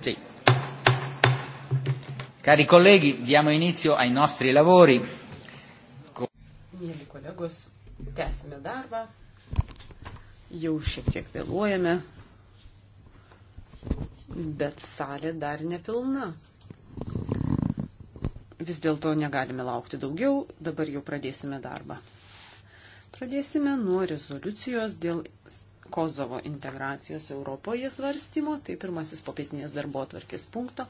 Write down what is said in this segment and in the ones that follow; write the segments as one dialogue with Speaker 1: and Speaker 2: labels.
Speaker 1: Sì. Cari colleghi, diamo inizio ai nostri lavori.
Speaker 2: Mėly kolegos, tęsime darbą. Jau šiek tiek vėluojame, bet salė dar nepilna. Vis dėlto negalime laukti daugiau, dabar jau pradėsime darbą. Pradėsime nuo rezoliucijos dėl Kozovo integracijos Europoje svarstymo, tai pirmasis popietinės darbo atvarkės punkto.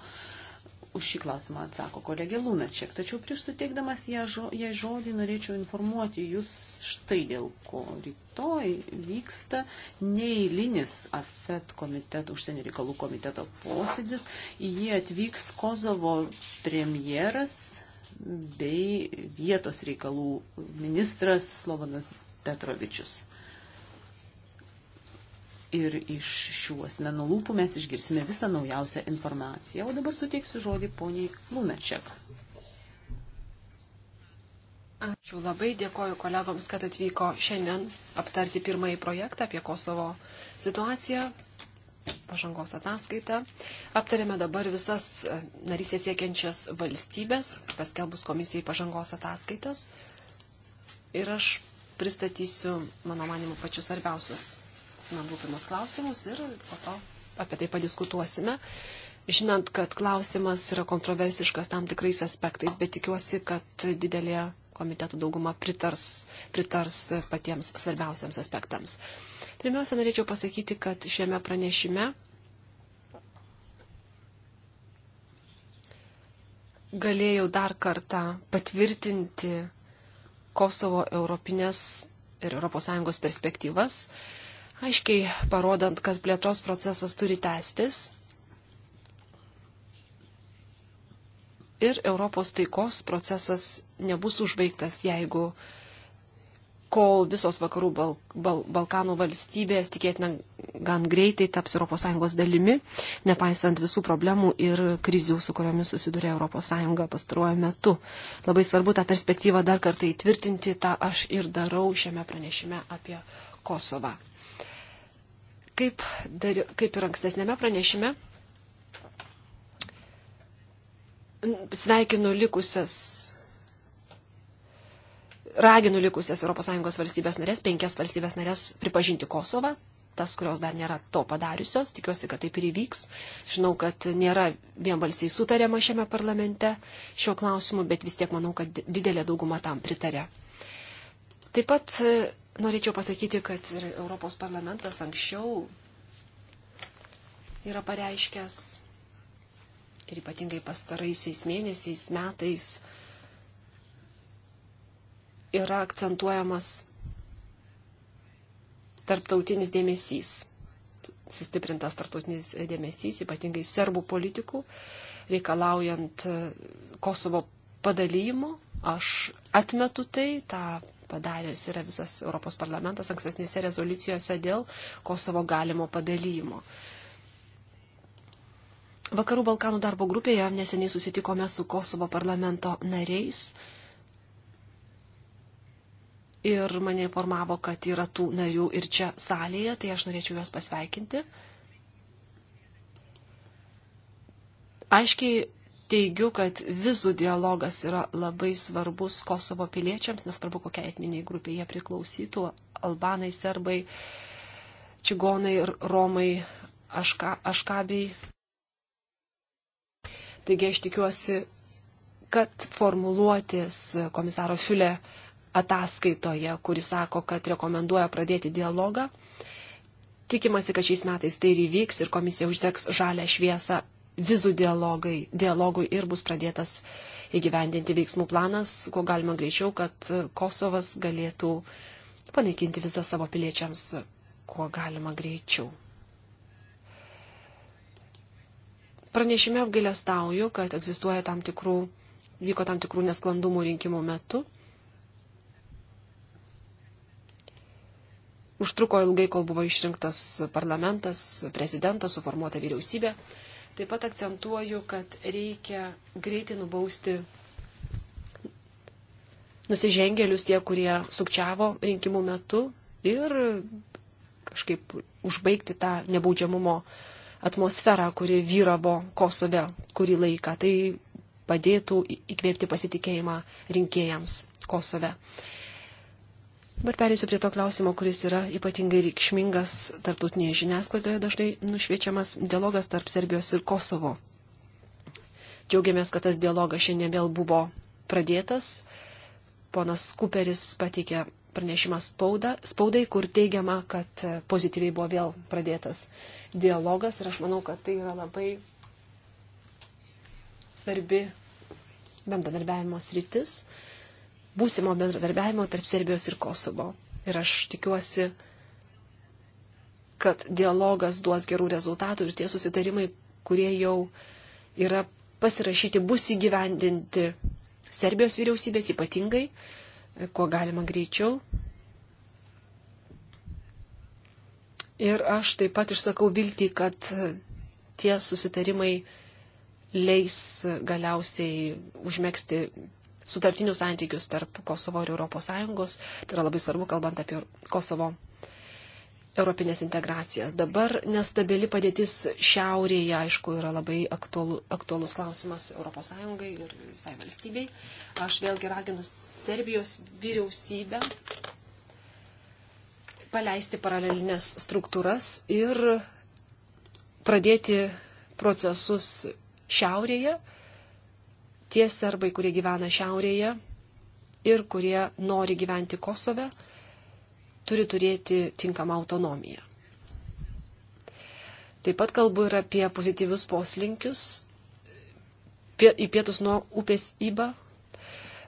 Speaker 2: Už šį klausimą atsako kolegė Lunačiek. Tačiau prieš suteikdamas jai žodį norėčiau informuoti jūs štai dėl ko. Rytoj vyksta neįlinis AFET komiteto, užsienio reikalų komiteto posėdis. Į jį atvyks Kozovo premjeras bei vietos reikalų ministras Slovanas Petrovičius ir iš šių asmenų lūpų mes išgirsime visą naujausią informaciją. O dabar suteiksiu žodį poniai Lunaček.
Speaker 3: Ačiū labai, dėkoju kolegoms, kad atvyko šiandien aptarti pirmąjį projektą apie Kosovo situaciją, pažangos ataskaitą. Aptarėme dabar visas e, narystės siekiančias valstybės, paskelbus komisijai pažangos ataskaitas. Ir aš pristatysiu, mano manimu, pačius svarbiausius man rūpimus klausimus ir po to apie tai padiskutuosime. Žinant, kad klausimas yra kontroversiškas tam tikrais aspektais, bet tikiuosi, kad didelė komitetų dauguma pritars, pritars patiems svarbiausiams aspektams. Pirmiausia, norėčiau pasakyti, kad šiame pranešime galėjau dar kartą patvirtinti Kosovo europinės ir ES perspektyvas aiškiai parodant, kad plėtros procesas turi tęstis. Ir Europos taikos procesas nebus užbaigtas, jeigu kol visos vakarų Bal Bal Balkanų valstybės tikėtina gan greitai taps ES dalimi, nepaisant visų problemų ir krizių, su kuriomis susidurė ES pastaruoju metu. Labai svarbu tą perspektyvą dar kartą įtvirtinti, tą aš ir darau šiame pranešime apie Kosovą. Kaip, dar, kaip ir ankstesnėme pranešime, sveikinu likusias, raginu likusias ES valstybės narės, penkias valstybės narės pripažinti Kosovą, tas, kurios dar nėra to padariusios, tikiuosi, kad taip ir įvyks. Žinau, kad nėra vienbalsiai sutariama šiame parlamente šio klausimu, bet vis tiek manau, kad didelė dauguma tam pritarė. Taip pat Norėčiau pasakyti, kad ir Europos parlamentas anksčiau yra pareiškęs ir ypatingai pastaraisiais mėnesiais, metais yra akcentuojamas tarptautinis dėmesys, sustiprintas tarptautinis dėmesys, ypatingai serbų politikų, reikalaujant Kosovo padalymo. Aš atmetu tai, tą padaręs yra visas Europos parlamentas ankstesnėse rezoliucijose dėl Kosovo galimo padalymo. Vakarų Balkanų darbo grupėje neseniai susitikome su Kosovo parlamento nariais ir mane informavo, kad yra tų narių ir čia salėje, tai aš norėčiau juos pasveikinti. Aiškiai teigiu, kad vizų dialogas yra labai svarbus Kosovo piliečiams, nesvarbu, kokia etniniai grupė jie priklausytų - albanai, serbai, čigonai ir romai, aška, aškabiai. Taigi aš tikiuosi, kad formuluotis komisaro Fiulė ataskaitoje, kuris sako, kad rekomenduoja pradėti dialogą, tikimasi, kad šiais metais tai ir įvyks ir komisija uždegs žalę šviesą vizų dialogai, dialogui ir bus pradėtas įgyvendinti veiksmų planas, kuo galima greičiau, kad Kosovas galėtų panaikinti vizą savo piliečiams, kuo galima greičiau. Pranešime apgailestauju, kad egzistuoja tam tikrų, vyko tam tikrų nesklandumų rinkimų metu. Užtruko ilgai, kol buvo išrinktas parlamentas, prezidentas, suformuota vyriausybė. Taip pat akcentuoju, kad reikia greitai nubausti nusižengėlius tie, kurie sukčiavo rinkimų metu ir kažkaip užbaigti tą nebaudžiamumo atmosferą, kuri vyravo Kosove kurį laiką. Tai padėtų įkvėpti pasitikėjimą rinkėjams Kosove. Dabar perėsiu prie to klausimo, kuris yra ypatingai reikšmingas tarptautinėje žiniasklaidoje dažnai nušviečiamas dialogas tarp Serbijos ir Kosovo. Džiaugiamės, kad tas dialogas šiandien vėl buvo pradėtas. Ponas Kuperis pateikė pranešimą spauda, spaudai, kur teigiama, kad pozityviai buvo vėl pradėtas dialogas ir aš manau, kad tai yra labai svarbi bendradarbiavimo sritis būsimo bendradarbiavimo tarp Serbijos ir Kosovo. Ir aš tikiuosi, kad dialogas duos gerų rezultatų ir tie susitarimai, kurie jau yra pasirašyti, bus įgyvendinti Serbijos vyriausybės ypatingai, kuo galima greičiau. Ir aš taip pat išsakau viltį, kad tie susitarimai leis galiausiai užmėgsti sutartinius santykius tarp Kosovo ir ES. Tai yra labai svarbu, kalbant apie Kosovo europinės integracijas. Dabar nestabili padėtis šiaurėje, aišku, yra labai aktualu, aktualus klausimas ES ir visai valstybei. Aš vėlgi raginu Serbijos vyriausybę paleisti paralelinės struktūras ir pradėti procesus šiaurėje tie serbai, kurie gyvena šiaurėje ir kurie nori gyventi Kosove, turi turėti tinkamą autonomiją. Taip pat kalbu ir apie pozityvius poslinkius į pietus nuo upės Iba.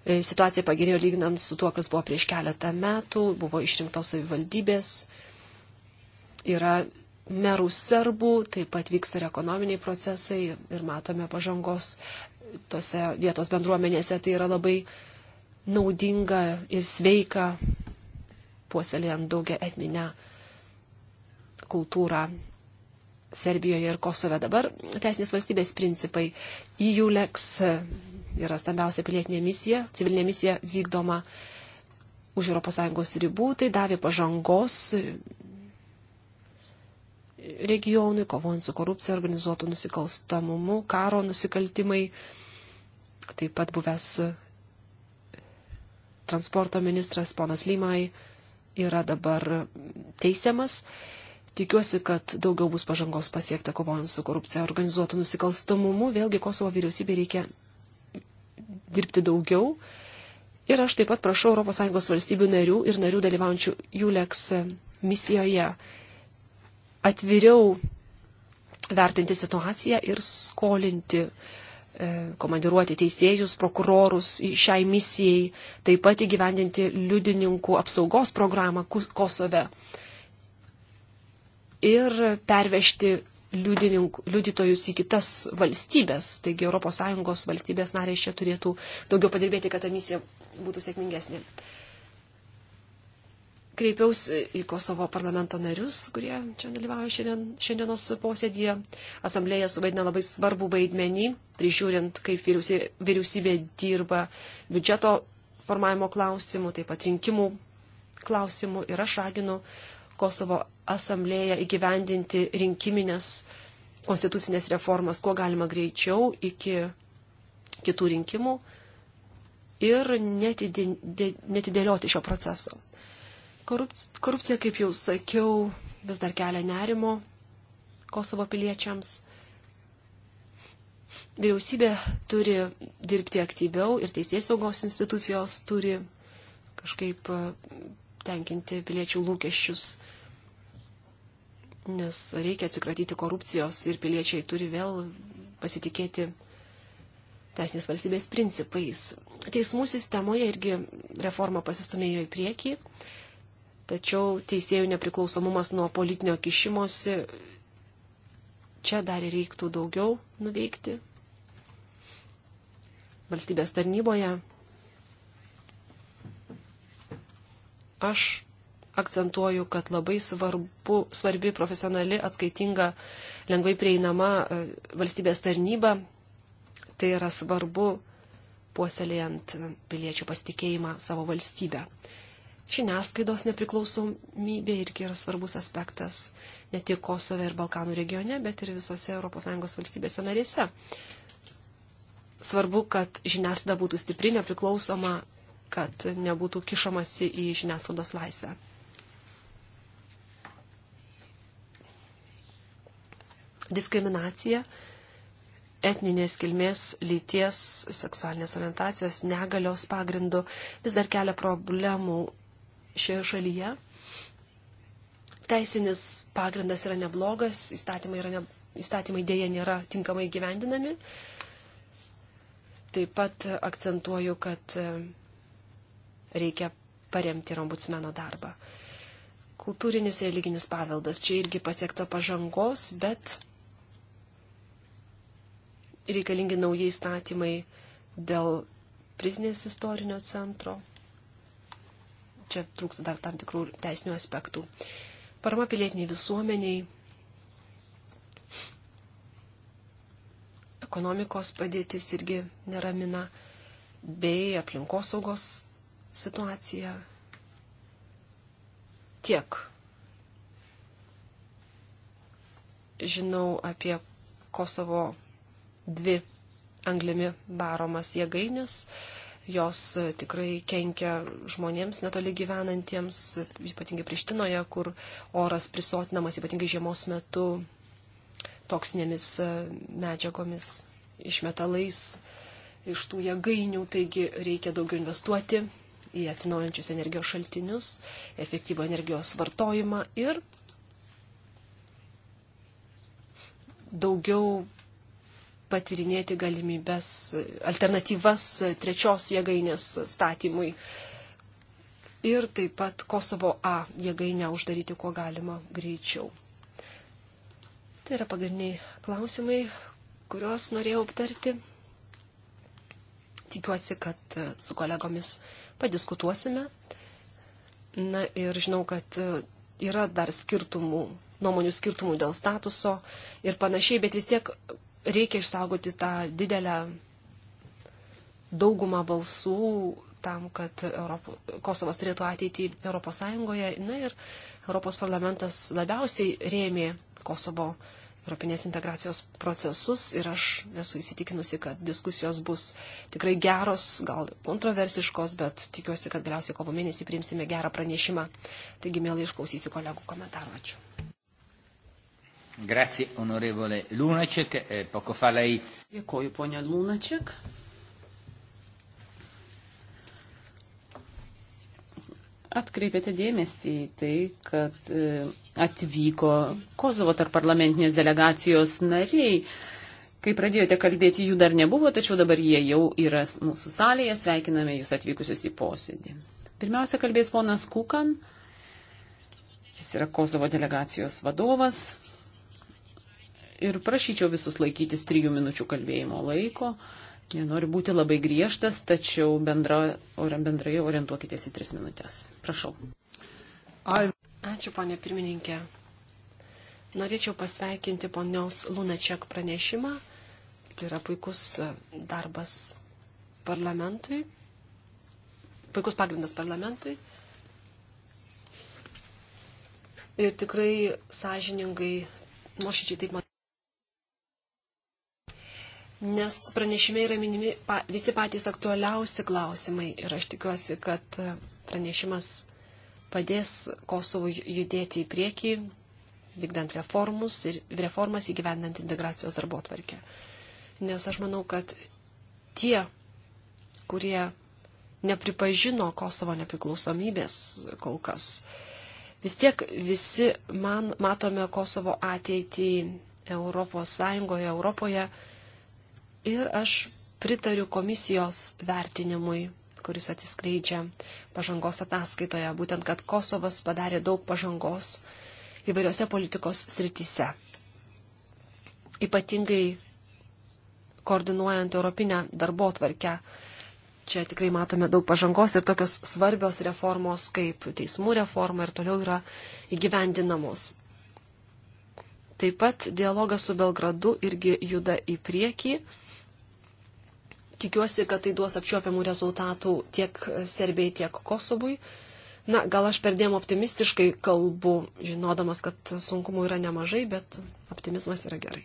Speaker 3: E, situacija pagerėjo lyginant su tuo, kas buvo prieš keletą metų, buvo išrinktos savivaldybės, yra merų serbų, taip pat vyksta ir ekonominiai procesai ir matome pažangos tose vietos bendruomenėse. Tai yra labai naudinga ir sveika puoselėjant daugia etninę kultūrą Serbijoje ir Kosove. Dabar teisinės valstybės principai. EULEX yra stambiausia pilietinė misija, civilinė misija vykdoma už ES ribų. Tai davė pažangos regionui, kovojant su korupcija, organizuotų nusikalstamumu, karo nusikaltimai, taip pat buvęs transporto ministras ponas Lymai yra dabar teisiamas. Tikiuosi, kad daugiau bus pažangos pasiekta kovojant su korupcija organizuotų nusikalstamumu. Vėlgi Kosovo vyriausybė reikia dirbti daugiau. Ir aš taip pat prašau ES valstybių narių ir narių dalyvaujančių JULEX misijoje atviriau vertinti situaciją ir skolinti e, komandiruoti teisėjus, prokurorus šiai misijai, taip pat įgyvendinti liudininkų apsaugos programą Kosove ir pervežti liudytojus į kitas valstybės. Taigi ES valstybės narės čia turėtų daugiau padirbėti, kad ta misija būtų sėkmingesnė. Uh, kreipiausi į Kosovo parlamento narius, kurie čia dalyvauja šiandien, šiandienos posėdėje. Asamblėje suvaidina labai svarbų vaidmenį, prižiūrint, kaip vyriausybė, vyriausybė dirba biudžeto formavimo klausimų, taip pat rinkimų klausimų. Ir aš raginu Kosovo asamblėje įgyvendinti rinkiminės konstitucinės reformas, kuo galima greičiau iki kitų rinkimų ir netidėlioti šio proceso. Korupcija, kaip jau sakiau, vis dar kelia nerimo Kosovo piliečiams. Vyriausybė turi dirbti aktyviau ir teisės saugos institucijos turi kažkaip e, tenkinti piliečių lūkesčius, nes reikia atsikratyti korupcijos ir piliečiai turi vėl pasitikėti teisinės valstybės principais. Teismų sistemoje irgi reforma pasistumėjo į priekį. Tačiau teisėjų nepriklausomumas nuo politinio kišimosi čia dar reiktų daugiau nuveikti. Valstybės tarnyboje aš akcentuoju, kad labai svarbu, svarbi profesionali, atskaitinga, lengvai prieinama e, valstybės tarnyba. Tai yra svarbu puoselėjant piliečių pasitikėjimą savo valstybę. Žiniasklaidos nepriklausomybė irgi yra svarbus aspektas ne tik Kosove ir Balkanų regione, bet ir visose ES valstybėse narėse. Svarbu, kad žiniasklaida būtų stipri, nepriklausoma, kad nebūtų kišamasi į žiniasklaidos laisvę. Diskriminacija etninės kilmės, lyties, seksualinės orientacijos, negalios pagrindu vis dar kelia problemų šioje šalyje. Teisinis pagrindas yra neblogas, įstatymai, yra ne, įstatymai dėja nėra tinkamai gyvendinami. Taip pat akcentuoju, kad e, reikia paremti ir ombudsmeno darbą. Kultūrinis religinis paveldas. Čia irgi pasiekta pažangos, bet reikalingi nauji įstatymai dėl prizinės istorinio centro čia trūksta dar tam tikrų teisinių aspektų. Parama pilietiniai visuomeniai, ekonomikos padėtis irgi neramina, bei aplinkosaugos situacija tiek. Žinau apie Kosovo dvi anglimi baromas jėgainis. Uh, Jos e, tikrai kenkia žmonėms netoli gyvenantiems, ypatingai Prištinoje, kur oras prisotinamas ypatingai žiemos metu toksinėmis e, medžiagomis, išmetalais iš tų jėgainių, taigi reikia daugiau investuoti į atsinaujančius energijos šaltinius, efektyvų energijos vartojimą ir daugiau patirinėti galimybės, alternatyvas trečios jėgainės statymui. Ir taip pat Kosovo A jėgainę uždaryti kuo galima greičiau. Tai yra pagrindiniai klausimai, kuriuos norėjau aptarti. Tikiuosi, kad e, su kolegomis padiskutuosime. Na ir žinau, kad e, yra dar skirtumų nuomonių skirtumų dėl statuso ir panašiai, bet vis tiek reikia išsaugoti tą didelę daugumą balsų tam, kad Europo, Kosovas turėtų ateitį Europos Sąjungoje. Na ir Europos parlamentas labiausiai rėmė Kosovo Europinės integracijos procesus ir aš esu įsitikinusi, kad diskusijos bus tikrai geros, gal kontroversiškos, bet tikiuosi, kad galiausiai kovo mėnesį priimsime gerą pranešimą. Taigi, mėly, išklausysiu kolegų komentarų. Ačiū.
Speaker 1: Grazie, onorevole Lunacek. E, poco fa lei. Dėkoju, ponia
Speaker 2: Lunacek. Atkreipėte dėmesį į tai, kad e, atvyko Kosovo tarp parlamentinės delegacijos nariai. Kai pradėjote kalbėti, jų dar nebuvo, tačiau dabar jie jau yra mūsų salėje. Sveikiname jūs atvykusius į posėdį. Pirmiausia, kalbės ponas Kukan. Jis yra Kosovo delegacijos vadovas ir prašyčiau visus laikytis trijų minučių kalbėjimo laiko. Nenoriu būti labai griežtas, tačiau bendra, bendrai orientuokitės į
Speaker 3: tris minutės. Prašau. Ačiū, ponė pirmininkė. Norėčiau pasveikinti ponios Lunačiak pranešimą. Tai yra puikus e, darbas parlamentui, puikus pagrindas parlamentui. Ir tikrai sąžiningai, nuoširdžiai taip man nes pranešime yra minimi pa, visi patys aktualiausi klausimai ir aš tikiuosi, kad e, pranešimas padės Kosovui judėti į priekį, vykdant reformus ir reformas įgyvendant integracijos darbo tvarkę. Nes aš manau, kad tie, kurie nepripažino Kosovo nepriklausomybės kol kas, vis tiek visi man matome Kosovo ateitį Europos Sąjungoje, Europoje. Europoje ir aš pritariu komisijos vertinimui, kuris atsiskleidžia pažangos ataskaitoje, būtent, kad Kosovas padarė daug pažangos įvairiose politikos srityse. Ypatingai koordinuojant Europinę darbo tvarkę. Čia tikrai matome daug pažangos ir tokios svarbios reformos kaip teismų reforma ir toliau yra įgyvendinamos. Taip pat dialogas su Belgradu irgi juda į priekį Tikiuosi, kad tai duos apčiuopiamų rezultatų tiek Serbijai, tiek Kosovui. Na, gal aš perdėm optimistiškai kalbu, žinodamas, kad sunkumų yra nemažai, bet optimizmas yra gerai.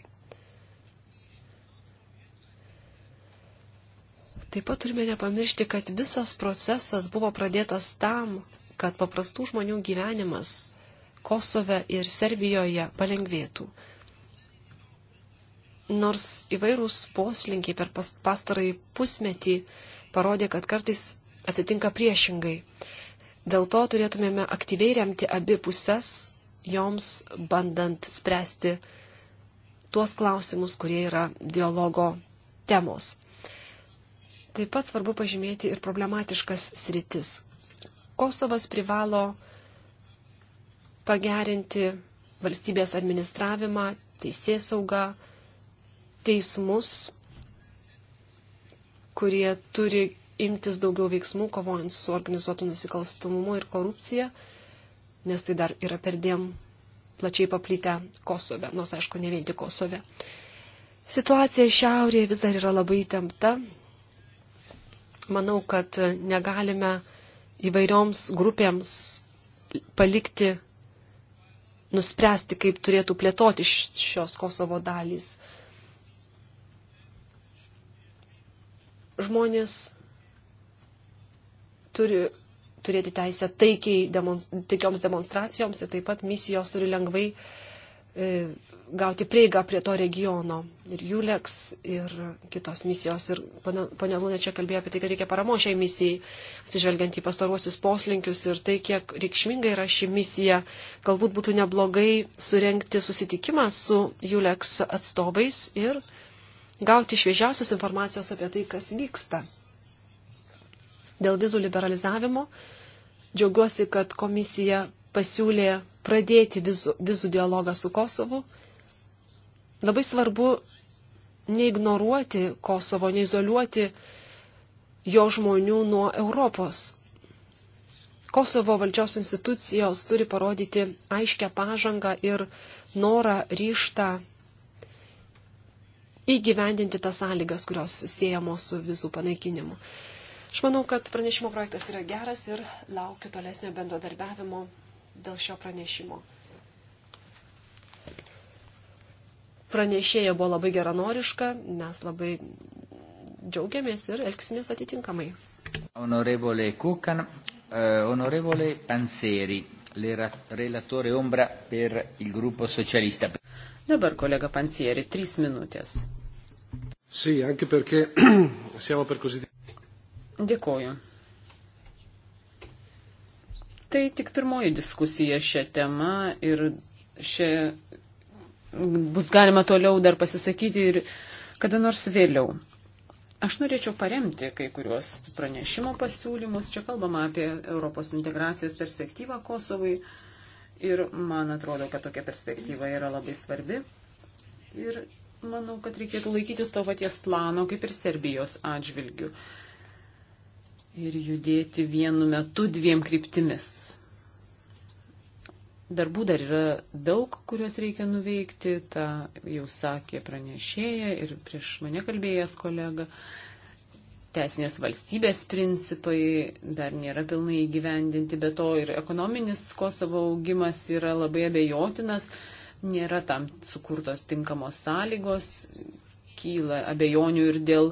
Speaker 3: Taip pat turime nepamiršti, kad visas procesas buvo pradėtas tam, kad paprastų žmonių gyvenimas Kosove ir Serbijoje palengvėtų. Nors įvairūs poslinkiai per pastarąjį pusmetį parodė, kad kartais atsitinka priešingai. Dėl to turėtumėme aktyviai remti abi puses, joms bandant spręsti tuos klausimus, kurie yra dialogo temos. Taip pat svarbu pažymėti ir problematiškas sritis. Kosovas privalo pagerinti valstybės administravimą, teisės saugą, teismus, kurie turi imtis daugiau veiksmų, kovojant su organizuotu nusikalstamumu ir korupcija, nes tai dar yra perdėm plačiai paplytę Kosove, nors aišku, ne vien tik Kosove. Situacija šiaurėje vis dar yra labai įtempta. Manau, kad negalime įvairioms grupėms palikti nuspręsti, kaip turėtų plėtoti šios Kosovo dalys. žmonės turi turėti teisę taikiai demonst taikioms demonstracijoms ir taip pat misijos turi lengvai e, gauti prieigą prie to regiono. Ir Juleks, ir kitos misijos. Ir ponė Lūnė čia kalbėjo apie tai, kad reikia paramo šiai misijai, atsižvelgiant į pastaruosius poslinkius ir tai, kiek reikšminga yra ši misija. Galbūt būtų neblogai surenkti susitikimą su Juleks atstovais ir gauti šviežiausios informacijos apie tai, kas vyksta. Dėl vizų liberalizavimo džiaugiuosi, kad komisija pasiūlė pradėti vizų, vizų dialogą su Kosovu. Labai svarbu neignoruoti Kosovo, neizoliuoti jo žmonių nuo Europos. Kosovo valdžios institucijos turi parodyti aiškę pažangą ir norą ryštą įgyvendinti tas sąlygas, kurios siejamos su vizų panaikinimu. Aš manau, kad pranešimo projektas yra geras ir laukiu tolesnio bendradarbiavimo dėl šio pranešimo. Pranešėja buvo labai geranoriška, mes labai džiaugiamės ir elgsimės atitinkamai.
Speaker 1: Honorevole Kukan, uh, eh, honorevole Panseri, relatore Ombra per il gruppo socialista. Dabar kolega Pansieri, trys minutės.
Speaker 4: Sì, anche
Speaker 3: perché siamo per così dire.
Speaker 2: Dėkoju. Tai tik pirmoji diskusija šią temą ir šią bus galima toliau dar pasisakyti ir kada nors vėliau. Aš norėčiau paremti kai kuriuos pranešimo pasiūlymus. Čia kalbama apie Europos integracijos perspektyvą Kosovai ir man atrodo, kad tokia perspektyva yra labai svarbi. Ir Manau, kad reikėtų laikytis to paties plano kaip ir Serbijos atžvilgių. Ir judėti vienu metu dviem kryptimis. Darbų dar yra daug, kuriuos reikia nuveikti, tą jau sakė pranešėja ir prieš mane kalbėjęs kolega. Teisinės valstybės principai dar nėra pilnai įgyvendinti, bet to ir ekonominis Kosovo augimas yra labai abejotinas, nėra tam sukurtos tinkamos sąlygos, kyla abejonių ir dėl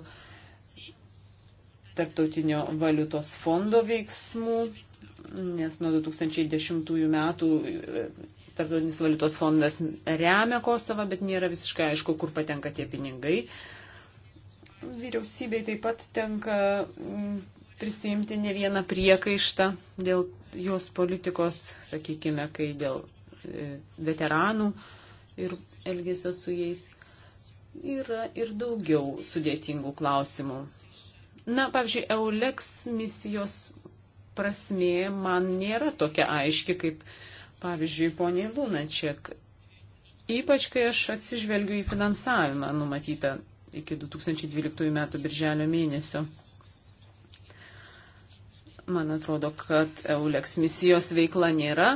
Speaker 2: tarptautinio valiutos fondo veiksmų, nes nuo 2010 metų e, tarptautinis valiutos fondas remia Kosovą, bet nėra visiškai aišku, kur patenka tie pinigai. Vyriausybei taip pat tenka mm, prisimti ne vieną priekaištą dėl jos politikos, sakykime, kai dėl E, veteranų ir elgesio su jais. Yra ir daugiau sudėtingų klausimų. Na, pavyzdžiui, EULEX misijos prasmė man nėra tokia aiški, kaip, pavyzdžiui, poniai Lunačiak. Ypač, kai aš atsižvelgiu į finansavimą numatytą iki 2012 metų birželio mėnesio. Man atrodo, kad EULEX misijos veikla nėra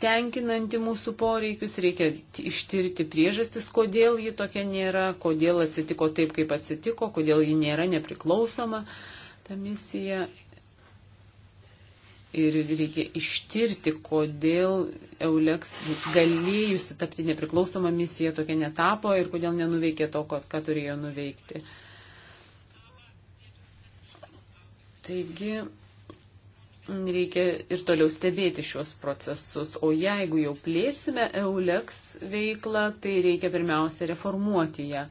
Speaker 2: tenkinanti mūsų poreikius, reikia ištirti priežastis, kodėl ji tokia nėra, kodėl atsitiko taip, kaip atsitiko, kodėl ji nėra nepriklausoma, ta misija. Ir reikia ištirti, kodėl Euleks galėjusi tapti nepriklausoma misija tokia netapo ir kodėl nenuveikė to, ką turėjo nuveikti. Taigi, reikia ir toliau stebėti šios procesus. O jeigu jau plėsime EULEX veiklą, tai reikia pirmiausia reformuoti ją.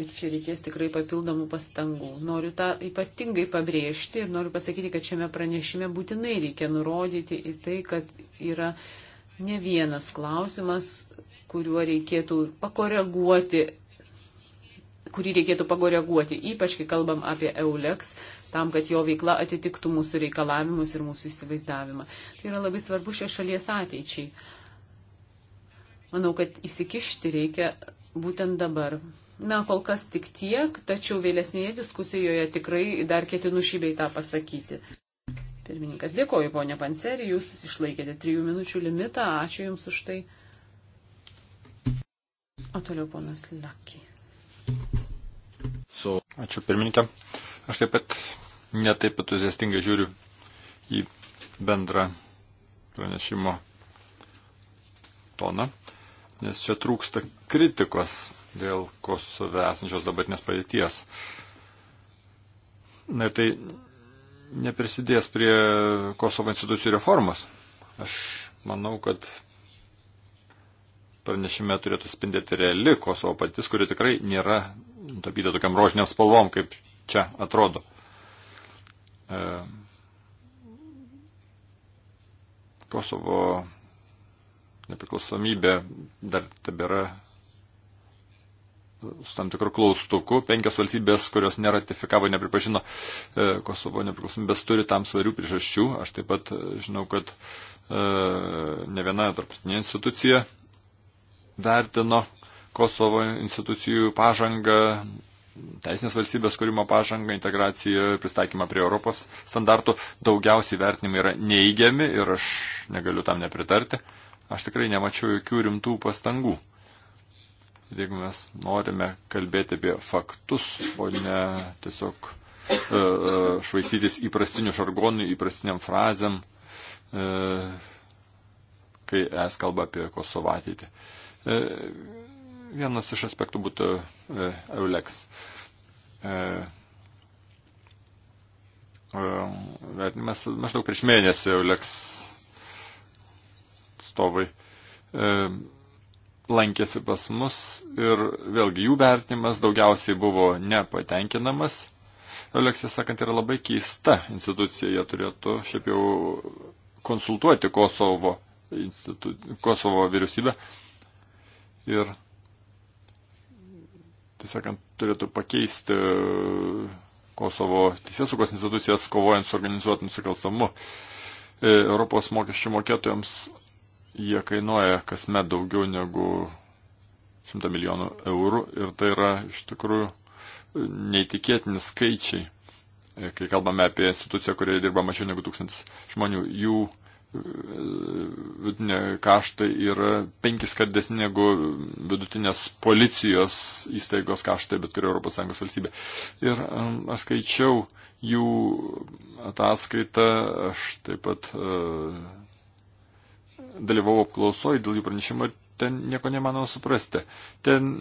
Speaker 2: Ir čia reikės tikrai papildomų pastangų. Noriu tą ypatingai pabrėžti ir noriu pasakyti, kad šiame pranešime būtinai reikia nurodyti į tai, kad yra ne vienas klausimas, kuriuo reikėtų pakoreguoti kurį reikėtų pagoreguoti, ypač kai kalbam apie EULEX tam, kad jo veikla atitiktų mūsų reikalavimus ir mūsų įsivaizdavimą. Tai yra labai svarbu šios šalies ateičiai. Manau, kad įsikišti reikia būtent dabar. Na, kol kas tik tiek, tačiau vėlesnėje diskusijoje tikrai dar ketinu šį bei tą pasakyti. Pirmininkas, dėkoju, ponė Panseri, jūs išlaikėte trijų minučių limitą, ačiū Jums už tai. O toliau ponas Laki.
Speaker 5: So. Ačiū pirmininkė. Aš taip pat netaip entuziastingai žiūriu į bendrą pranešimo toną, nes čia trūksta kritikos dėl Kosove esančios dabartinės padėties. Na ir tai neprisidės prie Kosovo institucijų reformos. Aš manau, kad pranešime turėtų spindėti reali Kosovo patys, kuri tikrai nėra tapyta tokiam rožiniam spalvom, kaip čia atrodo. E, Kosovo nepriklausomybė dar tebėra su tam tikru klaustuku. Penkios valstybės, kurios neratifikavo, nepripažino e, Kosovo nepriklausomybės, turi tam svarių priežasčių. Aš taip pat e, žinau, kad ne viena tarptautinė institucija vertino Kosovo institucijų pažangą teisinės valstybės kūrimo pažangą, integraciją, pristaikymą prie Europos standartų, daugiausiai vertinimai yra neįgiami ir aš negaliu tam nepritarti. Aš tikrai nemačiau jokių rimtų pastangų. Ir jeigu mes norime kalbėti apie faktus, o ne tiesiog e, e, švaistytis įprastinių žargonų, įprastiniam frazėm, e, kai es kalba apie Kosovo ateitį. Vienas iš aspektų būtų e, EULEX. E, e, bet mes maždaug prieš mėnesį EULEX atstovai lankėsi pas mus ir vėlgi jų vertinimas daugiausiai buvo nepatenkinamas. Oleksija, sakant, yra labai keista institucija, jie turėtų šiaip jau konsultuoti Kosovo, institu... Kosovo vyriausybę. Ir tiesąkant, turėtų pakeisti e, Kosovo teisėsaugos institucijas, kovojant su organizuotų nusikalstamu. E, Europos mokesčių mokėtojams jie kainuoja kasmet daugiau negu 100 milijonų eurų ir tai yra iš tikrųjų e, neįtikėtini skaičiai, kai kalbame apie instituciją, kurioje dirba mažiau negu tūkstantis žmonių. Jų vidutinė kaštai yra penkis kart desni negu vidutinės policijos įstaigos kaštai, bet kuri ES valstybė. Ir um, aš skaičiau jų ataskaitą, aš taip pat uh, dalyvau apklausoj dėl jų pranešimo ir ten nieko nemanau suprasti. Ten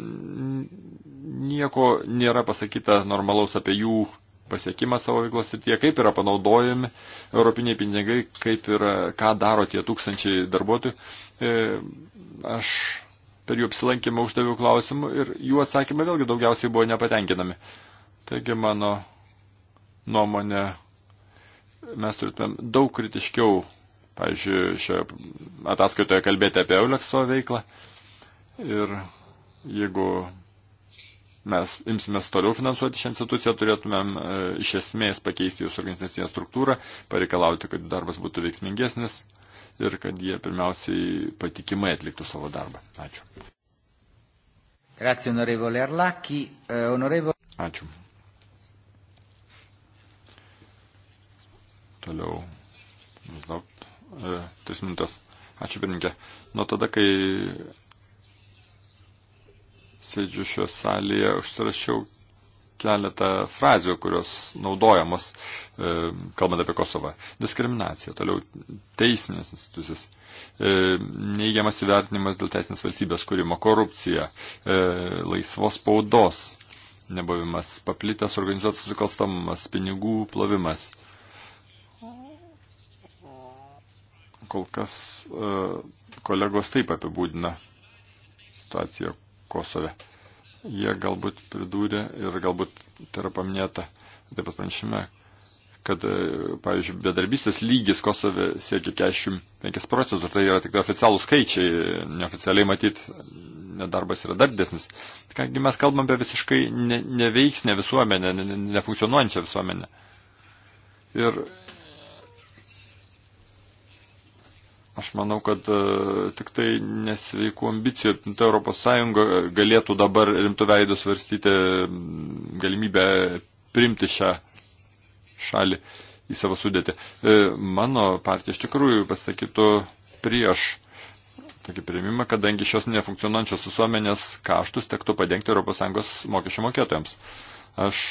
Speaker 5: nieko nėra pasakyta normalaus apie jų pasiekimą savo veiklos ir tie, kaip yra panaudojami europiniai pinigai, kaip yra, ką daro tie tūkstančiai darbuotojų. E, aš per jų apsilankymą uždaviau klausimų ir jų atsakymai vėlgi daugiausiai buvo nepatenkinami. Taigi mano nuomonė, mes turėtumėm daug kritiškiau, pavyzdžiui, šioje ataskaitoje kalbėti apie Eulekso veiklą. Ir jeigu mes imsimės toliau finansuoti šią instituciją, turėtumėm e, iš esmės pakeisti jūsų organizacinę struktūrą, pareikalauti, kad darbas būtų veiksmingesnis ir kad jie pirmiausiai patikimai atliktų savo darbą. Ačiū.
Speaker 1: Grazie, onorevole Arlacchi. Eh, onorevole...
Speaker 5: Ačiū. Toliau. Maždaug. E, tris minutės. Ačiū, pirmininkė. Nuo tada, kai sėdžiu šioje salėje, užsirašiau keletą frazių, kurios naudojamos, e, kalbant apie Kosovą. Diskriminacija, toliau teisminės institucijos, e, neįgiamas įvertinimas dėl teisinės valstybės kūrimo, korupcija, e, laisvos spaudos nebuvimas, paplitęs organizuotas nusikalstamumas, pinigų plovimas. Kol kas e, kolegos taip apibūdina situaciją, Kosove. Jie galbūt pridūrė ir galbūt tai yra paminėta taip pat pranešime, kad, e, pavyzdžiui, bedarbystės lygis Kosove siekia 45 procentų ir tai yra tik tai oficialų skaičiai, neoficialiai matyt, nedarbas yra dar didesnis. Kągi mes kalbam apie visiškai ne, neveiksnę visuomenę, nefunkcionuojančią ne, ne visuomenę. Ir Aš manau, kad e, tik tai nesveikų ambicijų apimta Europos Sąjunga galėtų dabar rimtų veidų svarstyti galimybę primti šią šalį į savo sudėtį. E, mano partija iš tikrųjų pasakytų prieš tokį priimimą, kadangi šios nefunkcionuojančios visuomenės kaštus tektų padengti ES mokesčių mokėtojams. Aš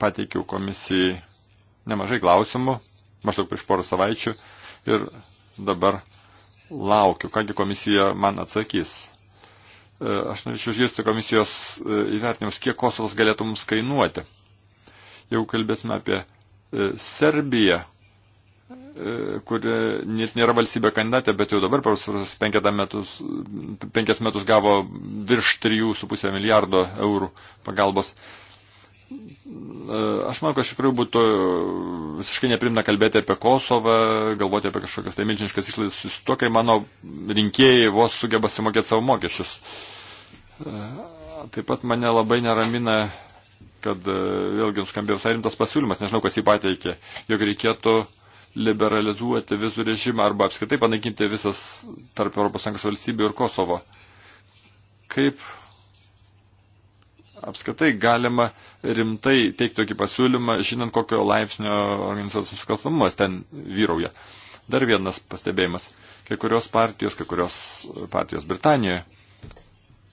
Speaker 5: pateikiau komisijai nemažai klausimų, maždaug prieš porą savaičių. Uh, ir dabar laukiu, kągi komisija man atsakys. E, aš norėčiau išgirsti komisijos e, įvertinimus, kiek Kosovas galėtų mums kainuoti. Jeigu kalbėsime apie e, Serbiją, kuri net nėra valstybė kandidatė, bet jau dabar per metus, penkias metus gavo virš 3,5 milijardo eurų pagalbos. E, aš manau, kad iš tikrųjų būtų visiškai neprimna kalbėti apie Kosovą, galvoti apie kažkokias tai milžiniškas išlaidas, su to, kai mano rinkėjai vos sugeba sumokėti savo mokesčius. E, taip pat mane labai neramina, kad e, vėlgi nuskambėjo visai rimtas pasiūlymas, nežinau, kas jį pateikė, jog reikėtų liberalizuoti vizų režimą arba apskritai panaikinti visas tarp ES valstybių ir Kosovo. Kaip apskritai galima rimtai teikti tokį pasiūlymą, žinant, kokio laipsnio organizuotas nusikalstamumas ten vyrauja. Dar vienas pastebėjimas. Kai kurios partijos, kai kurios partijos Britanijoje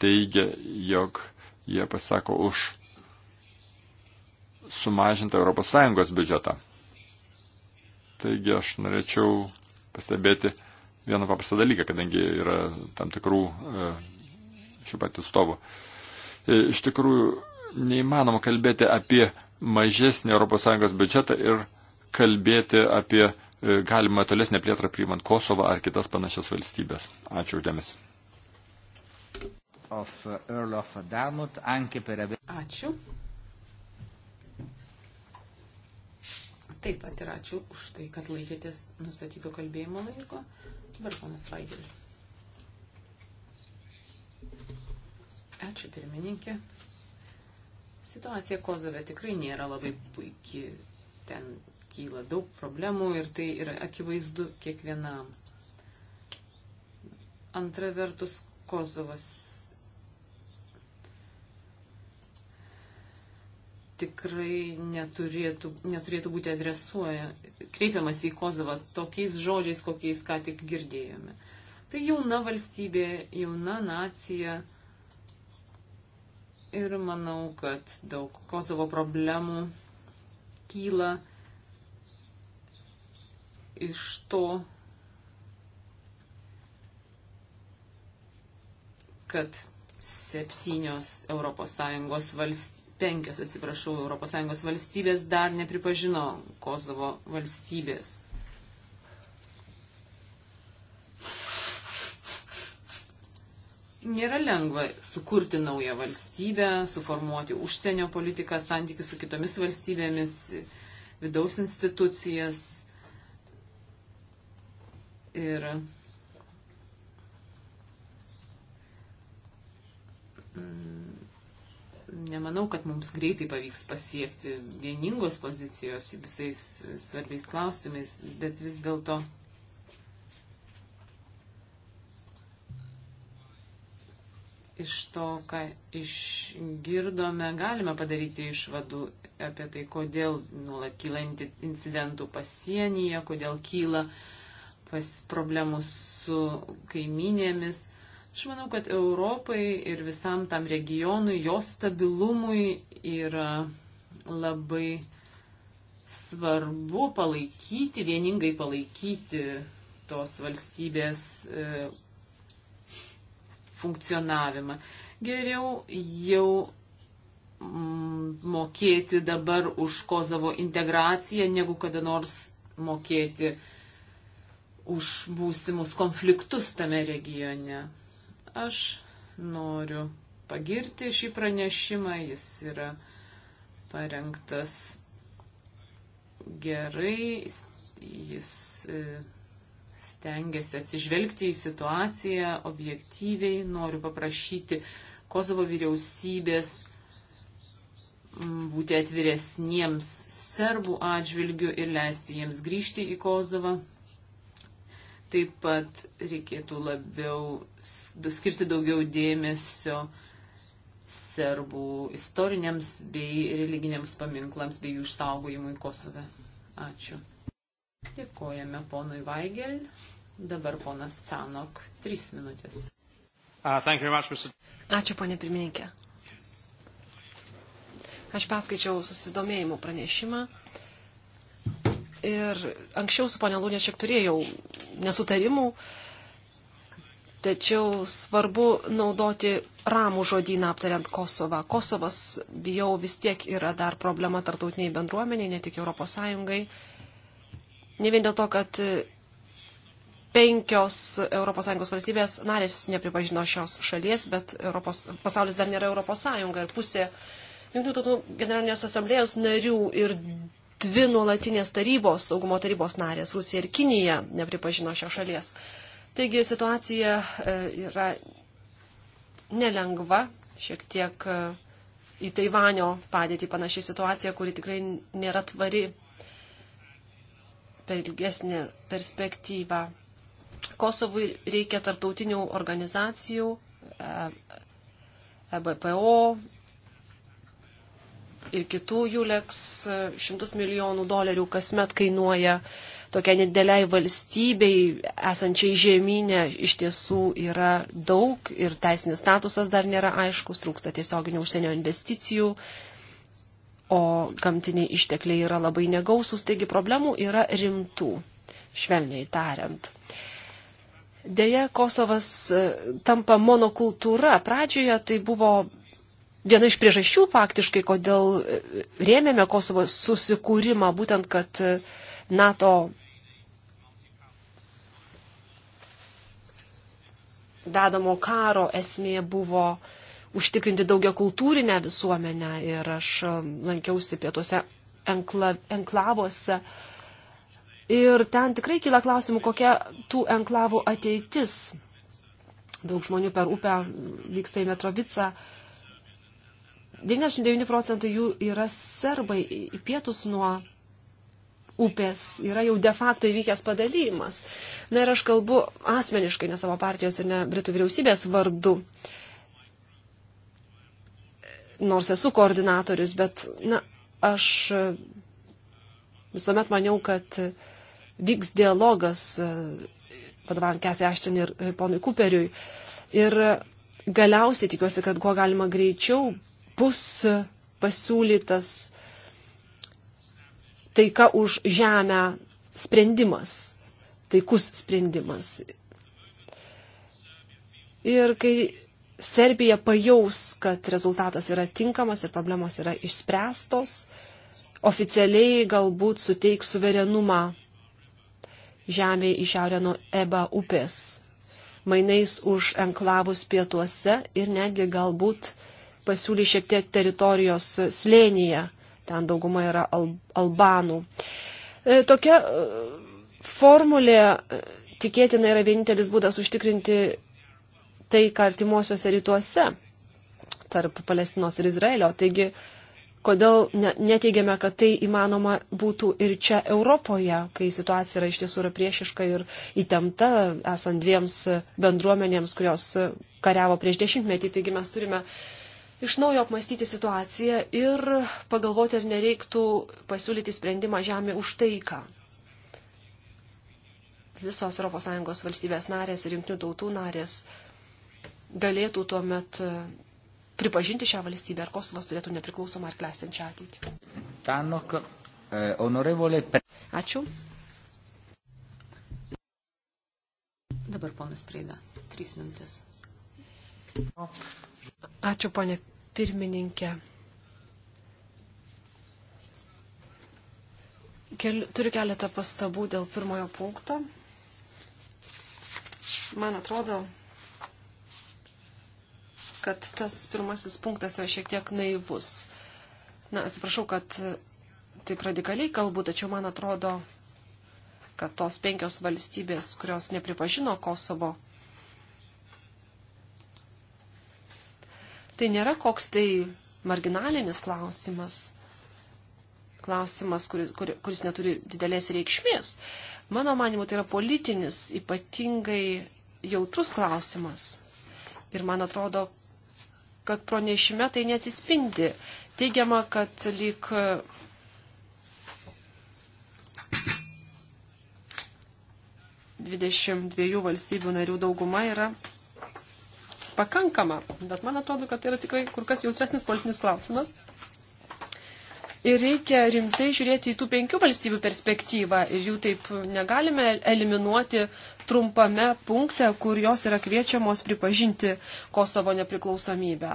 Speaker 5: teigia, jog jie pasako už sumažintą ES biudžetą. Taigi aš norėčiau pastebėti vieną paprastą dalyką, kadangi yra tam tikrų e, šių patų stovų. E, E, iš tikrųjų neįmanoma kalbėti apie mažesnį ES biudžetą ir kalbėti apie e, galima tolesnę plėtrą priimant Kosovą ar kitas panašias valstybės. Ačiū uždėmesi.
Speaker 1: Uh, ačiū.
Speaker 2: Taip pat ir ačiū už tai, kad laikėtės nustatyto kalbėjimo laiko. Dabar ponas Vaigelis. Ačiū pirmininkė. Situacija Kozove tikrai nėra labai puikiai. Ten kyla daug problemų ir tai yra akivaizdu kiekvienam. Antra vertus, Kosovas tikrai neturėtų, neturėtų būti adresuoja, kreipiamas į Kosovą tokiais žodžiais, kokiais ką tik girdėjome. Tai jauna valstybė, jauna nacija Ir manau, kad daug Kosovo problemų kyla iš to, kad septynios ES valstybės, penkios, atsiprašau, ES valstybės dar nepripažino Kosovo valstybės. Nėra lengva sukurti naują valstybę, suformuoti užsienio politiką, santykius su kitomis valstybėmis, vidaus institucijas. Ir
Speaker 1: mm,
Speaker 2: nemanau, kad mums greitai pavyks pasiekti vieningos pozicijos visais svarbiais klausimais, bet vis dėlto iš to, ką išgirdome, galime padaryti išvadų apie tai, kodėl nuolat kyla incidentų pasienyje, kodėl kyla pas problemų su kaiminėmis. Aš manau, kad Europai ir visam tam regionui, jos stabilumui yra labai svarbu palaikyti, vieningai palaikyti tos valstybės e, funkcionavimą. Geriau jau mm, mokėti dabar už Kozovo integraciją, negu kada nors mokėti už būsimus konfliktus tame regione. Aš noriu pagirti šį pranešimą, jis yra parengtas gerai, jis. E, stengiasi atsižvelgti į situaciją objektyviai. Noriu paprašyti Kosovo vyriausybės mm, būti atviresniems serbų atžvilgių ir leisti jiems grįžti į Kosovą. Taip pat reikėtų labiau skirti daugiau dėmesio serbų istoriniams bei religiniams paminklams bei jų išsaugojimui Kosove. Ačiū. Dėkojame ponui Vaigel. Dabar ponas Canok,
Speaker 3: trys minutės.
Speaker 5: Uh, much,
Speaker 3: Ačiū, ponė pirmininkė. Aš perskaičiau susidomėjimo pranešimą ir anksčiau su ponė Lūnė šiek turėjau nesutarimų, tačiau svarbu naudoti ramų žodyną aptariant Kosovą. Kosovas, bijau, vis tiek yra dar problema tartautiniai bendruomeniai, ne tik Europos Sąjungai Ne vien dėl to, kad penkios ES valstybės narės nepripažino šios šalies, bet Europos, pasaulis dar nėra ES ir pusė Junktinių tautų generalinės asamblėjos narių ir dvi nuolatinės tarybos, saugumo tarybos narės, Rusija ir Kinija, nepripažino šios šalies. Taigi situacija e, yra nelengva, šiek tiek e, į Taivanio padėtį panaši situacija, kuri tikrai nėra tvari per ilgesnį perspektyvą. Kosovui reikia tarptautinių organizacijų, EBPO e ir kitų Juleks šimtus milijonų dolerių kasmet kainuoja tokia nedėliai valstybei, esančiai žemynė, iš tiesų yra daug ir teisinis statusas dar nėra aiškus, trūksta tiesioginių užsienio investicijų, uh, o gamtiniai ištekliai yra labai negausūs, taigi problemų yra rimtų, švelniai tariant. Deja, Kosovas e, tampa monokultūra. Pradžioje tai buvo viena iš priežasčių faktiškai, kodėl e, rėmėme Kosovo susikūrimą, būtent kad e, NATO vedamo karo esmė buvo uh, užtikrinti daugia kultūrinę visuomenę ir aš e, lankiausi pietuose enkla, enklavose. Ir ten tikrai kyla klausimų, kokia tų enklavų ateitis. Daug žmonių per upę vyksta į Metrovicą. 99 procentai jų yra serbai į pietus nuo upės yra jau de facto įvykęs padalymas. Na ir aš kalbu asmeniškai, ne savo partijos ir ne Britų vyriausybės vardu. Uh, nors esu koordinatorius, bet, na, aš visuomet maniau, kad vyks dialogas, e, vadovaujant Kathy Ashton ir e, ponui Cooperiui. Ir galiausiai tikiuosi, kad kuo galima greičiau bus pasiūlytas taika už žemę sprendimas, taikus sprendimas. Ir kai Serbija pajaus, kad rezultatas yra tinkamas ir problemos yra išspręstos, oficialiai galbūt suteiks suverenumą žemė į šiaurę nuo Eba upės, mainais už enklavus pietuose ir netgi galbūt pasiūly šiek tiek teritorijos slėnyje, ten dauguma yra al albanų. E, tokia e, formulė e, tikėtina yra vienintelis būdas užtikrinti taiką artimuosiuose rytuose tarp Palestinos ir Izraelio. Taigi, kodėl neteigiame, kad tai įmanoma būtų ir čia Europoje, kai situacija yra iš tiesų yra priešiška ir įtempta, esant dviems bendruomenėms, kurios kariavo prieš dešimtmetį. Taigi mes turime iš naujo apmastyti situaciją ir pagalvoti, ar nereiktų pasiūlyti sprendimą žemė už taiką. Visos ES valstybės narės ir jungtinių tautų narės galėtų tuo met e, pripažinti šią valstybę, ar Kosovas turėtų nepriklausomą ar klestinčią ateitį.
Speaker 1: Tanok, eh, honorevole.
Speaker 3: Ačiū. Dabar ponas Preida, trys minutės. Ačiū, ponė pirmininkė. Kel, turiu keletą pastabų dėl pirmojo punkto. Man atrodo, kad tas pirmasis punktas yra šiek tiek naivus. Na, atsiprašau, kad taip radikaliai kalbu, tačiau man atrodo, kad tos penkios valstybės, kurios nepripažino Kosovo, tai nėra koks tai marginalinis klausimas. Klausimas, kuris, kuris neturi didelės reikšmės. Mano manimu, tai yra politinis, ypatingai jautrus klausimas. Ir man atrodo, kad pranešime tai neatsispindi. Teigiama, kad lyg dvidešimt dviejų valstybių narių dauguma yra pakankama, bet man atrodo, kad tai yra tikrai kur kas jautresnis politinis klausimas. Ir reikia rimtai žiūrėti į tų penkių valstybių perspektyvą ir jų taip negalime eliminuoti trumpame punkte, kur jos yra kviečiamos pripažinti Kosovo nepriklausomybę,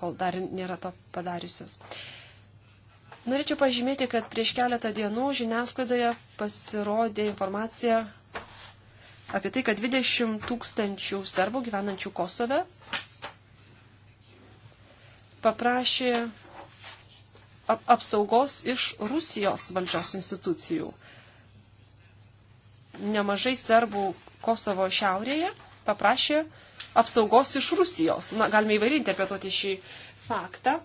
Speaker 3: kol dar nėra to padariusios. Norėčiau pažymėti, kad prieš keletą dienų žiniasklaidoje pasirodė informacija apie tai, kad 20 tūkstančių serbų gyvenančių Kosove paprašė apsaugos iš Rusijos valdžios institucijų nemažai serbų Kosovo šiaurėje paprašė apsaugos iš Rusijos. Na, galime įvairiai interpretuoti šį faktą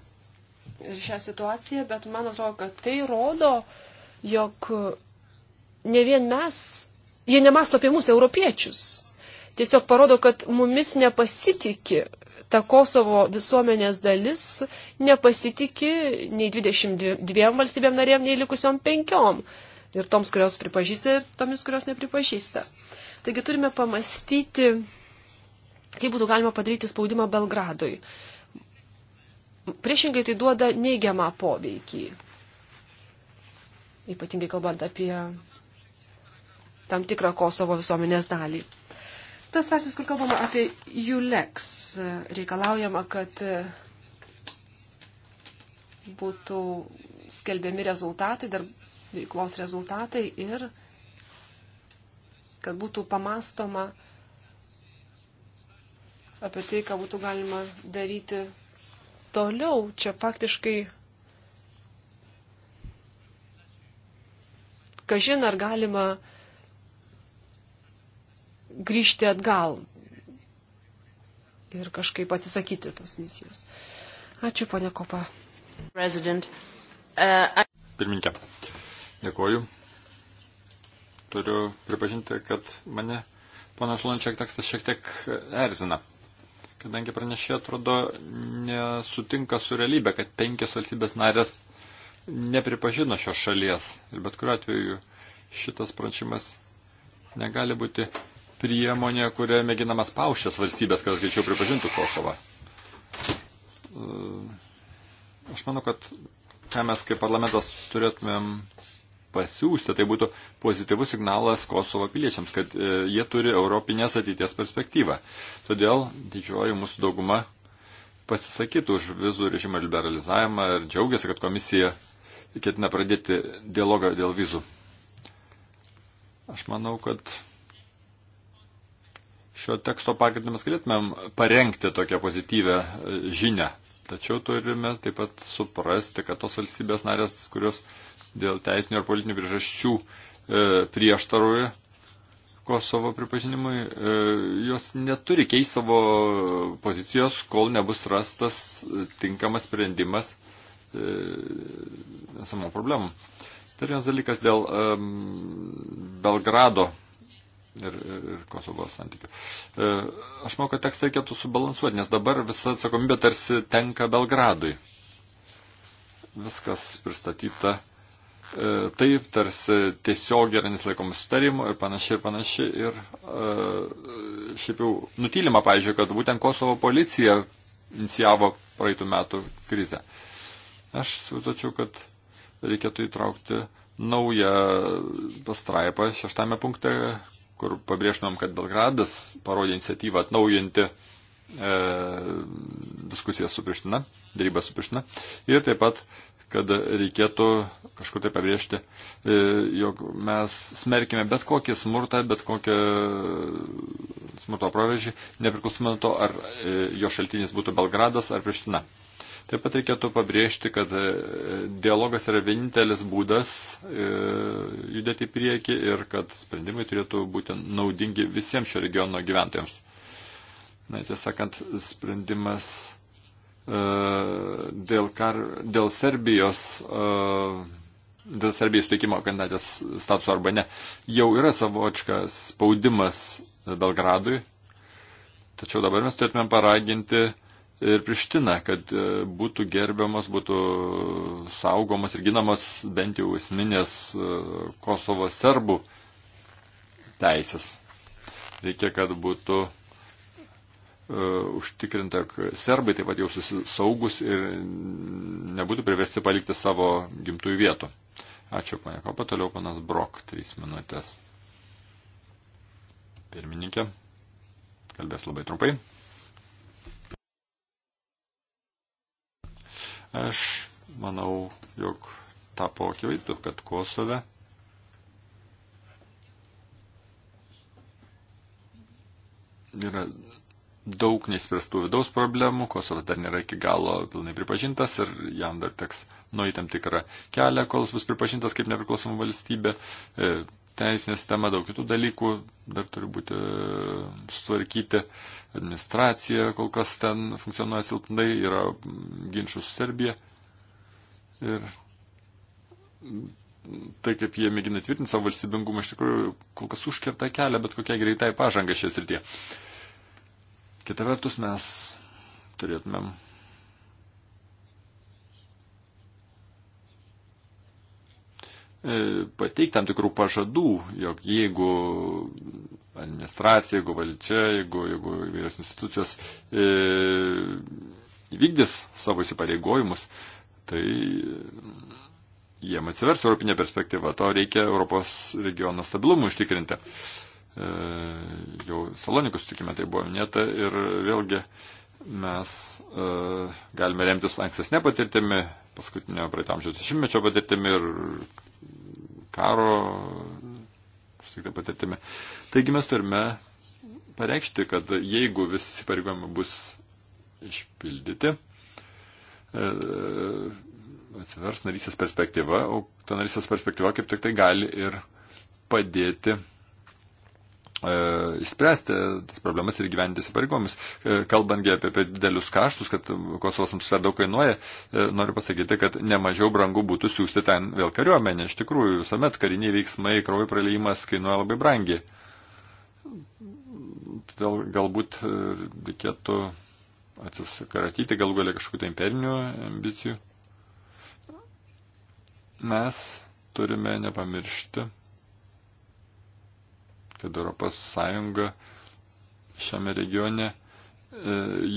Speaker 3: ir šią situaciją, bet man atrodo, kad tai rodo, jog ne vien mes, jie nemasto apie mus, europiečius. Tiesiog parodo, kad mumis nepasitiki ta Kosovo visuomenės dalis nepasitiki nei 22 valstybėm narėm, nei likusiom penkiom ir toms, kurios pripažįsta, ir tomis, kurios nepripažįsta. Taigi turime pamastyti, kaip būtų galima padaryti spaudimą Belgradui. Priešingai tai duoda neigiamą poveikį. Ypatingai kalbant apie tam tikrą Kosovo visuomenės dalį. Tas straipsnis, kur kalbama apie Juleks, reikalaujama, kad būtų skelbiami rezultatai, darb, veiklos rezultatai ir kad būtų pamastoma apie tai, ką būtų galima daryti toliau. Čia faktiškai, kažin ar galima grįžti atgal ir kažkaip atsisakyti tos misijos. Ačiū, ponė Kopa.
Speaker 2: President. Uh, I...
Speaker 5: Pirminkė. Dėkoju. Turiu pripažinti, kad mane ponas Lončiak tekstas šiek tiek erzina, kadangi pranešė atrodo nesutinka su realybė, kad penkios valstybės narės nepripažino šios šalies. Ir bet kuriu atveju šitas pranešimas negali būti priemonė, kurioje mėginamas paušės valstybės, kad greičiau pripažintų Kosovą. Aš manau, kad ką mes kaip parlamentas turėtumėm pasiūsti, tai būtų pozityvus signalas Kosovo piliečiams, kad e, jie turi europinės ateities perspektyvą. Todėl didžioji mūsų dauguma pasisakytų už vizų režimo liberalizavimą ir džiaugiasi, kad komisija ketina pradėti dialogą dėl vizų. Aš manau, kad šio teksto pagrindu mes galėtumėm parengti tokią pozityvę e, žinę. Tačiau turime taip pat suprasti, kad tos valstybės narės, kurios uh, dėl teisinių ar politinių priežasčių e, prieštaroje Kosovo pripažinimui, e, jos neturi keisti savo pozicijos, kol nebus rastas tinkamas sprendimas e, esamų problemų. Dar vienas dalykas dėl Belgrado ir, ir Kosovo santykių. Aš manau, kad tekstą reikėtų subalansuoti, nes dabar visa atsakomybė tarsi tenka Belgradui. Viskas pristatyta E, taip, tarsi tiesiog yra nesilaikoma sutarimo ir panašiai ir panašiai. Ir e, šiaip jau nutylima, pavyzdžiui, kad būtent Kosovo policija inicijavo praeitų metų krizę. Aš svitočiau, kad reikėtų įtraukti naują pastraipą šeštame punkte, kur pabrėžinom, kad Belgradas parodė iniciatyvą atnaujinti e, diskusiją su Priština, darybą su Priština. Ir taip pat kad reikėtų kažkur tai pabrėžti, e, jog mes smerkime bet kokį smurtą, bet kokią smurto proveržį, nepriklausomai nuo to, ar e, jo šaltinis būtų Belgradas ar Priština. Taip pat reikėtų pabrėžti, kad e, dialogas yra vienintelis būdas judėti į priekį ir kad sprendimai turėtų būti naudingi visiems šio regiono gyventojams. Na, tiesą sakant, sprendimas E, dėl, kar, dėl Serbijos. E, dėl Serbijos teikimo kandidatės statuso arba ne, jau yra savočkas spaudimas Belgradui, tačiau dabar mes turėtume paraginti ir Priština, kad e, būtų gerbiamas, būtų saugomas ir ginamas bent jau esminės Kosovo serbų teisės. Reikia, kad būtų Uh, užtikrinta, kad serbai taip pat jau susisaugus ir nebūtų priversti palikti savo gimtųjų vietų. Ačiū, ponia Kopa, toliau panas Brok, trys minutės. Pirmininkė, kalbės labai trumpai. Aš manau, jog tapo akivaizdu, kad Kosove yra daug neįspręstų vidaus problemų, Kosovas dar nėra iki galo pilnai pripažintas ir jam dar teks nueiti tam tikrą kelią, kol jis bus pripažintas kaip nepriklausoma valstybė. E, teisinė sistema, daug kitų dalykų dar turi būti e, sutvarkyti. Administracija kol kas ten funkcionuoja silpnai, yra ginčių su Serbija. Ir tai, kaip jie mėgina tvirtinti savo valstybingumą, iš tikrųjų kol kas užkerta kelią bet kokiai greitai pažangai šią srityje. Kita vertus mes turėtumėm e, pateikti tam tikrų pažadų, jog jeigu administracija, jeigu valdžia, jeigu, jeigu vyrios institucijos e, įvykdys savo įsipareigojimus, tai jiem atsivers europinė perspektyva. To reikia Europos regiono stabilumų užtikrinti. E, E, jau Salonikų sutikime tai buvo minėta ir vėlgi mes e, galime remtis ankstesnė patirtimi, paskutinio praeitą amžiaus dešimtmečio patirtimi ir karo sutikta patirtimi. Taigi mes turime pareikšti, kad jeigu visi įsipareigojimai bus išpildyti, e, atsivers narysės perspektyva, o ta narysės perspektyva kaip tik tai gali ir padėti Įspręsti e, tas problemas ir gyventi įsipareigomis. E, Kalbantgi apie, apie didelius kaštus, kad Kosovas mums per daug kainuoja, e, noriu pasakyti, kad nemažiau brangu būtų siūsti ten vėl kariuomenę. Iš tikrųjų, visuomet kariniai veiksmai, kraujo praleimas kainuoja labai brangiai. Todėl galbūt reikėtų atsiskaratyti galų galia kažkokių tai imperinių ambicijų. Mes turime nepamiršti kad ES šiame regione e,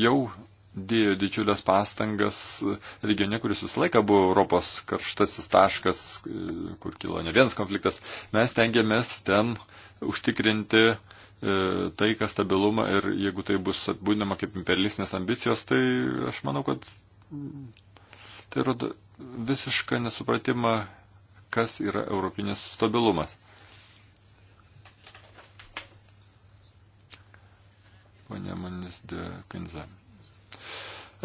Speaker 5: jau dėjo didžiulės pastangas regione, kuris visą laiką buvo Europos karštasis taškas, e, kur kilo ne vienas konfliktas. Mes tengiamės ten užtikrinti e, taiką, stabilumą ir jeigu tai bus atbūdinama kaip imperialistinės ambicijos, tai aš manau, kad tai rodo visišką nesupratimą, kas yra europinis stabilumas. ponė Manis de Kinza.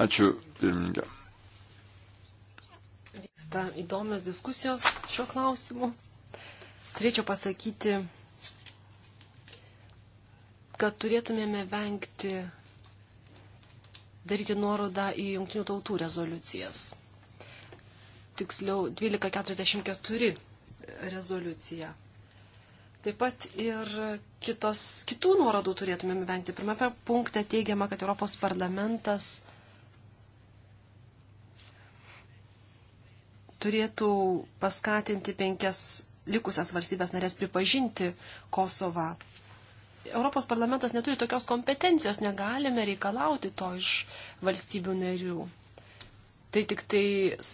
Speaker 5: Ačiū, pirmininkė.
Speaker 3: Vyksta įdomios diskusijos šiuo klausimu. Turėčiau pasakyti, kad turėtumėme vengti daryti nuorodą į jungtinių tautų rezoliucijas. Tiksliau, 1244 rezoliucija Taip pat ir kitos, kitų nuorodų turėtumėm vengti. Pirmame punkte teigiama, kad Europos parlamentas turėtų paskatinti penkias likusias valstybės narės pripažinti Kosovą. Europos parlamentas neturi tokios kompetencijos, negalime reikalauti to iš valstybių narių. Tai tik tai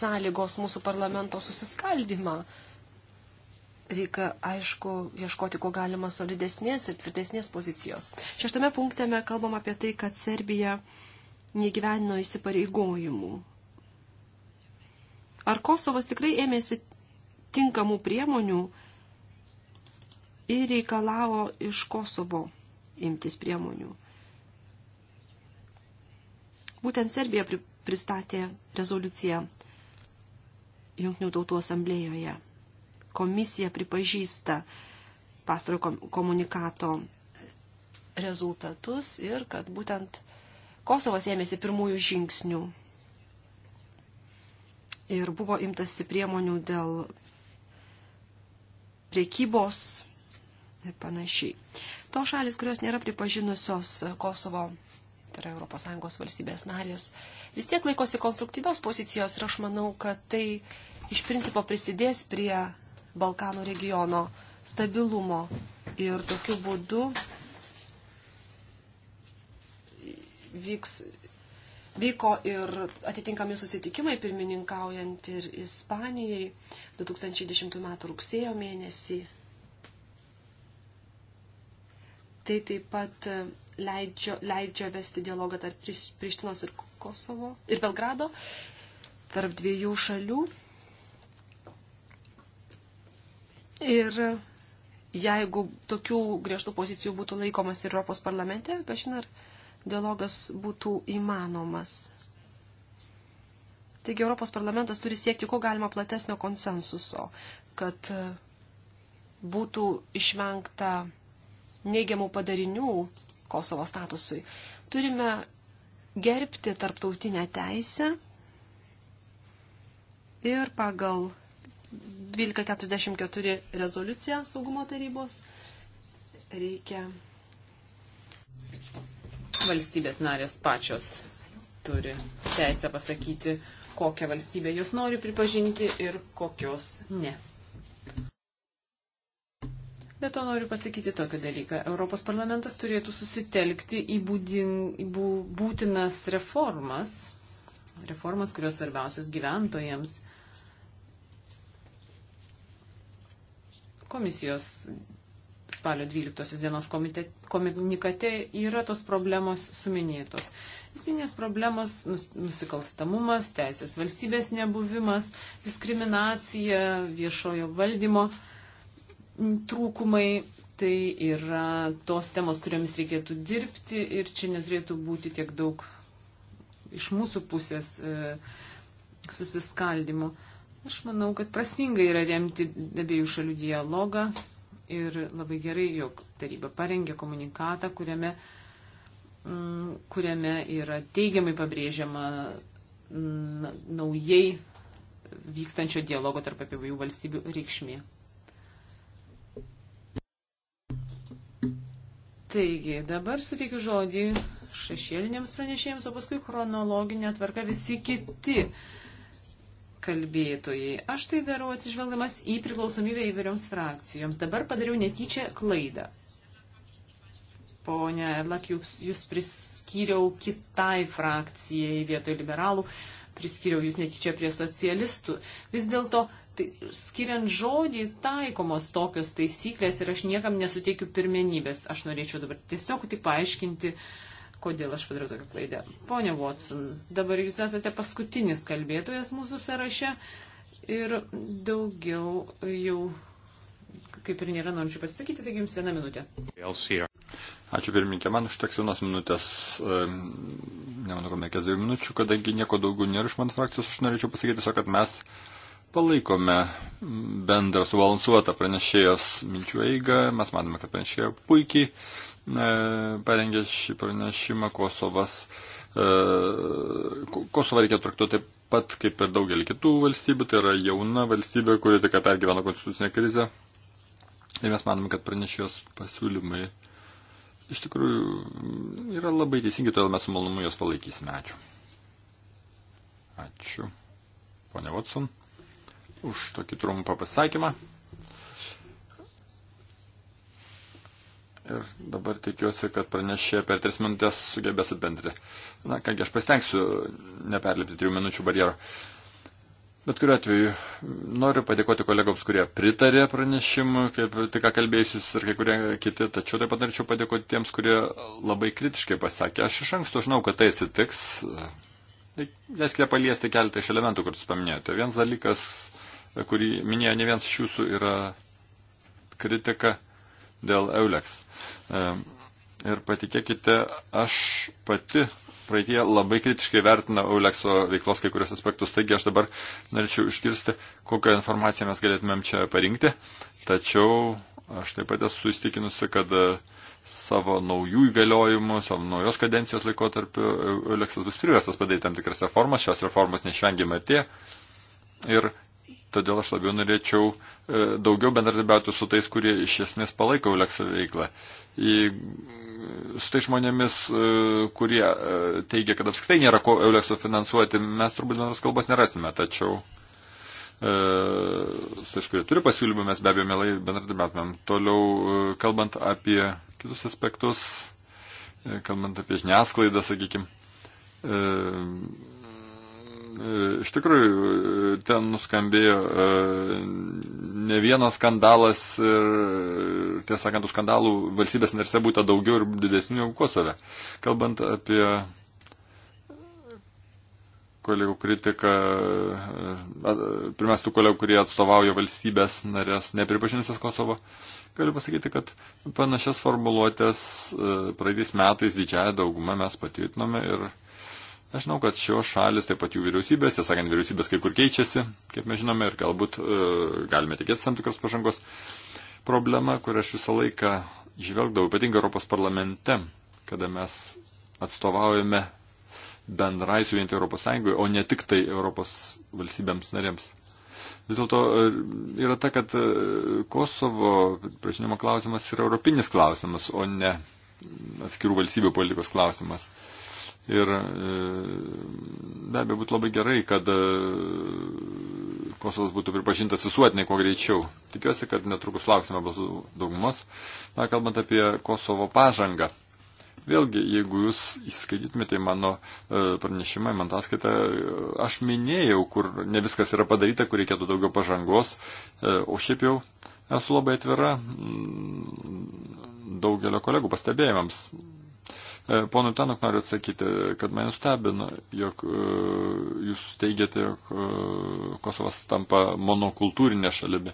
Speaker 3: sąlygos mūsų parlamento susiskaldimą reikia, aišku, ieškoti, ko galima solidesnės ir tvirtesnės pozicijos. Šeštame punktame kalbam apie tai, kad Serbija negyvenino įsipareigojimų. Ar Kosovas tikrai ėmėsi tinkamų priemonių ir reikalavo iš Kosovo imtis priemonių? Būtent Serbija pristatė rezoliuciją Junktinių tautų asamblėjoje komisija pripažįsta pastaro komunikato rezultatus ir kad būtent Kosovas ėmėsi pirmųjų žingsnių ir buvo imtasi priemonių dėl priekybos ir panašiai. To šalis, kurios nėra pripažinusios Kosovo, tai yra ES valstybės narės, vis tiek laikosi konstruktyvios pozicijos ir aš manau, kad tai iš principo prisidės prie Balkanų regiono stabilumo. Ir tokiu būdu vyks, vyko ir atitinkami susitikimai pirmininkaujant ir Ispanijai 2010 m. rugsėjo mėnesį. Tai taip pat leidžia, leidžia vesti dialogą tarp Prištinos ir Kosovo ir Belgrado, tarp dviejų šalių. Ir jeigu tokių griežtų pozicijų būtų laikomas ir Europos parlamente, kažin ar dialogas būtų įmanomas. Taigi Europos parlamentas turi siekti kuo galima platesnio konsensuso, kad e, būtų išvengta neigiamų padarinių Kosovo statusui. Turime gerbti tarptautinę teisę ir pagal 1244 rezoliucija saugumo tarybos. Reikia.
Speaker 2: Valstybės narės pačios turi teisę pasakyti, kokią valstybę jos nori pripažinti ir kokios ne. Bet to noriu pasakyti tokį dalyką. Europos parlamentas turėtų susitelkti į būding, būtinas reformas, reformas, kurios svarbiausios gyventojams komisijos spalio 12 dienos komite, komunikate yra tos problemos suminėtos. Esminės problemos nus, - nusikalstamumas, teisės valstybės nebuvimas, diskriminacija, viešojo valdymo trūkumai. Tai yra tos temos, kuriamis reikėtų dirbti ir čia neturėtų būti tiek daug iš mūsų pusės e, susiskaldimo. E, Aš manau, kad prasminga yra remti abiejų šalių dialogą ir labai gerai, jog taryba parengė komunikatą, kuriame, mm, kuriame yra teigiamai pabrėžiama naujai vykstančio dialogo tarp abiejų valstybių reikšmė. Taigi, dabar suteikiu žodį šešėliniams pranešėjams, o paskui chronologinė tvarka visi kiti kalbėtojai. Aš tai darau atsižvelgdamas į priklausomybę įvairioms frakcijoms. Dabar padariau netyčia klaidą. Pone Erlak, jūs, jūs priskyriau kitai frakcijai vietoj liberalų, priskyriau jūs netyčia prie socialistų. Vis dėlto, tai, skiriant žodį, taikomos tokios taisyklės ir aš niekam nesuteikiu pirmenybės. Aš norėčiau dabar tiesiog tik paaiškinti uh, kodėl aš padariau tokią klaidą. Pone Watson, dabar jūs esate paskutinis kalbėtojas mūsų sąraše ir daugiau jau kaip ir nėra norinčių pasisakyti, taigi jums vieną minutę.
Speaker 5: Ačiū pirmininkė, man užteks vienos minutės, nemanau, kad reikės dviejų minučių, kadangi nieko daugiau nėra iš mano frakcijos, aš norėčiau pasakyti tiesiog, kad mes palaikome bendrą subalansuotą pranešėjos minčių eigą, mes manome, kad pranešėja puikiai parengė šį pranešimą Kosovas. E, Kosovą reikia traktuoti taip pat kaip ir daugelį kitų valstybių, tai yra jauna valstybė, kuri tik pergyveno konstitucinę krizę. Ir mes manome, kad pranešėjos pasiūlymai iš tikrųjų yra labai teisingi, todėl mes su malonumu juos palaikysime. Ačiū. Ačiū, ponia Watson, už tokį trumpą pasakymą. ir dabar tikiuosi, kad pranešė per tris minutės sugebės apendrinti. Na, kągi, aš pasitengsiu neperlipti trijų minučių barjero. Bet kuriuo atveju noriu padėkoti kolegoms, kurie pritarė pranešimui, kaip tik ką kalbėjusis ir kai kurie kiti, tačiau taip pat norėčiau padėkoti tiems, kurie labai kritiškai pasakė. Aš iš anksto žinau, kad tai atsitiks. Leiskite paliesti keletą iš elementų, kur jūs paminėjote. Vienas dalykas, kurį minėjo ne vienas iš jūsų, yra kritika dėl Euleks. E, ir patikėkite, aš pati praeitie labai kritiškai vertina Eulekso veiklos kai kurios aspektus, taigi aš dabar norėčiau iškirsti, kokią informaciją mes galėtumėm čia parinkti. Tačiau aš taip pat esu įstikinusi, kad e, savo naujų įgaliojimų, savo naujos kadencijos laikotarpiu Euleksas bus priverstas padaryti tam tikras reformas, šios reformos neišvengiamai artėja. Ir todėl aš labiau norėčiau e, daugiau bendradarbiauti su tais, kurie iš esmės palaiko Ulekso veiklą. Į, su tais žmonėmis, e, kurie e, teigia, kad apskritai nėra ko Eulekso finansuoti, mes turbūt bendros kalbos nerasime, tačiau su tais, kurie turi pasiūlymą, mes be abejo mielai bendradarbiautumėm. Toliau, kalbant apie kitus aspektus, kalbant apie žiniasklaidą, sakykime, E, iš tikrųjų, e, ten nuskambėjo e, ne vienas skandalas ir, tiesą sakant, tų skandalų valstybės narse būtų daugiau ir didesnių negu Kosove. Kalbant apie kolegų kritiką, pirmiausia, tų kolegų, kurie atstovauja valstybės narės nepripažinusios Kosovo, galiu pasakyti, kad panašias formuluotės praeitais metais didžiąją daugumą mes patvirtinome ir Aš žinau, kad šios šalis, taip pat jų vyriausybės, tiesą sakant, vyriausybės kai kur keičiasi, kaip mes žinome, ir galbūt e, galime tikėtis tam tikros pažangos. Problema, kur aš visą laiką žvelgdavau, ypatingai Europos parlamente, kada mes atstovaujame bendrai suvienyti Europos Sąjungoje, o ne tik tai Europos valstybėms narėms. Vis dėlto e, yra ta, kad e, Kosovo priešinimo klausimas yra europinis klausimas, o ne atskirų valstybių politikos klausimas. Uh, Ir e, be abejo, būtų labai gerai, kad e, Kosovas būtų pripažintas visuotinai kuo greičiau. Tikiuosi, kad netrukus lauksime balsų daugumos. Na, kalbant apie Kosovo pažangą. Vėlgi, jeigu jūs įskaitytumėte į mano e, pranešimą, į mano ataskaitą, aš minėjau, kur ne viskas yra padaryta, kur reikėtų daugiau pažangos, o šiaip jau esu labai atvira daugelio kolegų pastebėjimams. E, pono Tanok noriu atsakyti, kad mane stebina, jog e, jūs teigiate, jog e, Kosovas tampa monokultūrinė šalimi.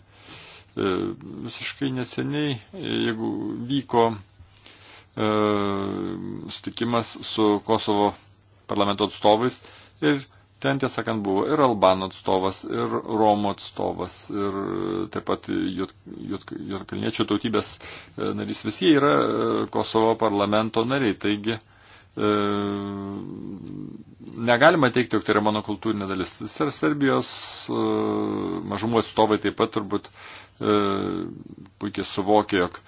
Speaker 5: Visiškai neseniai, jeigu vyko sutikimas su Kosovo parlamento atstovais ir Ten, tiesąkant, buvo ir Albano atstovas, ir Romo atstovas, ir e, taip pat Jotkalniečių tautybės e, narys. Visi yra e, Kosovo parlamento nariai. Taigi e, negalima teikti, jog tai yra mano kultūrinė dalis. Ir Serbijos e, mažumų atstovai taip pat turbūt puikiai suvokė, jog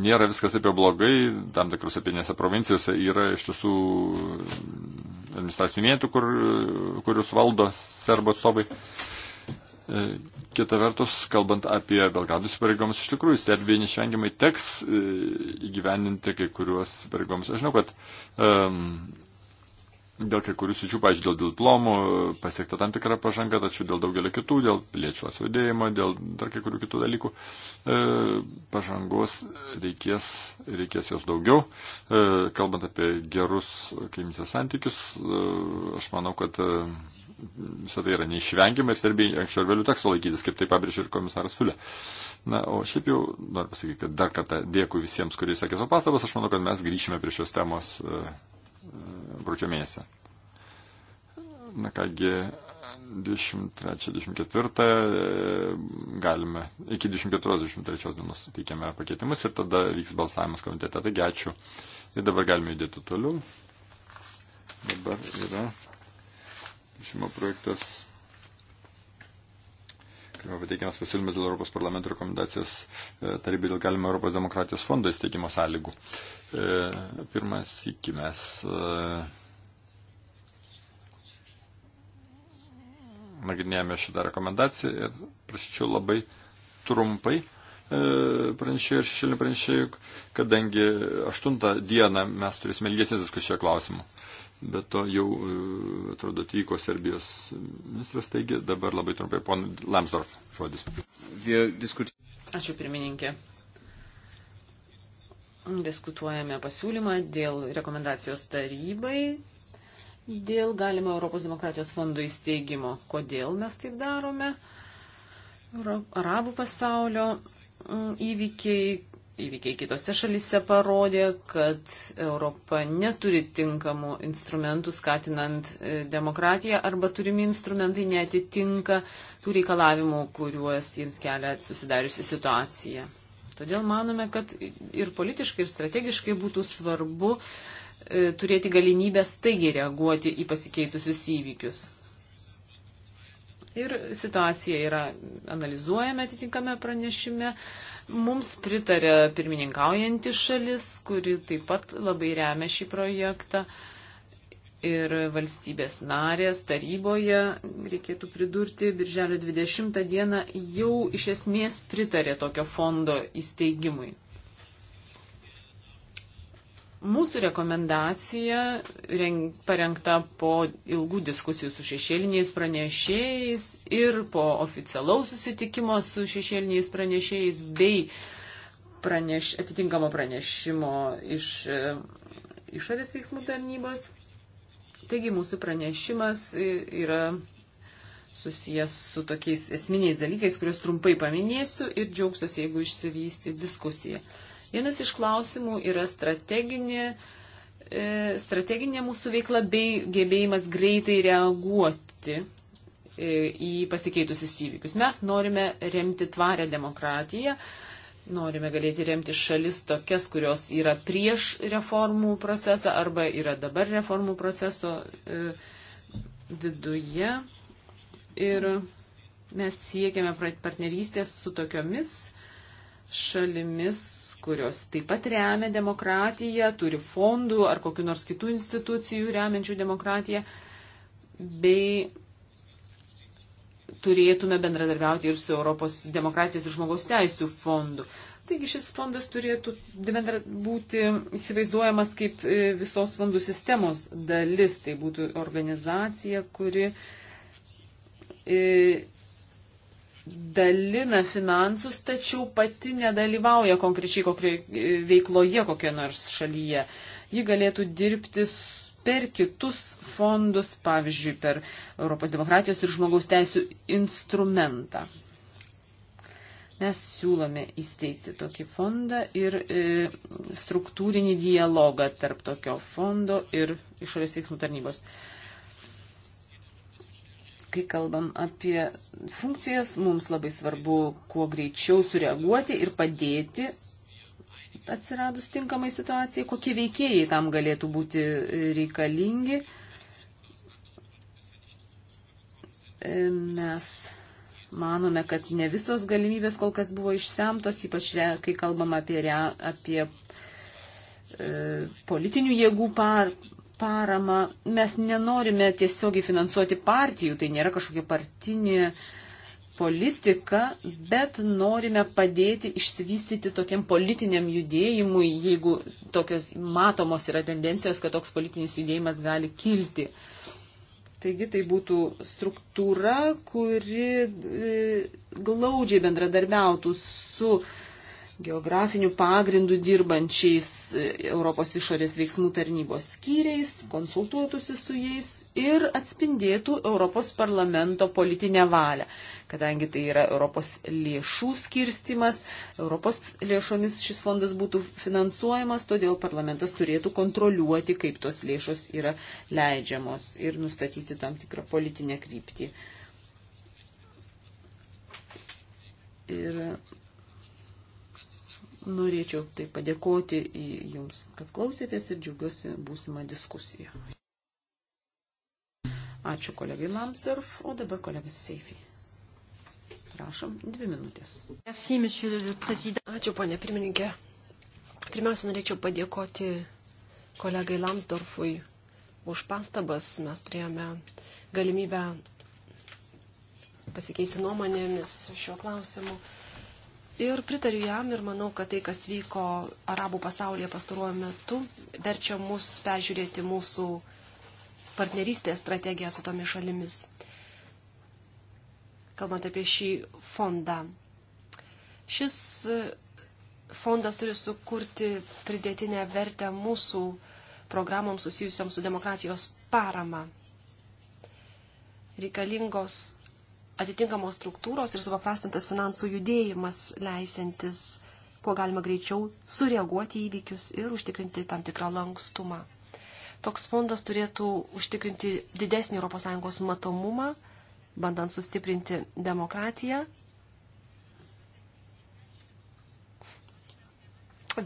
Speaker 5: nėra viskas taip blogai, tam tikrose pietinėse provincijose yra iš tiesų administracinių vietų, kur, kurius valdo serbo atstovai. E, kita vertus, kalbant apie Belgradų įsipareigomus, iš tikrųjų, Serbijai neišvengiamai teks e, įgyvendinti kai kuriuos įsipareigomus. Aš žinau, kad um, Dėl kai kurių sičių, pažiūrėjau, dėl diplomų pasiekta tam tikra pažanga, tačiau dėl daugelio kitų, dėl piliečių asudėjimo, dėl dar kai kurių kitų dalykų e, pažangos reikės, reikės jos daugiau. E, kalbant apie gerus kaimynės santykius, e, aš manau, kad e, visą tai yra neišvengiama ir Serbijai anksčiau ir vėliau teks laikytis, kaip tai pabrėžė ir komisaras Fulė. Na, o šiaip jau noriu pasakyti, kad dar kartą dėkui visiems, kurie sakė savo pastabas, aš manau, kad mes grįšime prie šios temos. E, gruodžio mėnesį. Na kągi, 23-24 galime, iki 24-23 dienos teikiame pakeitimus ir tada vyks balsavimas komitete. Taigi ačiū. Ir dabar galime judėti toliau. Dabar yra žinoma projektas Kalbame pateikiamas pasiūlymas dėl Europos parlamento rekomendacijos e, tarybai dėl galimo Europos demokratijos fondo įsteigimo sąlygų. E, pirmas iki mes. E, nagrinėjame šitą rekomendaciją ir prašyčiau labai trumpai pranešėjų ir šešėlinių pranešėjų, kadangi 8 dieną mes turėsime ilgesnės diskusijų klausimų bet to jau, e, atrodo, atvyko Serbijos ministras, taigi dabar labai trumpai, pon Lamsdorf žodis.
Speaker 2: Ačiū pirmininkė. Diskutuojame pasiūlymą dėl rekomendacijos tarybai, dėl galimo Europos demokratijos fondo įsteigimo. Kodėl mes taip darome? Arabų pasaulio mm, įvykiai įvykiai kitose šalise parodė, kad Europa neturi tinkamų instrumentų skatinant e, demokratiją arba turimi instrumentai netitinka tų reikalavimų, kuriuos jiems kelia susidariusi situacija. Todėl manome, kad ir politiškai, ir strategiškai būtų svarbu e, turėti galimybę staigiai reaguoti į pasikeitusius įvykius. Ir situacija yra analizuojama atitinkame pranešime. Mums pritarė pirmininkaujanti šalis, kuri taip pat labai remia šį projektą. Ir valstybės narės taryboje, reikėtų pridurti, birželio 20 dieną jau iš esmės pritarė tokio fondo įsteigimui. Mūsų rekomendacija renk, parengta po ilgų diskusijų su šešėliniais pranešėjais ir po oficialaus susitikimo su šešėliniais pranešėjais bei praneš, atitinkamo pranešimo iš e, išorės veiksmų tarnybos. Taigi mūsų pranešimas yra susijęs su tokiais esminiais dalykais, kuriuos trumpai paminėsiu ir džiaugsiuosi, jeigu išsivystys diskusija. Uh, Vienas iš klausimų yra strateginė, e, strateginė mūsų veikla bei gebėjimas greitai reaguoti e, į pasikeitusius įvykius. Mes norime remti tvarę demokratiją, norime galėti remti šalis tokias, kurios yra prieš reformų procesą arba yra dabar reformų proceso e, viduje. Ir mes siekiame partnerystės su tokiomis šalimis, kurios taip pat remia demokratiją, turi fondų ar kokiu nors kitų institucijų remiančių demokratiją, bei turėtume bendradarbiauti ir su Europos demokratijos ir žmogaus teisų fondu. Taigi šis fondas turėtų būti įsivaizduojamas kaip e, visos fondų sistemos dalis. Tai būtų organizacija, kuri e, dalina finansus, tačiau pati nedalyvauja konkrečiai kokioje e, veikloje kokioje nors šalyje. Ji galėtų dirbti per kitus fondus, pavyzdžiui, per Europos demokratijos ir žmogaus teisų instrumentą. Mes siūlome įsteigti tokį fondą ir e, struktūrinį dialogą tarp tokio fondo ir išorės veiksmų tarnybos. E, kai kalbam apie funkcijas, mums labai svarbu kuo greičiau sureaguoti ir padėti atsiradus tinkamai situacijai, kokie veikėjai tam galėtų būti reikalingi. Mes manome, kad ne visos galimybės kol kas buvo išsemtos, ypač kai kalbam apie, re, apie e, politinių jėgų par, paramą mes nenorime tiesiogiai finansuoti partijų, tai nėra kažkokia partinė politika, bet norime padėti išsivystyti tokiam politiniam judėjimui, jeigu tokios matomos yra tendencijos, kad toks politinis judėjimas gali kilti. Taigi tai būtų struktūra, kuri e, glaudžiai bendradarbiautų su uh, geografiniu pagrindu dirbančiais e, Europos išorės veiksmų tarnybos skyriais, konsultuotųsi su jais ir atspindėtų Europos parlamento politinę valią, kadangi tai yra Europos lėšų skirstimas, Europos lėšomis šis fondas būtų finansuojamas, todėl parlamentas turėtų kontroliuoti, kaip tos lėšos yra leidžiamos ir nustatyti tam tikrą politinę kryptį. Ir Norėčiau tai padėkoti Jums, kad klausėtės ir džiaugiuosi būsimą diskusiją. Ačiū kolegai Lamsdorf, o dabar kolegas Seifiai. Prašom,
Speaker 3: dvi minutės. Ačiū, ponė pirmininkė. Pirmiausia, norėčiau padėkoti kolegai Lamsdorfui už pastabas. Mes turėjome galimybę pasikeisti nuomonėmis šiuo klausimu. Ir pritariu jam ir manau, kad tai, kas vyko arabų pasaulyje pastaruoju metu, verčia mus peržiūrėti mūsų partnerystės strategiją su tomis šalimis. Kalbant apie šį fondą. Šis e, fondas turi sukurti pridėtinę vertę mūsų programoms susijusiam su demokratijos parama. Reikalingos atitinkamos struktūros ir supaprastintas finansų judėjimas leisantis kuo galima greičiau sureaguoti į įvykius ir užtikrinti tam tikrą lankstumą. Toks fondas turėtų užtikrinti didesnį ES matomumą, bandant sustiprinti demokratiją,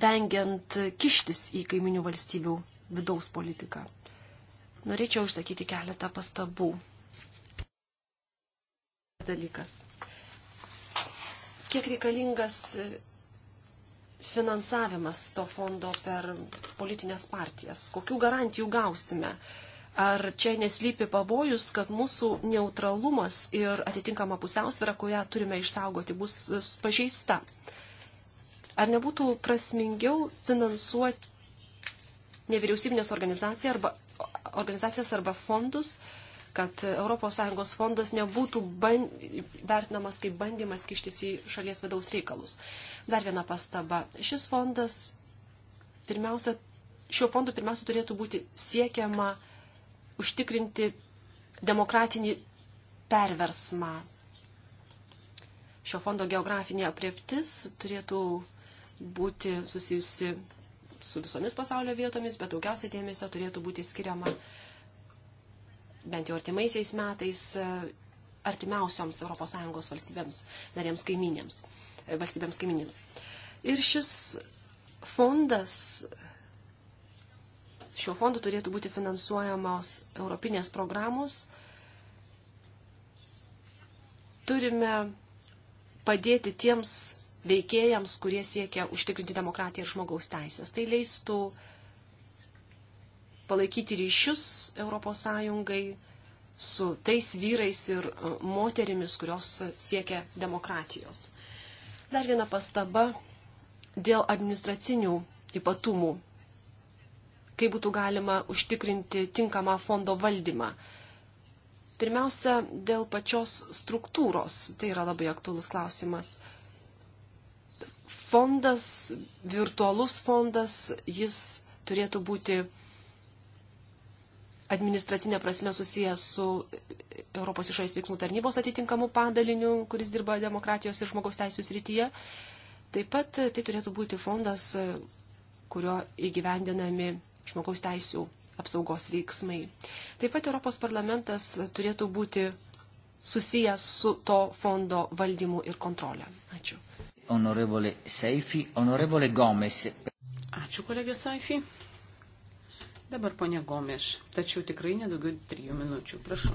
Speaker 3: vengiant kištis į kaiminių valstybių vidaus politiką. Norėčiau užsakyti keletą pastabų dalykas. Kiek reikalingas finansavimas to fondo per politinės partijas? Kokių garantijų gausime? Ar čia neslypi pavojus, kad mūsų neutralumas ir atitinkama pusiausvėra, kurią turime išsaugoti, bus pažeista? Ar nebūtų prasmingiau finansuoti nevyriausybinės organizacijas arba, organizacijas arba fondus, uh, kad ES fondas nebūtų ban... vertinamas kaip bandymas kištis į šalies vidaus reikalus. Dar viena pastaba. Šis fondas, pirmiausia, šiuo fondu pirmiausia turėtų būti siekiama užtikrinti demokratinį perversmą. Šio fondo geografinė apriptis turėtų būti susijusi su visomis pasaulio vietomis, bet daugiausiai dėmesio turėtų būti skiriama uh, bent jau artimaisiais metais e, artimiausioms ES valstybėms narėms kaiminėms, e, valstybėms kaiminėms. Ir šis fondas, šiuo fondu turėtų būti finansuojamos europinės programos. Turime padėti tiems veikėjams, kurie siekia užtikrinti demokratiją ir žmogaus teisės. Tai leistų uh, palaikyti ryšius ES su tais vyrais ir e, moterimis, kurios siekia demokratijos. Dar viena pastaba dėl administracinių ypatumų, kaip būtų galima užtikrinti tinkamą fondo valdymą. Pirmiausia, dėl pačios struktūros, tai yra labai aktuolus klausimas fondas, virtualus fondas, jis turėtų būti administracinė prasme susijęs su Europos išorės veiksmų tarnybos atitinkamu padaliniu, kuris dirba demokratijos ir žmogaus teisų srityje. Taip pat e, tai turėtų būti fondas, e, kurio įgyvendinami žmogaus teisų apsaugos veiksmai. Taip pat Europos parlamentas e, turėtų būti susijęs su to fondo valdymu ir kontrolę. Ačiū.
Speaker 1: Honorevole Seifi, honorevole Gomes.
Speaker 3: Ačiū, kolegė Seifi. Dabar ponia Gomeš,
Speaker 2: tačiau tikrai nedaugiau trijų minučių. Prašau.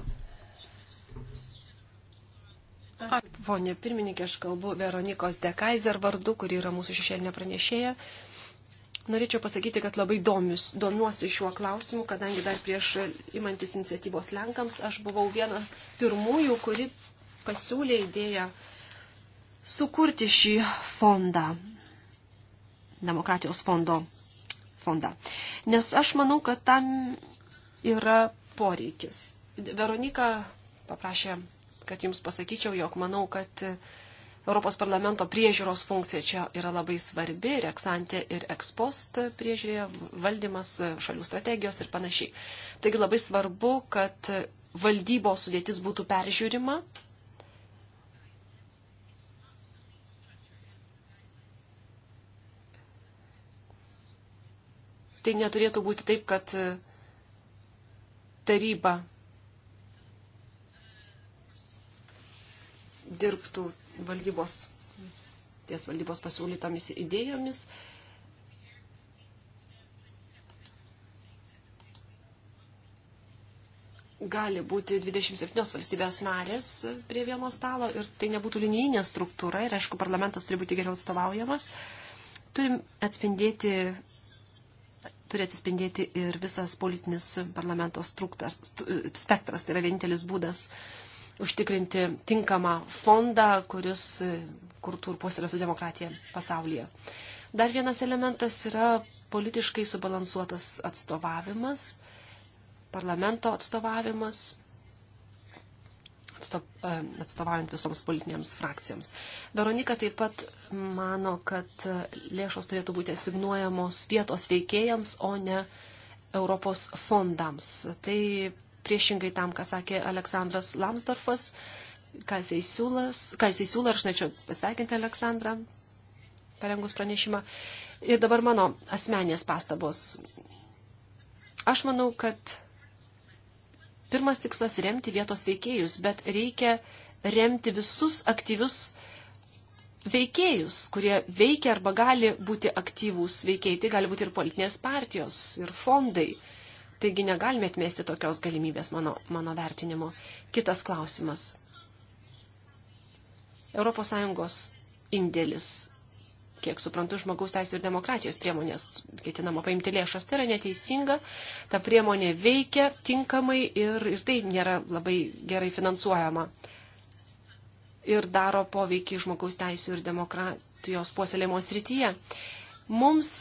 Speaker 3: Ačiū, ponė pirmininkė, aš kalbu Veronikos Dekaiser vardu, kuri yra mūsų šešėlinė pranešėja. Norėčiau pasakyti, kad labai domius, domiuosi šiuo klausimu, kadangi dar prieš imantis iniciatyvos Lenkams aš buvau viena pirmųjų, kuri pasiūlė idėją sukurti šį fondą, demokratijos fondo fondą. Nes aš manau, kad tam yra poreikis. Veronika paprašė, kad jums pasakyčiau, jog manau, kad Europos parlamento priežiūros funkcija čia yra labai svarbi, reksantė ir ekspost priežiūrė, valdymas, šalių strategijos ir panašiai. Taigi labai svarbu, kad valdybos sudėtis būtų peržiūrima tai neturėtų būti taip, kad e, taryba dirbtų valdybos, ties valdybos pasiūlytomis idėjomis. Gali būti 27 valstybės narės prie vieno stalo ir tai nebūtų linijinė struktūra ir, aišku, parlamentas turi būti geriau atstovaujamas. Turim atspindėti turi atsispindėti ir visas politinis parlamento struktas, spektras. Tai yra vienintelis būdas užtikrinti tinkamą fondą, kuris kurtų ir puoselėtų demokratiją pasaulyje. Dar vienas elementas yra politiškai subalansuotas atstovavimas, parlamento atstovavimas E, atstovaujant visoms politinėms frakcijoms. Veronika taip pat mano, kad lėšos turėtų būti asignuojamos vietos veikėjams, o ne Europos fondams. Tai priešingai tam, ką sakė Aleksandras Lamsdorfas, ką jisai siūlo, aš norėčiau pasveikinti Aleksandrą, parengus pranešimą. Ir dabar mano asmenės pastabos. Aš manau, kad Pirmas tikslas - remti vietos veikėjus, bet reikia remti visus aktyvius veikėjus, kurie veikia arba gali būti aktyvūs veikėjai. Tai gali būti ir politinės partijos, ir fondai. Taigi negalime atmesti tokios galimybės mano, mano vertinimo. Kitas klausimas. ES indėlis kiek suprantu, žmogaus teisų ir demokratijos priemonės ketinama paimti lėšas. Tai yra neteisinga, ta priemonė veikia tinkamai ir, ir tai nėra labai gerai finansuojama. Ir daro poveikį žmogaus teisų ir demokratijos puoselėjimo srityje. Mums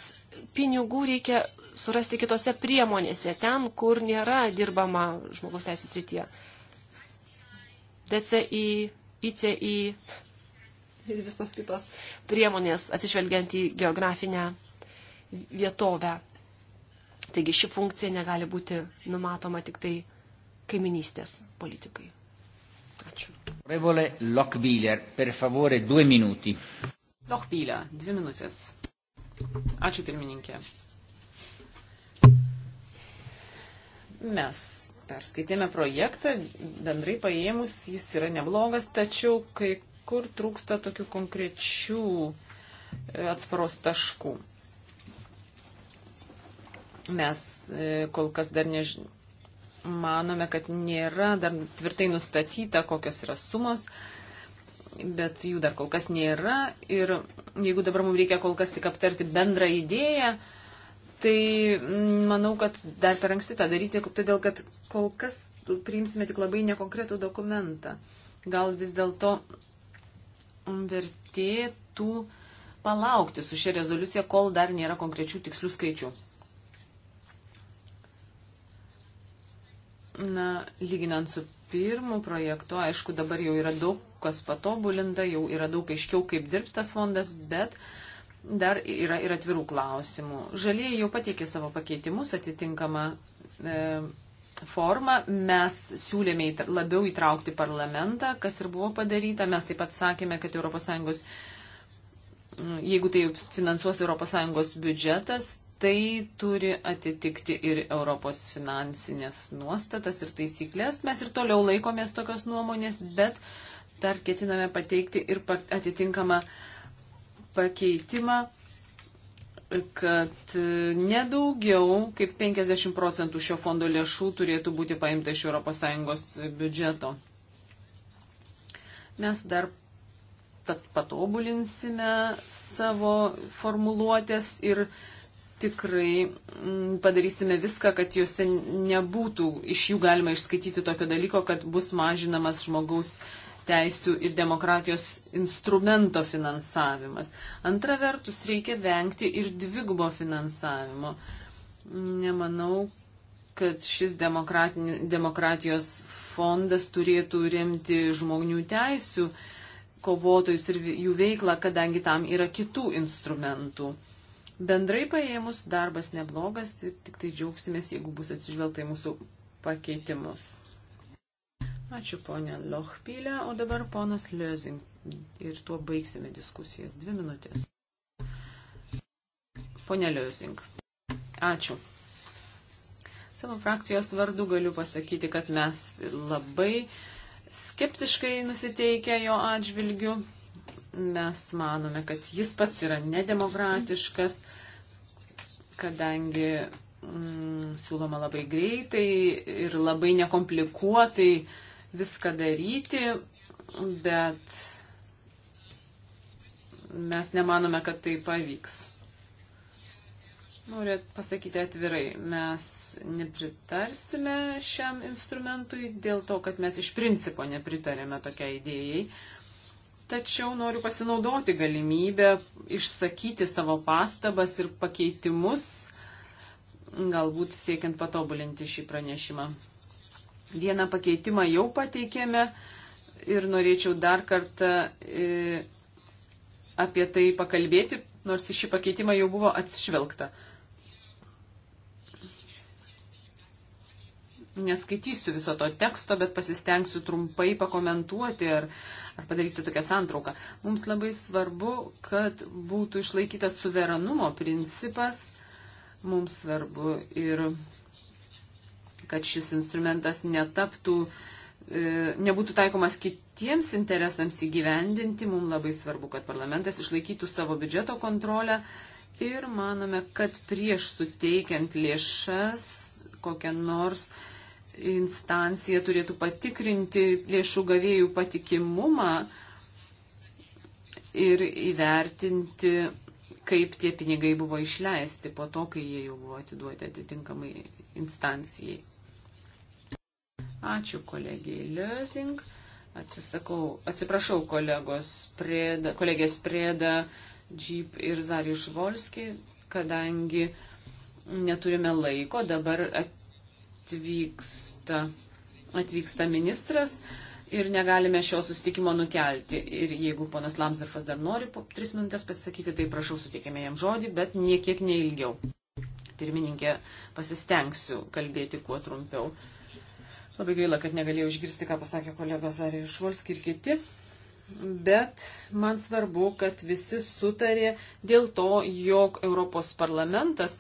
Speaker 3: pinigų reikia surasti kitose priemonėse, ten, kur nėra dirbama žmogaus teisų srityje. DCI, ICI, ir visos kitos priemonės atsižvelgiant į geografinę vietovę. Taigi ši funkcija negali būti numatoma tik tai kaiminystės politikai.
Speaker 1: Ačiū. Revole Lokbiler, per favore, du minuti.
Speaker 3: Lokbiler, dvi minutės.
Speaker 2: Ačiū pirmininkė. Mes perskaitėme projektą, bendrai paėmus jis yra neblogas, tačiau kai kur trūksta tokių konkrečių e, atsparos taškų. Mes e, kol kas dar nežinome. Manome, kad nėra dar tvirtai nustatyta, kokios yra sumos, bet jų dar kol kas nėra. Ir jeigu dabar mums reikia kol kas tik aptarti bendrą idėją, tai mm, manau, kad dar per anksti tą daryti, todėl kad kol kas priimsime tik labai nekonkretų dokumentą. Gal vis dėlto vertėtų palaukti su šia rezoliucija, kol dar nėra konkrečių tikslių skaičių. Na, lyginant su pirmu projektu, aišku, dabar jau yra daug kas patobulinta, jau yra daug aiškiau, kaip dirbs tas fondas, bet dar yra ir atvirų klausimų. Žalieji jau pateikė savo pakeitimus atitinkamą e, formą mes siūlėme labiau įtraukti parlamentą, kas ir buvo padaryta. Mes taip pat sakėme, kad ES, mm, jeigu tai finansuos ES biudžetas, tai turi atitikti ir Europos finansinės nuostatas ir taisyklės. Mes ir toliau laikomės tokios nuomonės, bet dar ketiname pateikti ir atitinkamą pakeitimą kad e, nedaugiau kaip 50 procentų šio fondo lėšų turėtų būti paimta iš ES biudžeto. Mes dar patobulinsime savo formuluotės ir tikrai mm, padarysime viską, kad juose nebūtų, iš jų galima išskaityti tokio dalyko, kad bus mažinamas žmogaus uh, teisų ir demokratijos instrumento finansavimas. Antra vertus, reikia vengti ir dvigubo finansavimo. Nemanau, kad šis demokratijos fondas turėtų remti žmonių teisų kovotojus ir jų veiklą, kadangi tam yra kitų instrumentų. Bendrai paėmus darbas neblogas, tik tai džiaugsimės, jeigu bus atsižvelgta į mūsų pakeitimus. Ačiū ponė Lochpylė, o dabar ponas Liozing. Ir tuo baigsime diskusijas. Dvi minutės. Pone Liozing. Ačiū. Savo frakcijos vardu galiu pasakyti, kad mes labai skeptiškai nusiteikę jo atžvilgiu. Mes manome, kad jis pats yra nedemokratiškas, kadangi mm, siūloma labai greitai ir labai nekomplikuotai viską daryti, bet mes nemanome, kad tai pavyks. Noriu pasakyti atvirai, mes nepritarsime šiam instrumentui dėl to, kad mes iš principo nepritarėme tokiai idėjai. Tačiau noriu pasinaudoti galimybę išsakyti savo pastabas ir pakeitimus, galbūt siekiant patobulinti šį pranešimą. Vieną pakeitimą jau pateikėme ir norėčiau dar kartą e, apie tai pakalbėti, nors į šį pakeitimą jau buvo atsižvelgta. Neskaitysiu viso to teksto, bet pasistengsiu trumpai pakomentuoti ar, ar padaryti tokią santrauką. Mums labai svarbu, kad būtų išlaikytas suverenumo principas. Mums svarbu ir kad šis instrumentas netaptų, e, nebūtų taikomas kitiems interesams įgyvendinti. Mums labai svarbu, kad parlamentas išlaikytų savo biudžeto kontrolę ir manome, kad prieš suteikiant lėšas kokią nors instancija turėtų patikrinti lėšų gavėjų patikimumą ir įvertinti, kaip tie pinigai buvo išleisti po to, kai jie jau buvo atiduoti atitinkamai instancijai. Ačiū kolegijai Liozing. Atsisakau, atsiprašau kolegos Prėda, kolegės Prėda, Džyp ir Zariš Volski, kadangi neturime laiko, dabar atvyksta, atvyksta ministras ir negalime šio susitikimo nukelti. Ir jeigu ponas Lamsdorfas dar nori po tris minutės pasisakyti, tai prašau sutikime jam žodį, bet niekiek neilgiau. Pirmininkė, pasistengsiu kalbėti kuo trumpiau. Labai gaila, kad negalėjau išgirsti, ką pasakė kolega Zarė Švolski ir kiti. Bet man svarbu, kad visi sutarė dėl to, jog Europos parlamentas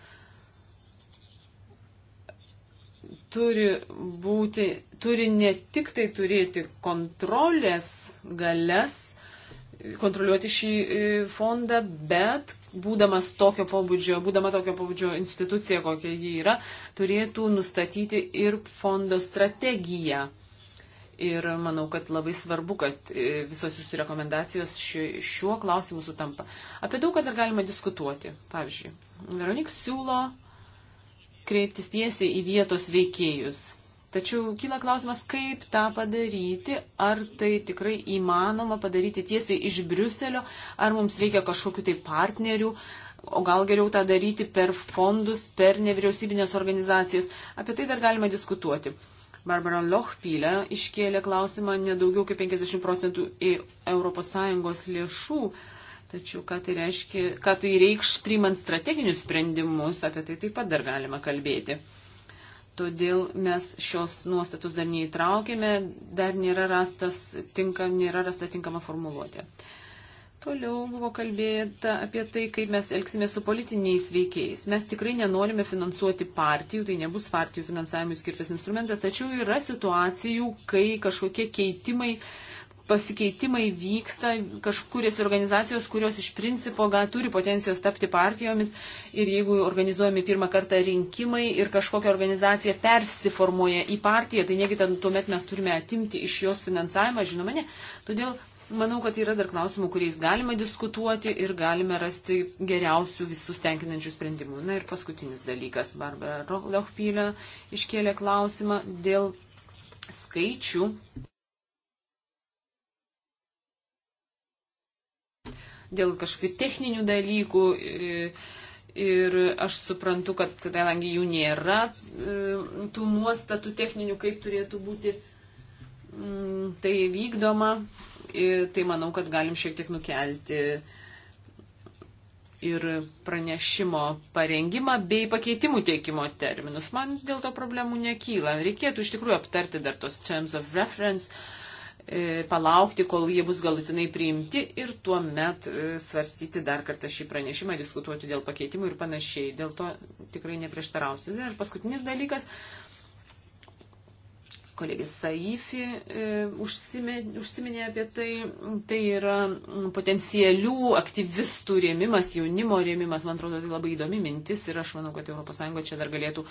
Speaker 2: turi būti, turi ne tik tai turėti kontrolės galės, kontroliuoti šį e, fondą, bet būdamas tokio pobūdžio, būdama tokio pobūdžio institucija, kokia ji yra, turėtų nustatyti ir fondo strategiją. Ir manau, kad labai svarbu, kad e, visos jūsų rekomendacijos šiuo klausimu sutampa. Apie daug ką dar galima diskutuoti. Pavyzdžiui, Veronik siūlo kreiptis tiesiai į vietos veikėjus Tačiau kyla klausimas, kaip tą padaryti, ar tai tikrai įmanoma padaryti tiesiai iš Briuselio, ar mums reikia kažkokiu tai partnerių, o gal geriau tą daryti per fondus, per nevyriausybinės organizacijas. Apie tai dar galima diskutuoti. Barbara Lochpylė iškėlė klausimą nedaugiau kaip 50 procentų į ES lėšų. Tačiau ką tai reiškia, ką tai reikš priimant strateginius sprendimus, apie tai taip pat dar galima kalbėti. Todėl mes šios nuostatus dar neįtraukėme, dar nėra, rastas, tinka, nėra rasta tinkama formuluotė. Toliau buvo kalbėta apie tai, kaip mes elgsime su politiniais veikėjais. Mes tikrai nenorime finansuoti partijų, tai nebus partijų finansavimui skirtas instrumentas, tačiau yra situacijų, kai kažkokie keitimai uh, pasikeitimai vyksta, kažkurias organizacijos, kurios iš principo ga, turi potencijos tapti partijomis ir jeigu organizuojami pirmą kartą rinkimai ir kažkokia organizacija persiformuoja į partiją, tai negi ten tuomet mes turime atimti iš jos finansavimą, žinoma, ne. Todėl manau, kad yra dar klausimų, kuriais galima diskutuoti ir galime rasti geriausių visus tenkinančių sprendimų. Na ir paskutinis dalykas. Barbara Lochpylė iškėlė klausimą dėl skaičių dėl kažkokių techninių dalykų. Ir aš suprantu, kad kadangi jų nėra, e, tų nuostatų techninių, kaip turėtų būti mm, tai vykdoma, e, tai manau, kad galim šiek tiek nukelti ir pranešimo parengimą bei pakeitimų teikimo terminus. Man dėl to problemų nekyla. Reikėtų iš tikrųjų aptarti dar tos terms of reference, uh, E, palaukti, kol jie bus galutinai priimti ir tuo met e, svarstyti dar kartą šį pranešimą, diskutuoti dėl pakeitimų ir panašiai. Dėl to tikrai neprieštarausiu. Ir paskutinis dalykas. Kolegis Saifi e, užsiminė, užsiminė apie tai, tai yra potencialių aktyvistų rėmimas, jaunimo rėmimas, man atrodo, tai labai įdomi mintis ir aš manau, kad ES čia dar galėtų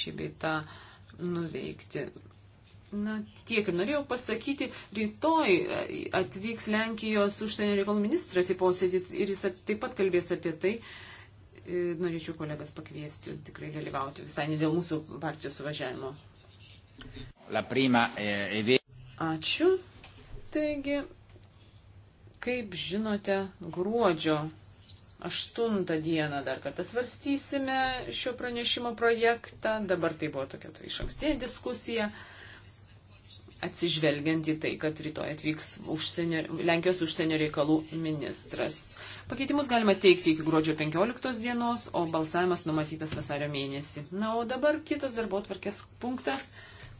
Speaker 2: šį beitą nuveikti. Na, tiek ir norėjau pasakyti, rytoj e, atvyks Lenkijos užsienio reikalų ministras į posėdį ir jis taip pat kalbės apie tai. E, norėčiau kolegas pakviesti tikrai dalyvauti visai ne dėl mūsų partijos suvažiavimo.
Speaker 1: E, Ačiū.
Speaker 2: Taigi, kaip žinote, gruodžio 8 dieną dar kartą svarstysime šio pranešimo projektą. Dabar tai buvo tokia tai iš ankstinė diskusija atsižvelgiant į tai, kad rytoj atvyks užsienio, Lenkijos užsienio reikalų ministras. Pakeitimus galima teikti iki gruodžio 15 dienos, o balsavimas numatytas vasario mėnesį. Na, o dabar kitas darbo tvarkės punktas.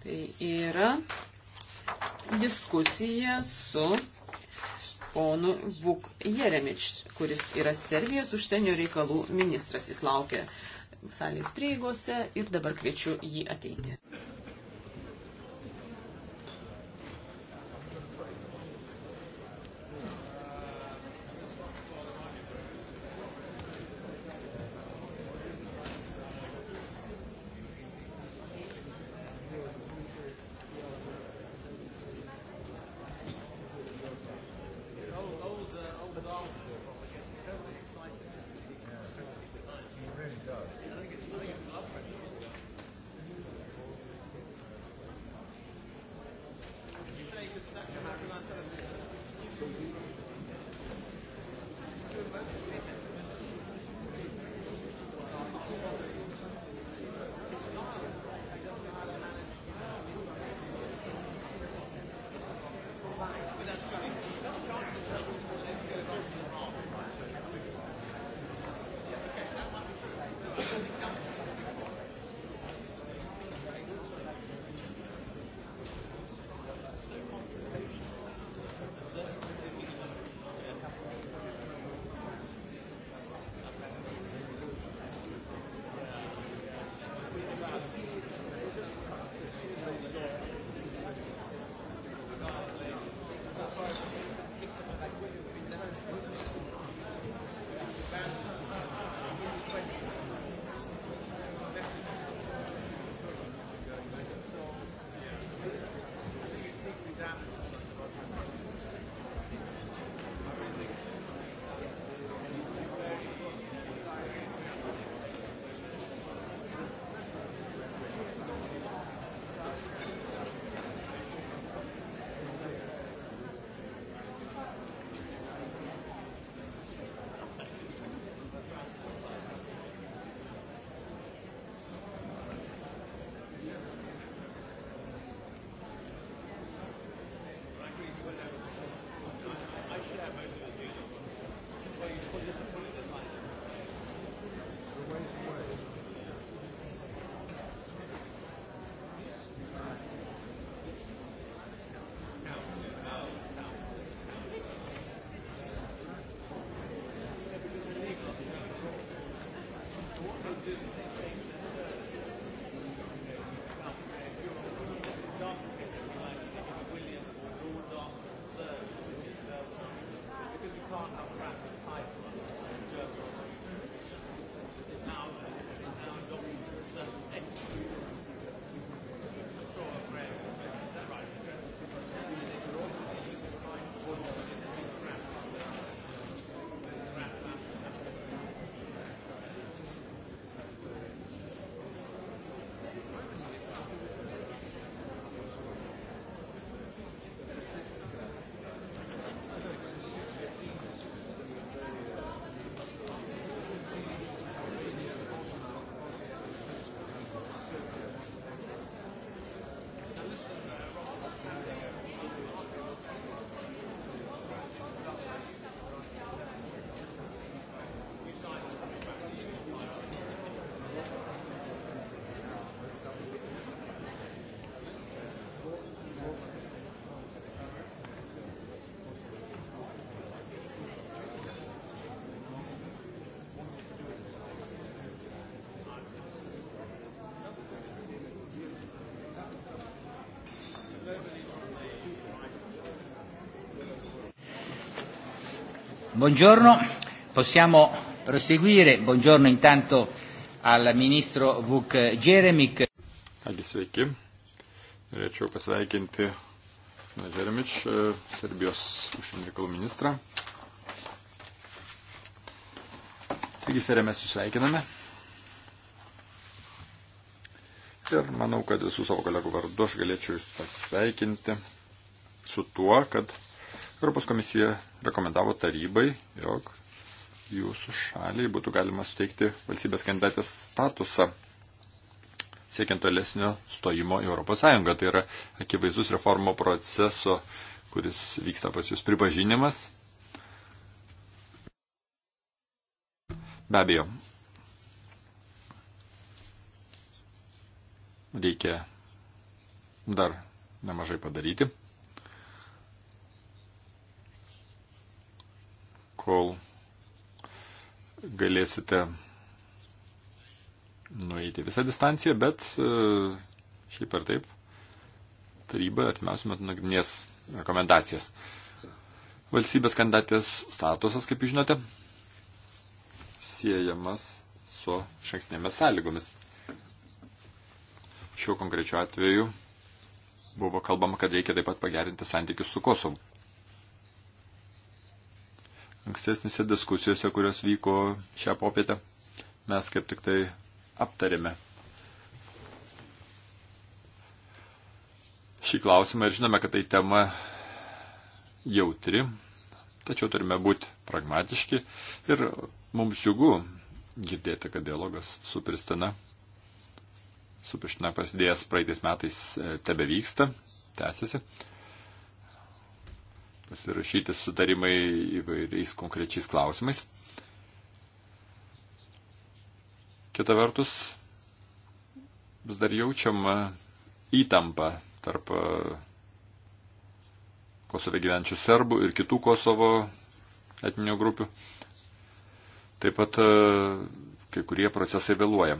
Speaker 2: Tai yra diskusija su ponu Vuk Jeremič, kuris yra Serbijos užsienio reikalų ministras. Jis laukia salės prieigose ir dabar kviečiu jį ateiti.
Speaker 1: Buongiorno, possiamo proseguire. Buongiorno
Speaker 5: intanto al ministro Vuk Jeremik. Kągi sveiki. Norėčiau pasveikinti na, Jeremič, e, Serbijos užsienio reikalų ministrą. Taigi, Serė, mes jūs sveikiname. Ir manau, kad visų savo kolegų vardu aš galėčiau jūs pasveikinti su tuo, kad Europos komisija rekomendavo tarybai, jog jūsų šaliai būtų galima suteikti valstybės kandidatės statusą siekiant tolesnio stojimo į Europos Sąjungą. Tai yra akivaizdus reformo proceso, kuris vyksta pas jūs pripažinimas. Be abejo, reikia dar nemažai padaryti. kol galėsite nueiti visą distanciją, bet e, šiaip ar taip taryba atmiausiu metu nagrinės rekomendacijas. Valstybės kandidatės statusas, kaip jūs žinote, siejamas su šankstinėmis sąlygomis. Šiuo konkrečiu atveju buvo kalbama, kad reikia taip pat pagerinti santykius su Kosovu ankstesnėse diskusijose, kurios vyko šią popietę, mes kaip tik tai aptarėme šį klausimą ir žinome, kad tai tema jautri, tačiau turime būti pragmatiški ir mums džiugu girdėti, kad dialogas su Pristina, su Pristina prasidėjęs praeitais metais e, tebe vyksta, tęsiasi pasirašyti sutarimai įvairiais konkrečiais klausimais. Kita vertus, vis dar jaučiama įtampa tarp uh, Kosove gyvenčių serbų ir kitų Kosovo etninių grupių. Taip pat uh, kai kurie procesai vėluoja.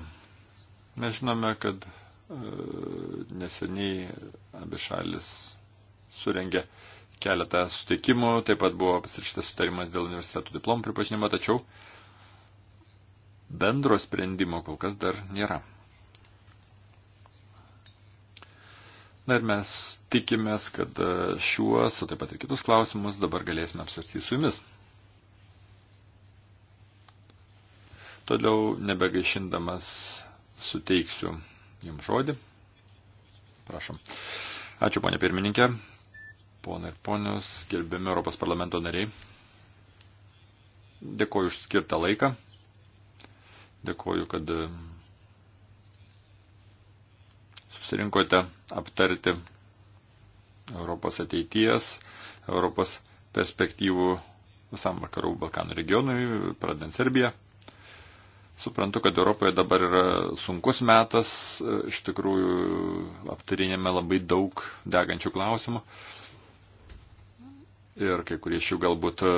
Speaker 5: Mes žinome, kad uh, neseniai abi šalis surengė uh, keletą sutikimų, taip pat buvo pasirašytas sutarimas dėl universitetų diplomų pripažinimo, tačiau bendro sprendimo kol kas dar nėra. Na ir mes tikimės, kad e, šiuos, o taip pat ir kitus klausimus dabar galėsime apsvarstyti su jumis. Toliau nebegaišindamas suteiksiu jums žodį. Prašom. Ačiū, ponė pirmininkė ponai ir ponios, gerbiami Europos parlamento nariai. Dėkoju už skirtą laiką. Dėkoju, kad e, susirinkote aptarti Europos ateities, Europos perspektyvų visam vakarų Balkanų regionui, pradant Serbiją. Suprantu, kad Europoje dabar yra sunkus metas, e, iš tikrųjų aptarinėme labai daug degančių klausimų. Uh, ir kai kurie iš jų galbūt e,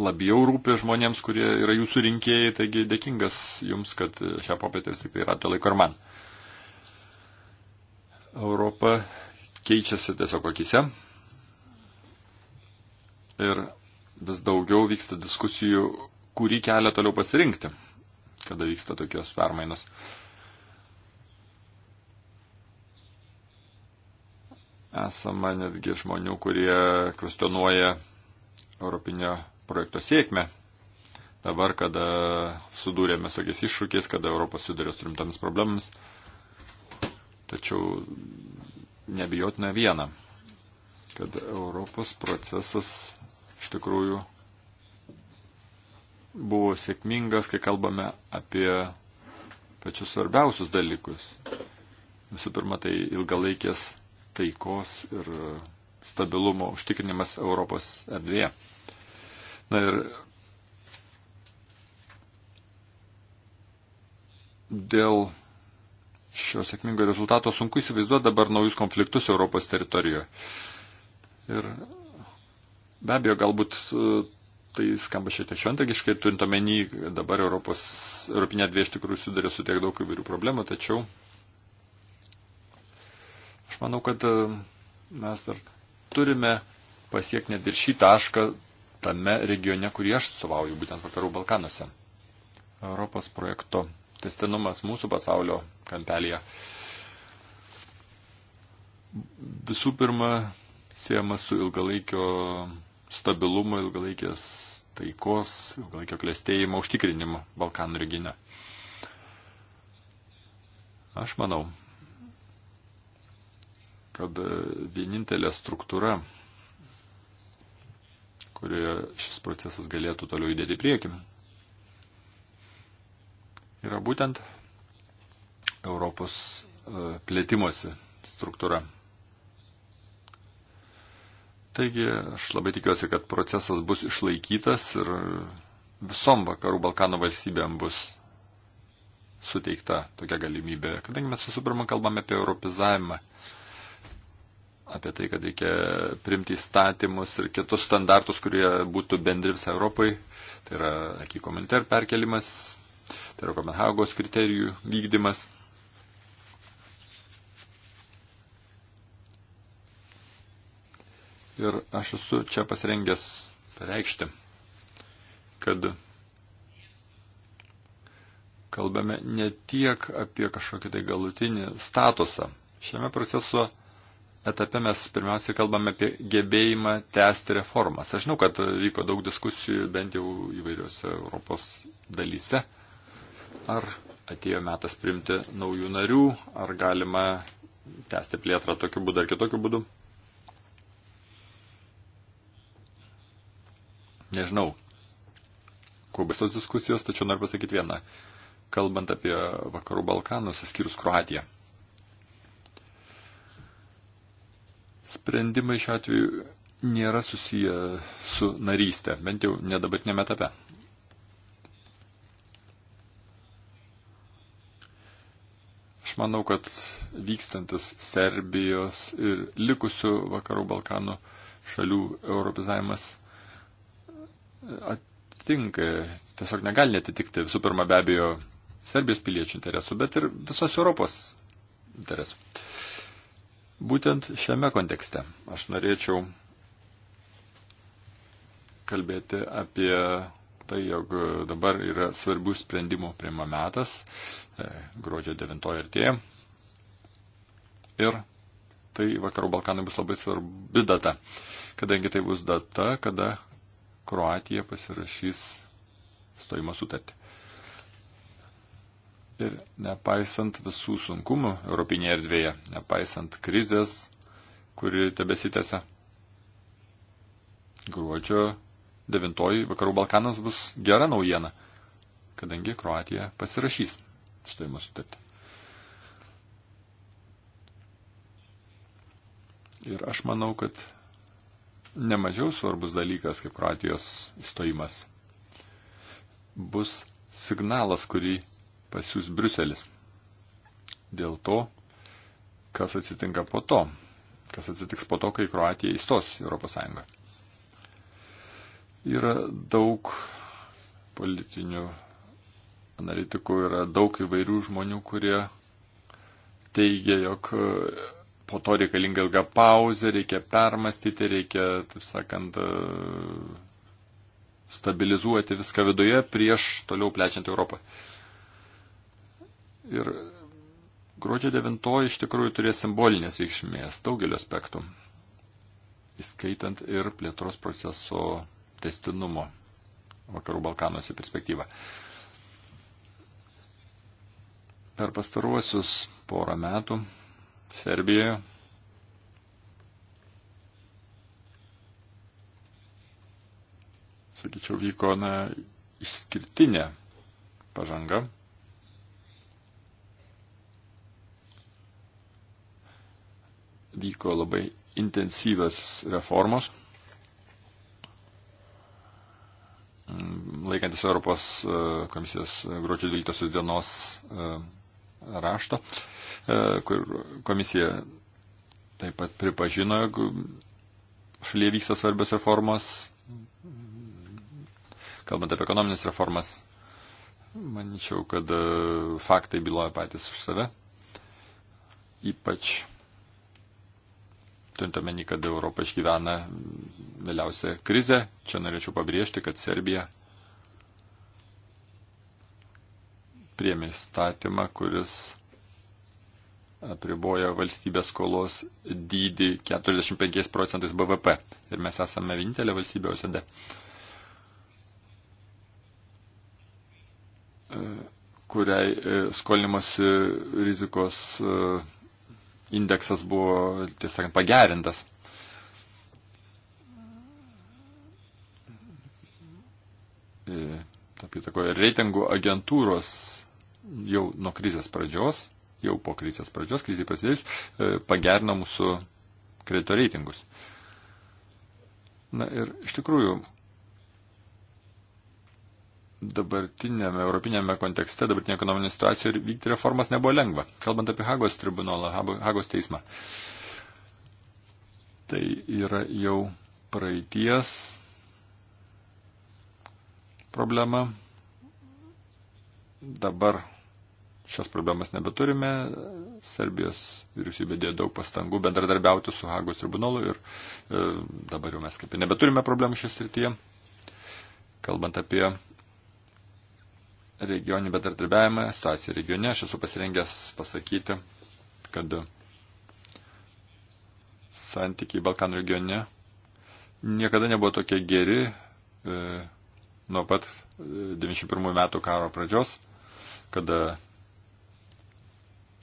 Speaker 5: labiau rūpi žmonėms, kurie yra jūsų rinkėjai, taigi dėkingas jums, kad šią popietę vis tik tai rato laiko ir man. Europa keičiasi tiesiog akise ir vis daugiau vyksta diskusijų, kurį kelią toliau pasirinkti, kada vyksta tokios permainos. Uh, Esama netgi žmonių, kurie kvestionuoja Europinio projekto sėkmę. Dabar, kada sudūrėme su tokiais iššūkiais, kada Europos sudurė su rimtomis problemams, tačiau nebijotina viena, kad Europos procesas iš tikrųjų buvo sėkmingas, kai kalbame apie pačius svarbiausius dalykus. Visų pirma, tai ilgalaikės taikos ir stabilumo užtikrinimas Europos erdvėje. Na ir dėl šio sėkmingo rezultato sunku įsivaizduoti dabar naujus konfliktus Europos teritorijoje. Ir be abejo, galbūt e, tai skamba šiek tiek šventagiškai, turint omeny, dabar Europos, Europinė dviejų iš tikrųjų sudarė su tiek daug įvairių problemų, tačiau Aš manau, kad e, mes dar turime pasiekti net ir šį tašką tame regione, kurį aš suvauju, būtent vakarų Balkanuose. Europos projekto testinumas mūsų pasaulio kampelėje visų pirma siejamas su ilgalaikio stabilumo, ilgalaikės taikos, ilgalaikio klėstėjimo užtikrinimu Balkanų regione. Aš manau, kad vienintelė struktūra, kurioje šis procesas galėtų toliau judėti priekį, yra būtent Europos e, plėtimosi struktūra. Taigi aš labai tikiuosi, kad procesas bus išlaikytas ir visom vakarų Balkanų valstybėm bus suteikta tokia galimybė, kadangi mes visų pirma kalbame apie europizavimą apie tai, kad reikia primti įstatymus ir kitus standartus, kurie būtų bendri visai Europai. Tai yra akį komentar perkelimas, tai yra Kopenhagos kriterijų vykdymas. Ir aš esu čia pasirengęs reikšti, kad kalbame ne tiek apie kažkokį tai galutinį statusą. Šiame proceso etape mes pirmiausia kalbame apie gebėjimą tęsti reformas. Aš žinau, kad vyko daug diskusijų bent jau įvairiuose Europos dalyse. Ar atėjo metas priimti naujų narių, ar galima tęsti plėtrą tokiu būdu ar kitokiu būdu. Nežinau, kuo baisos diskusijos, tačiau noriu pasakyti vieną. Kalbant apie Vakarų Balkanus, įskyrus Kroatiją. Sprendimai šiuo atveju nėra susiję su narystė, bent jau nedabartinėme etape. Aš manau, kad vykstantis Serbijos ir likusių vakarų Balkanų šalių europizavimas e, atitinka, tiesiog negali netitikti visų pirma be abejo Serbijos piliečių interesų, bet ir visos Europos interesų. Būtent šiame kontekste aš norėčiau kalbėti apie tai, jog dabar yra svarbių sprendimų priima metas, e, gruodžio 9 artėja. Ir tai Vakarų Balkanai bus labai svarbi data, kadangi tai bus data, kada Kroatija pasirašys stojimo sutartį. Ir nepaisant visų sunkumų Europinėje erdvėje, nepaisant krizės, kuri tebesitėse, gruodžio 9 vakarų Balkanas bus gera naujiena, kadangi Kroatija pasirašys stojimo sutartį. Ir aš manau, kad nemažiau svarbus dalykas kaip Kroatijos stojimas bus signalas, kurį pasiūs Bruselis. Dėl to, kas atsitinka po to, kas atsitiks po to, kai Kroatija įstos Europos Sąjungą. Yra daug politinių analitikų, yra daug įvairių žmonių, kurie teigia, jog e, po to reikalinga ilga pauzė, reikia permastyti, reikia, taip sakant, e, stabilizuoti viską viduje prieš toliau plečiant Europą. Ir gruodžio 9 iš tikrųjų turės simbolinės reikšmės daugeliu aspektų, įskaitant ir plėtros proceso testinumo vakarų Balkanuose perspektyvą. Per pastaruosius porą metų Serbijoje sakyčiau, vyko na, išskirtinė pažanga vyko labai intensyvios reformos, laikantis Europos e, komisijos gruodžio 12 dienos e, rašto, e, kur komisija taip pat pripažino, jog šalyje vyksta svarbios reformos, kalbant apie ekonominės reformas, manyčiau, kad faktai byloja patys už save. Ypač turint omeny, kad Europa išgyvena vėliausią krizę. Čia norėčiau pabrėžti, kad Serbija priemė įstatymą, kuris apriboja valstybės skolos dydį 45 procentais BVP. Ir mes esame vienintelė valstybė OSD. E, kuriai e, skolimosi rizikos e, indeksas buvo, tiesą sakant, pagerintas. E, Taip įtakoja reitingų agentūros jau nuo krizės pradžios, jau po krizės pradžios, krizė prasidėjus, e, pagerino mūsų kredito reitingus. Na ir iš tikrųjų, dabartinėme europinėme kontekste, dabartinė ekonominė situacija ir vykti reformas nebuvo lengva. Kalbant apie Hagos tribunolą, Hagos teismą, tai yra jau praeities problema. Dabar šios problemas nebeturime. Serbijos vyriausybė dėjo daug pastangų bendradarbiauti su Hagos tribunolu ir e, dabar jau mes kaip ir nebeturime problemų šios srityje. Kalbant apie regioninį bedardarbiavimą, situaciją regione, aš esu pasirengęs pasakyti, kad santykiai Balkanų regione niekada nebuvo tokie geri e, nuo pat 91 e, metų karo pradžios, kada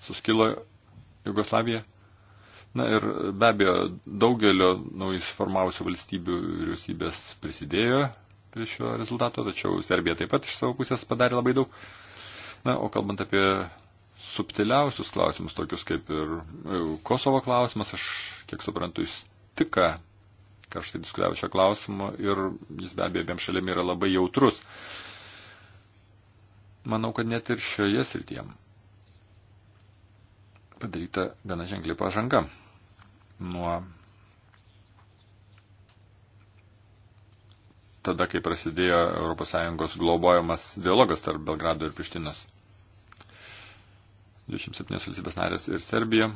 Speaker 5: suskilo Jugoslavija. Na ir be abejo, daugelio naujus formavusių valstybių vyriausybės prisidėjo prie šio rezultato, tačiau Serbija taip pat iš savo pusės padarė labai daug. Na, o kalbant apie subtiliausius klausimus, tokius kaip ir e, Kosovo klausimas, aš, kiek suprantu, jūs tik ką karštai diskutavo šio klausimo ir jis be abejo abiem šalim yra labai jautrus. Manau, kad net ir šioje srityje padaryta gana ženkliai pažanga nuo tada, kai prasidėjo ES globojamas dialogas tarp Belgrado ir Prištinos. 27 valstybės narės ir Serbija.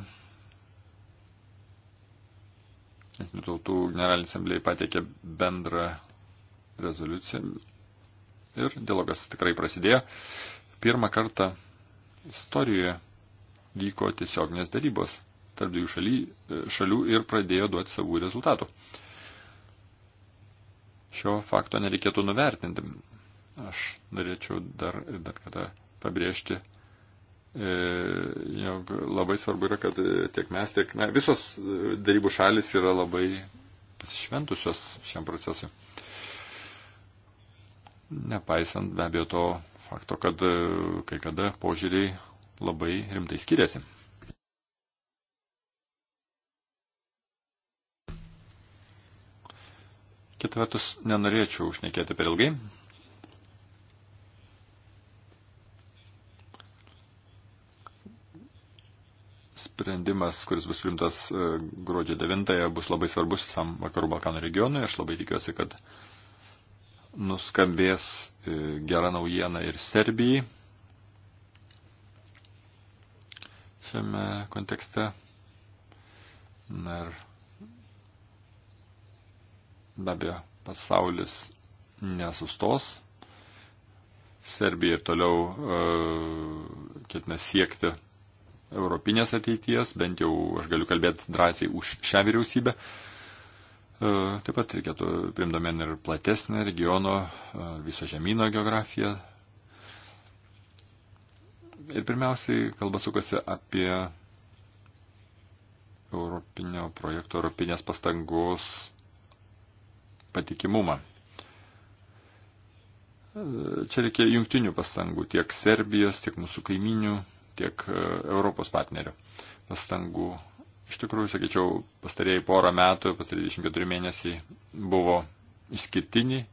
Speaker 5: Jungtinių tautų generalinė asamblėja pateikė bendrą rezoliuciją ir dialogas tikrai prasidėjo. Pirmą kartą istorijoje vyko tiesioginės darybos tarp dviejų šaly, šalių ir pradėjo duoti savų rezultatų šio fakto nereikėtų nuvertinti. Aš norėčiau dar, dar kada pabrėžti, e, jog labai svarbu yra, kad tiek mes, tiek na, visos darybų šalis yra labai pasišventusios šiam procesui. Nepaisant be abejo to fakto, kad e, kai kada požiūriai labai rimtai skiriasi. Kita vertus, nenorėčiau užnekėti per ilgai. Sprendimas, kuris bus primtas e, gruodžio 9-ąją, bus labai svarbus visam Vakarų Balkanų regionui. Aš labai tikiuosi, kad nuskambės e, gera naujiena ir Serbijai šiame kontekste. Na ir Be abejo, pasaulis nesustos. Serbija ir toliau e, ketina siekti europinės ateities, bent jau aš galiu kalbėti drąsiai už šią vyriausybę. E, taip pat reikėtų primdomen ir platesnę regiono, e, viso žemyno geografiją. Ir pirmiausiai kalba sukasi apie europinio projekto, europinės pastangos patikimumą. Čia reikia jungtinių pastangų tiek Serbijos, tiek mūsų kaiminių, tiek e, Europos partnerių pastangų. Iš tikrųjų, sakyčiau, pastarėjai porą metų, pastarėjai 24 mėnesiai buvo išskirtiniai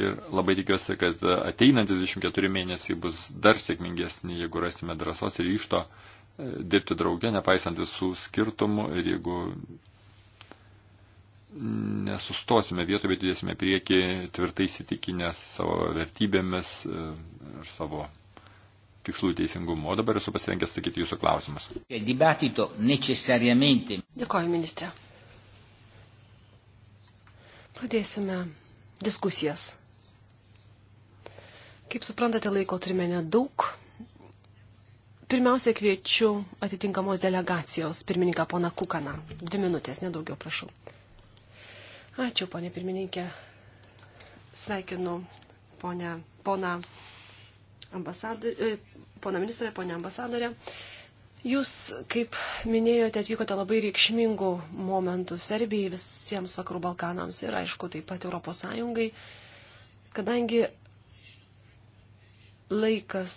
Speaker 5: ir labai tikiuosi, kad ateinantis 24 mėnesiai bus dar sėkmingesni, jeigu rasime drąsos ir ryšto e, dirbti draugę, nepaisant visų skirtumų ir jeigu nesustosime vietoje, bet judėsime prieki tvirtai įsitikinę savo vertybėmis e, ir savo tikslų teisingumu. O dabar esu pasirengęs sakyti jūsų klausimus.
Speaker 3: Dėkoju, ministrė. Pradėsime diskusijas. Kaip suprantate, laiko turime nedaug. Pirmiausia, kviečiu atitinkamos delegacijos pirmininką poną Kukaną. Dvi minutės, nedaugiau, prašau. Ačiū, ponė pirmininkė. Sveikinu ponę, poną, e, poną ministrę, ponę ambasadorę. Jūs, kaip minėjote, atvykote labai reikšmingų momentų Serbijai, visiems vakarų Balkanams ir, aišku, taip pat Europos Sąjungai, kadangi laikas,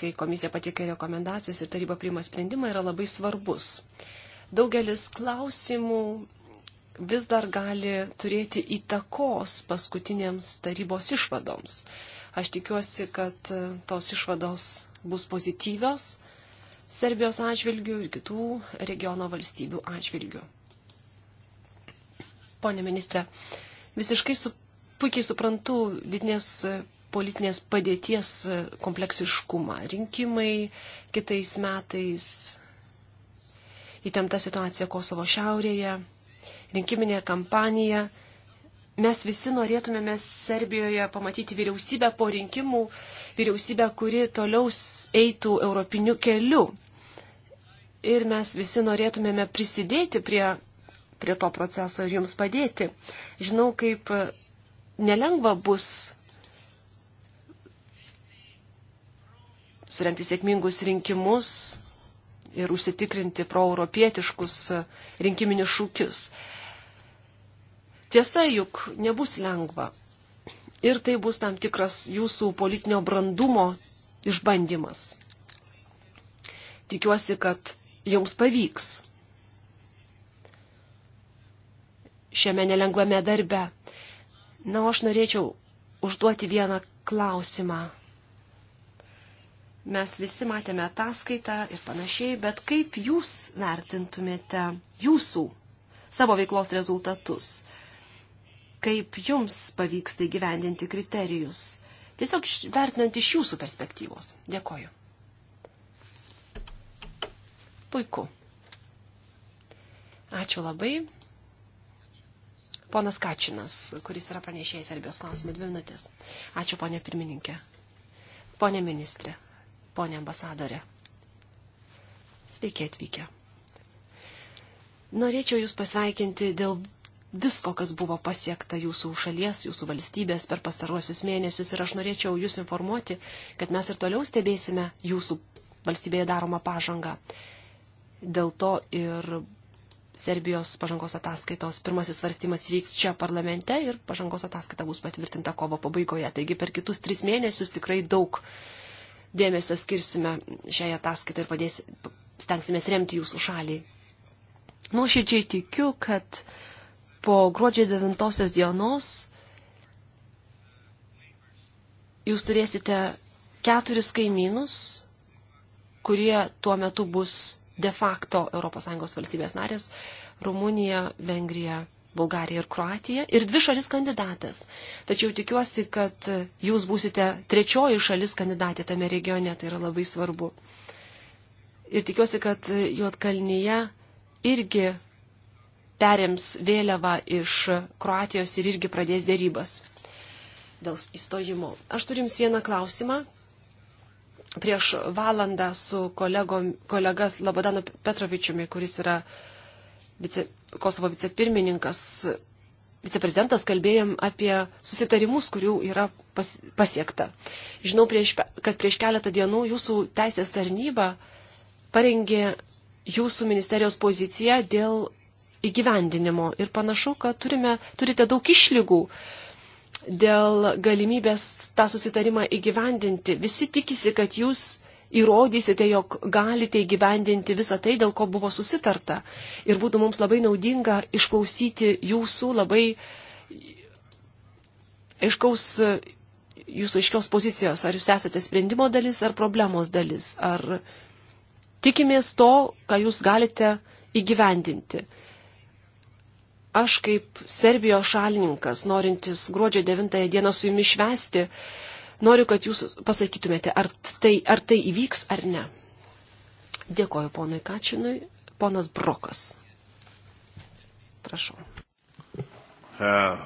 Speaker 3: kai komisija patikė rekomendacijas ir taryba priima sprendimą, yra labai svarbus. Daugelis klausimų vis dar gali turėti įtakos paskutinėms tarybos išvadoms. Aš tikiuosi, kad e, tos išvados bus pozityvios Serbijos atžvilgių ir kitų regiono valstybių atžvilgių. Pone ministre, visiškai su, puikiai suprantu vidinės e, politinės padėties e, kompleksiškumą. Rinkimai kitais metais, įtempta situacija Kosovo šiaurėje, rinkiminė kampanija. Mes visi norėtumėme Serbijoje pamatyti vyriausybę po rinkimų, vyriausybę, kuri toliau eitų europiniu keliu. Ir mes visi norėtumėme prisidėti prie, prie to proceso ir jums padėti. Žinau, kaip nelengva bus surenti sėkmingus rinkimus, ir užsitikrinti proeuropietiškus rinkiminius šūkius. Tiesa, juk nebus lengva. Ir tai bus tam tikras jūsų politinio brandumo išbandymas. Tikiuosi, kad jums pavyks šiame nelengvame darbe. Na, aš norėčiau užduoti vieną klausimą Mes visi matėme ataskaitą ir panašiai, bet kaip jūs vertintumėte jūsų savo veiklos rezultatus? Kaip jums pavyksta įgyvendinti kriterijus? Tiesiog vertinant iš jūsų perspektyvos. Dėkoju. Puiku. Ačiū labai. Ponas Kačinas, kuris yra pranešėjęs Serbijos klausimų dvi minutės. Ačiū, ponė pirmininkė. Pone ministrė ponė ambasadorė. Sveiki atvykę. Norėčiau Jūs pasveikinti dėl visko, kas buvo pasiekta Jūsų šalies, Jūsų valstybės per pastaruosius mėnesius ir aš norėčiau Jūs informuoti, kad mes ir toliau stebėsime Jūsų valstybėje daromą pažangą. Dėl to ir Serbijos pažangos ataskaitos pirmasis svarstymas vyks čia parlamente ir pažangos ataskaita bus patvirtinta kovo pabaigoje. Taigi per kitus tris mėnesius tikrai daug dėmesio skirsime šiai ataskaitai ir padės, stengsimės remti jūsų šaliai. Nuoširdžiai tikiu, kad po gruodžio 9 dienos jūs turėsite keturis kaimynus, kurie tuo metu bus de facto ES valstybės narės - Rumunija, Vengrija, Bulgarija ir Kroatija, ir dvi šalis kandidatės. Tačiau tikiuosi, kad jūs būsite trečioji šalis kandidatė tame regione, tai yra labai svarbu. Ir tikiuosi, kad Juotkalnyje irgi perėms vėliavą iš Kroatijos ir irgi pradės dėrybas dėl įstojimo. Aš turiu jums vieną klausimą. Prieš valandą su kolegom, kolegas Labadanu Petrovičiumi, kuris yra uh, vice, Kosovo vicepirmininkas, viceprezidentas kalbėjom apie susitarimus, kurių yra pas, pasiekta. Žinau, prieš, kad prieš keletą dienų jūsų teisės tarnyba parengė jūsų ministerijos poziciją dėl įgyvendinimo ir panašu, kad turime, turite daug išlygų dėl galimybės tą susitarimą įgyvendinti. Visi tikisi, kad jūs įrodysite, jog galite įgyvendinti visą tai, dėl ko buvo susitarta. Ir būtų mums labai naudinga išklausyti jūsų labai aiškaus, jūsų aiškios pozicijos, ar jūs esate sprendimo dalis ar problemos dalis, ar tikimės to, ką jūs galite įgyvendinti aš kaip Serbijos šalininkas, norintis gruodžio 9 dieną su jumis švesti, Noriu, kad jūs pasakytumėte, ar tai, ar tai įvyks ar ne. Dėkoju ponui Kačinui. Ponas Brokas. Prašau.
Speaker 4: Herr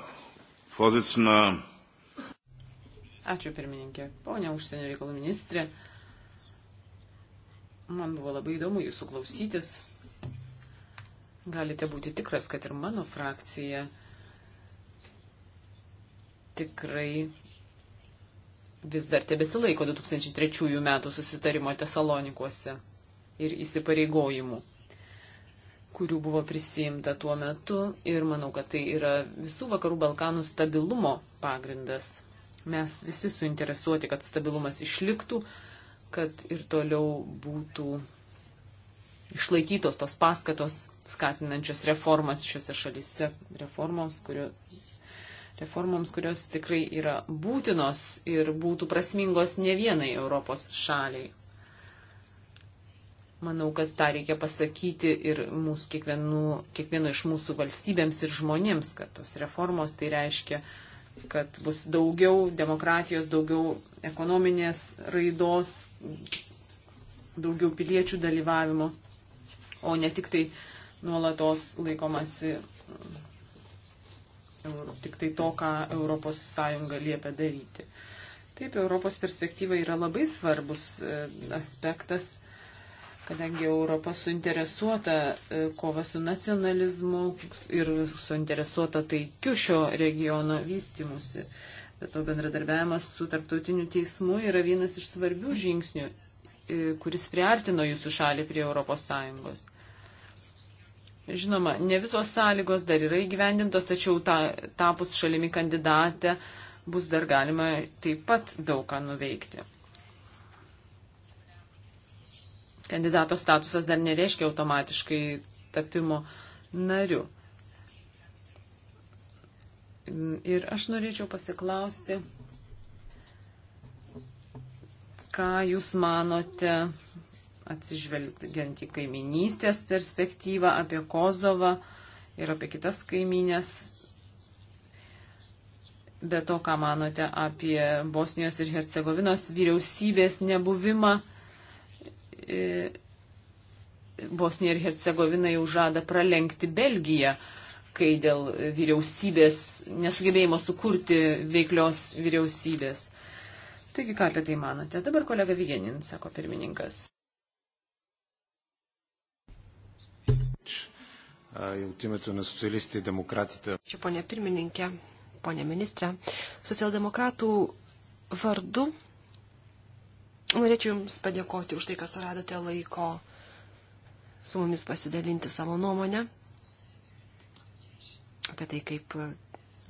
Speaker 4: Vorsitzender.
Speaker 2: Ačiū pirmininkė. Pone užsienio reikalų ministrė, man buvo labai įdomu jūsų klausytis. Galite būti tikras, kad ir mano frakcija tikrai vis dar tebesilaiko 2003 metų susitarimo tesalonikuose ir įsipareigojimų kurių buvo prisimta tuo metu ir manau, kad tai yra visų vakarų Balkanų stabilumo pagrindas. Mes visi suinteresuoti, kad stabilumas išliktų, kad ir toliau būtų išlaikytos tos paskatos skatinančios reformas šiuose šalise, reformoms, kurio, reformoms, kurios tikrai yra būtinos ir būtų prasmingos ne vienai Europos šaliai. Manau, kad tą reikia pasakyti ir mūsų kiekvienų, kiekvieno iš mūsų valstybėms ir žmonėms, kad tos reformos tai reiškia, kad bus daugiau demokratijos, daugiau ekonominės raidos, daugiau piliečių dalyvavimo, o ne tik tai nuolatos laikomasi tik tai to, ką ES liepia daryti. Taip, Europos perspektyva yra labai svarbus e, aspektas, kadangi Europa suinteresuota e, kova su nacionalizmu ir suinteresuota taikiu šio regiono vystimusi. Bet to bendradarbiavimas su tarptautiniu teismu yra vienas iš svarbių žingsnių, e, kuris priartino jūsų šalį prie Europos Sąjungos. Žinoma, ne visos sąlygos dar yra įgyvendintos, tačiau ta, tapus šalimi kandidatę bus dar galima taip pat daug ką nuveikti. Kandidato statusas dar nereiškia automatiškai tapimo nariu. Ir aš norėčiau pasiklausti, ką Jūs manote atsižvelgiant į kaiminystės perspektyvą, apie Kozovą ir apie kitas kaiminės. Be to, ką manote apie Bosnijos ir Hercegovinos vyriausybės nebuvimą, e, Bosnija ir Hercegovina jau žada pralenkti Belgiją, kai dėl vyriausybės nesugebėjimo sukurti veiklios vyriausybės. Taigi, ką apie tai manote? Dabar kolega Vigenin, sako pirmininkas.
Speaker 4: и от името на социалистите и демократите.
Speaker 3: Čia ponė pirmininkė, ponė ministrė, socialdemokratų vardu norėčiau Jums padėkoti už tai, kas radote laiko su mumis pasidalinti savo nuomonę apie tai, kaip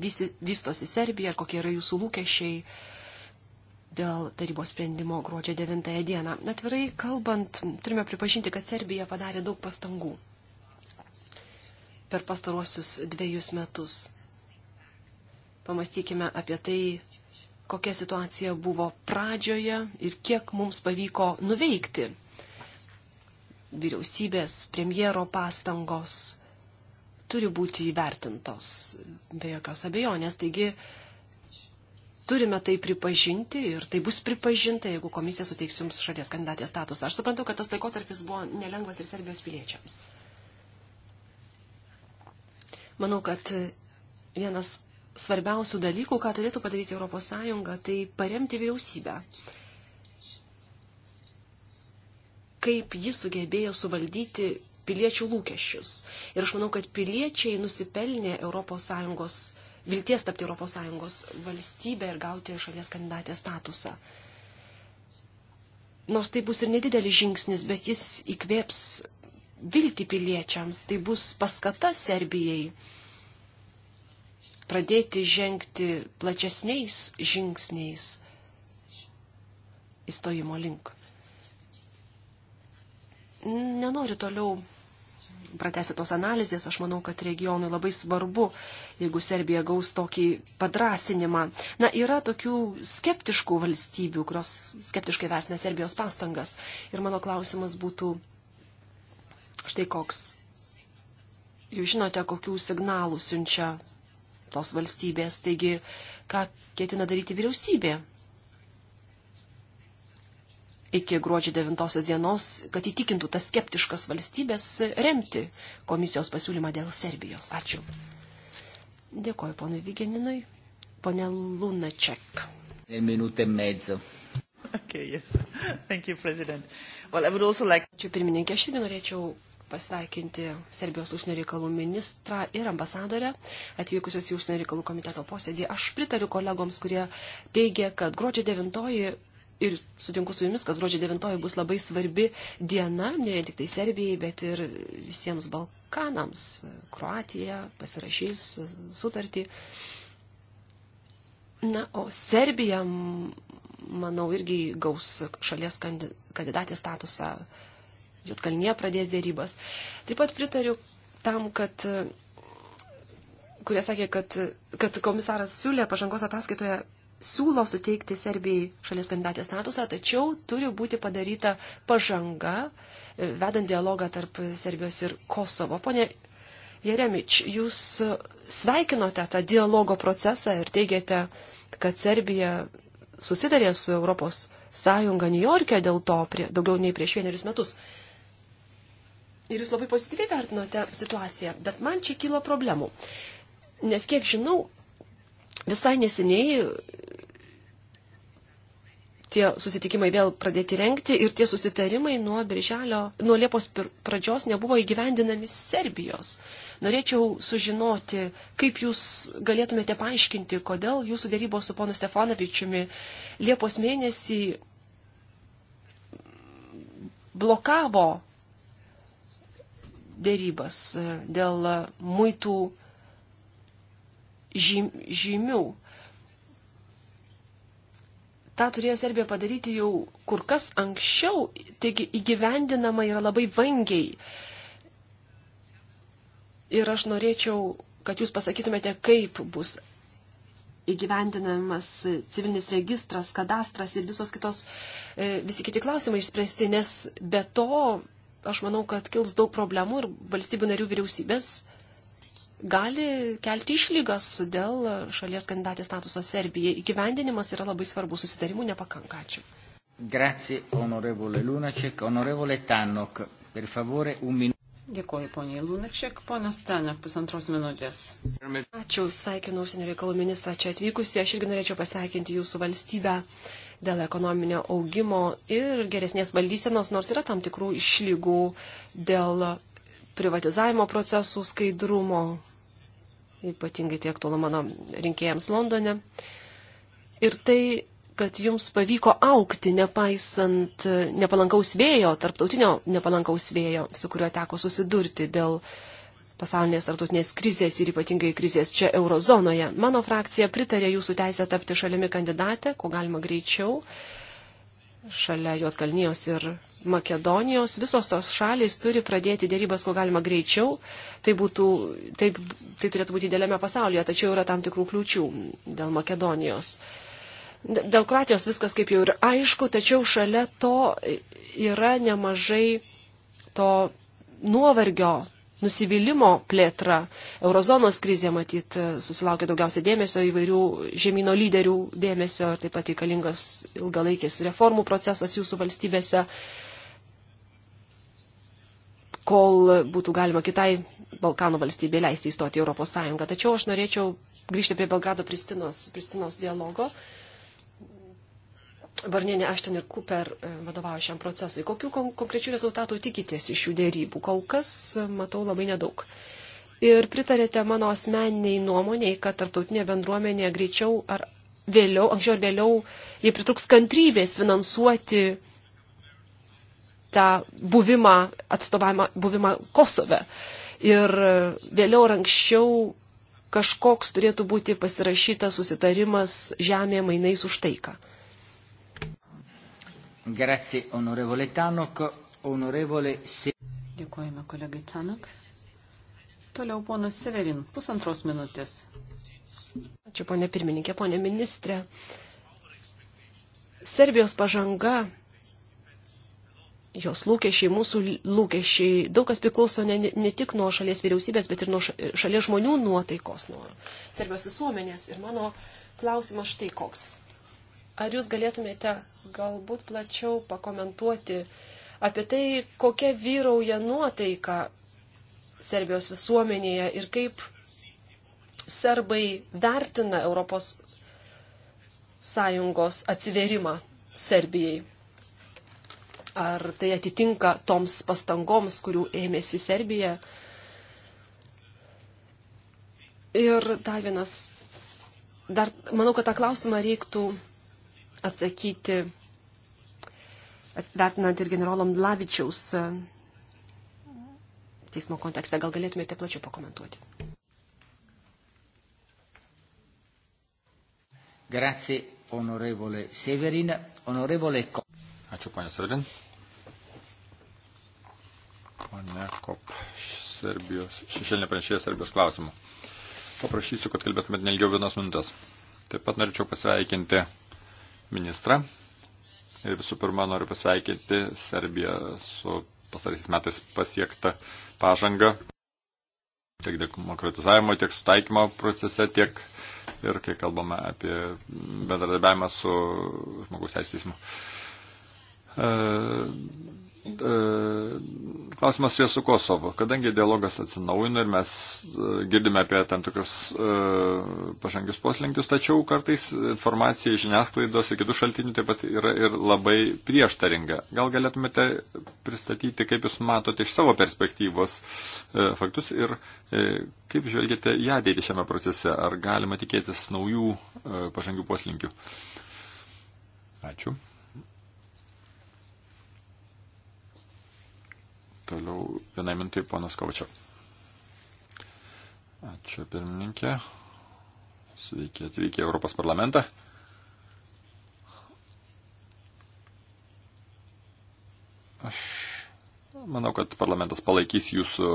Speaker 3: vystosi Serbija ir kokie yra jūsų lūkesčiai dėl tarybos sprendimo gruodžio 9 dieną. Atvirai kalbant, turime pripažinti, kad Serbija padarė daug pastangų per pastaruosius dviejus metus. Pamastykime apie tai, kokia situacija buvo pradžioje ir kiek mums pavyko nuveikti. Vyriausybės, premjero pastangos turi būti įvertintos, be jokios abejonės. Taigi turime tai pripažinti ir tai bus pripažinta, jeigu komisija suteiks jums šalies kandidatės statusą. Aš suprantu, kad tas laikotarpis buvo nelengvas ir Serbijos piliečiams. Manau, kad vienas svarbiausių dalykų, ką turėtų padaryti ES, tai paremti vyriausybę. Kaip ji sugebėjo suvaldyti piliečių lūkesčius. Ir aš manau, kad piliečiai nusipelnė ES vilties tapti ES valstybę ir gauti šalies kandidatės statusą. Nors tai bus ir nedidelis žingsnis, bet jis įkvėps viltį piliečiams, tai bus paskata Serbijai pradėti žengti plačesniais žingsniais įstojimo link. Nenoriu toliau pratesti tos analizės, aš manau, kad regionui labai svarbu, jeigu Serbija gaus tokį padrasinimą. Na, yra tokių skeptiškų valstybių, kurios skeptiškai vertina Serbijos pastangas. Ir mano klausimas būtų Štai koks. Jūs žinote, kokių signalų siunčia tos valstybės. Taigi, ką ketina daryti vyriausybė iki gruodžio 9 dienos, kad įtikintų tas skeptiškas valstybės remti komisijos pasiūlymą dėl Serbijos. Ačiū. Dėkoju ponui Vigeninui. Pone Lunaček. Minutė mezzo. Okay, yes. Thank you, President. Well, I would also like... Ačiū pirmininkė, aš irgi norėčiau pasveikinti Serbijos užsienio reikalų ministrą ir ambasadorę atvykusios į užsienio reikalų komiteto posėdį. Aš pritariu kolegoms, kurie teigia, kad gruodžio 9 ir sutinku su jumis, kad gruodžio 9 bus labai svarbi diena, ne vien tik tai Serbijai, bet ir visiems Balkanams. Kroatija pasirašys sutartį. Na, o Serbija, manau, irgi gaus šalies kandidatės statusą Jotkalnie pradės dėrybas. Taip pat pritariu tam, kad kurie sakė, kad, kad komisaras Fiulė pažangos ataskaitoje siūlo suteikti Serbijai šalies kandidatės statusą, tačiau turi būti padaryta pažanga, vedant dialogą tarp Serbijos ir Kosovo. Pone Jeremič, jūs sveikinote tą dialogo procesą ir teigiate, kad Serbija susitarė su Europos Sąjunga Niujorke dėl to prie, daugiau nei prieš vienerius metus ir jūs labai pozityviai vertinote situaciją, bet man čia kilo problemų. Nes kiek žinau, visai neseniai tie susitikimai vėl pradėti renkti ir tie susitarimai nuo, birželio, nuo Liepos pradžios nebuvo įgyvendinami Serbijos. Norėčiau sužinoti, kaip jūs galėtumėte paaiškinti, kodėl jūsų dėrybos su ponu Stefanovičiumi Liepos mėnesį blokavo dėrybas e, dėl muitų žymių. Ta turėjo Serbija padaryti jau kur kas anksčiau, taigi įgyvendinama yra labai vangiai. Ir aš norėčiau, kad jūs pasakytumėte, kaip bus įgyvendinamas civilinis registras, kadastras ir visos kitos, e, visi kiti klausimai išspręsti, nes be to aš manau, kad kils daug problemų ir valstybių narių vyriausybės gali kelti išlygas dėl šalies kandidatės statuso Serbijai. Įgyvendinimas yra labai svarbus, susitarimų nepakanka. Ačiū.
Speaker 1: Grazie, onorevole Lunacek, onorevole Tannok. Per favore, un minuto.
Speaker 3: Dėkoju, ponė Lunačiak, ponas Tanek, pusantros minutės. Ačiū, sveikinu užsienio reikalų ministrą čia atvykusi. Aš irgi norėčiau pasveikinti jūsų valstybę dėl ekonominio augimo ir geresnės valdysenos, nors yra tam tikrų išlygų dėl privatizavimo procesų skaidrumo, ypatingai tiek tolo mano rinkėjams Londone. Ir tai, kad jums pavyko aukti, nepaisant nepalankaus vėjo, tarptautinio nepalankaus vėjo, su kuriuo teko susidurti dėl uh, pasaulinės tarptautinės krizės ir ypatingai krizės čia eurozonoje. Mano frakcija pritarė jūsų teisę tapti šalimi kandidatę, ko galima greičiau. Šalia Juotkalnijos ir Makedonijos visos tos šalys turi pradėti dėrybas, ko galima greičiau. Tai, būtų, taip, tai turėtų būti dėlėme pasaulyje, tačiau yra tam tikrų kliūčių dėl Makedonijos. Dėl Kroatijos viskas kaip jau ir aišku, tačiau šalia to yra nemažai to nuovargio nusivylimo plėtra. Eurozonos krizė, matyt, susilaukė daugiausia dėmesio įvairių žemynų lyderių dėmesio ir taip pat reikalingas ilgalaikis reformų procesas jūsų valstybėse, kol būtų galima kitai Balkanų valstybė leisti įstoti į Europos Sąjungą. Tačiau aš norėčiau grįžti prie Belgrado Pristinos, Pristinos dialogo. Uh, Barnienė Ašten ir Cooper e, vadovauja šiam procesui. Kokių kon konkrečių rezultatų tikitės iš šių dėrybų? Kol kas e, matau labai nedaug. Ir pritarėte mano asmeniniai nuomoniai, kad tarptautinė bendruomenė greičiau ar vėliau, anksčiau ar vėliau, jie pritruks kantrybės finansuoti tą buvimą, atstovavimą, buvimą Kosove. Ir e, vėliau ar anksčiau kažkoks turėtų būti pasirašytas susitarimas žemė mainais už taiką.
Speaker 1: Grazie, onorevole Tanok. Onorevole Se...
Speaker 2: Dėkojame kolegai Tanok. Toliau ponas Severin,
Speaker 3: pusantros minutės. Ačiū, ponė pirmininkė, ponė ministrė. Serbijos pažanga, jos lūkesčiai, mūsų lūkesčiai, daug kas priklauso ne, ne tik nuo šalies vyriausybės, bet ir nuo šalies žmonių nuotaikos, nuo Serbijos visuomenės. Ir mano klausimas štai koks. Ar jūs galėtumėte galbūt plačiau pakomentuoti apie tai, kokia vyrauja nuotaika Serbijos visuomenėje ir kaip serbai vertina Europos Sąjungos atsiverimą Serbijai? Ar tai atitinka toms pastangoms, kurių ėmėsi Serbija? Ir dar vienas, dar manau, kad tą klausimą reiktų atsakyti, vertinant ir generolom Lavičiaus e, teismo kontekste. Gal galėtumėte plačiau pakomentuoti?
Speaker 1: Grazie, onorevole Severin. Onorevole Ko.
Speaker 5: Ačiū, ponė Severin. Ponė Kop, Serbijos, šešėlinė pranešėja Serbijos klausimų. Paprašysiu, kad kalbėtumėt nelgiau vienos minutės. Taip pat norėčiau pasveikinti ministrą. Ir visų pirma, noriu pasveikinti Serbiją su pasarysiais metais pasiektą pažangą tiek demokratizavimo, tiek sutaikymo procese, tiek ir kai kalbame apie bendradarbiavimą su žmogus teisėsmu. E, E, klausimas jie su Kosovo. Kadangi dialogas atsinaujina ir mes e, girdime apie tam tikrus e, pažangius poslinkius, tačiau kartais informacija iš žiniasklaidos ir kitų šaltinių taip pat yra ir labai prieštaringa. Gal galėtumėte pristatyti, kaip Jūs matote iš savo perspektyvos faktus ir kaip žvelgite į ateitį šiame procese? Ar galima tikėtis naujų pažangių poslinkių? Ačiū. Toliau vienai mintai ponas Kovačiau. Ačiū pirmininkė. Sveiki atvykę Europos parlamentą. Aš manau, kad parlamentas palaikys jūsų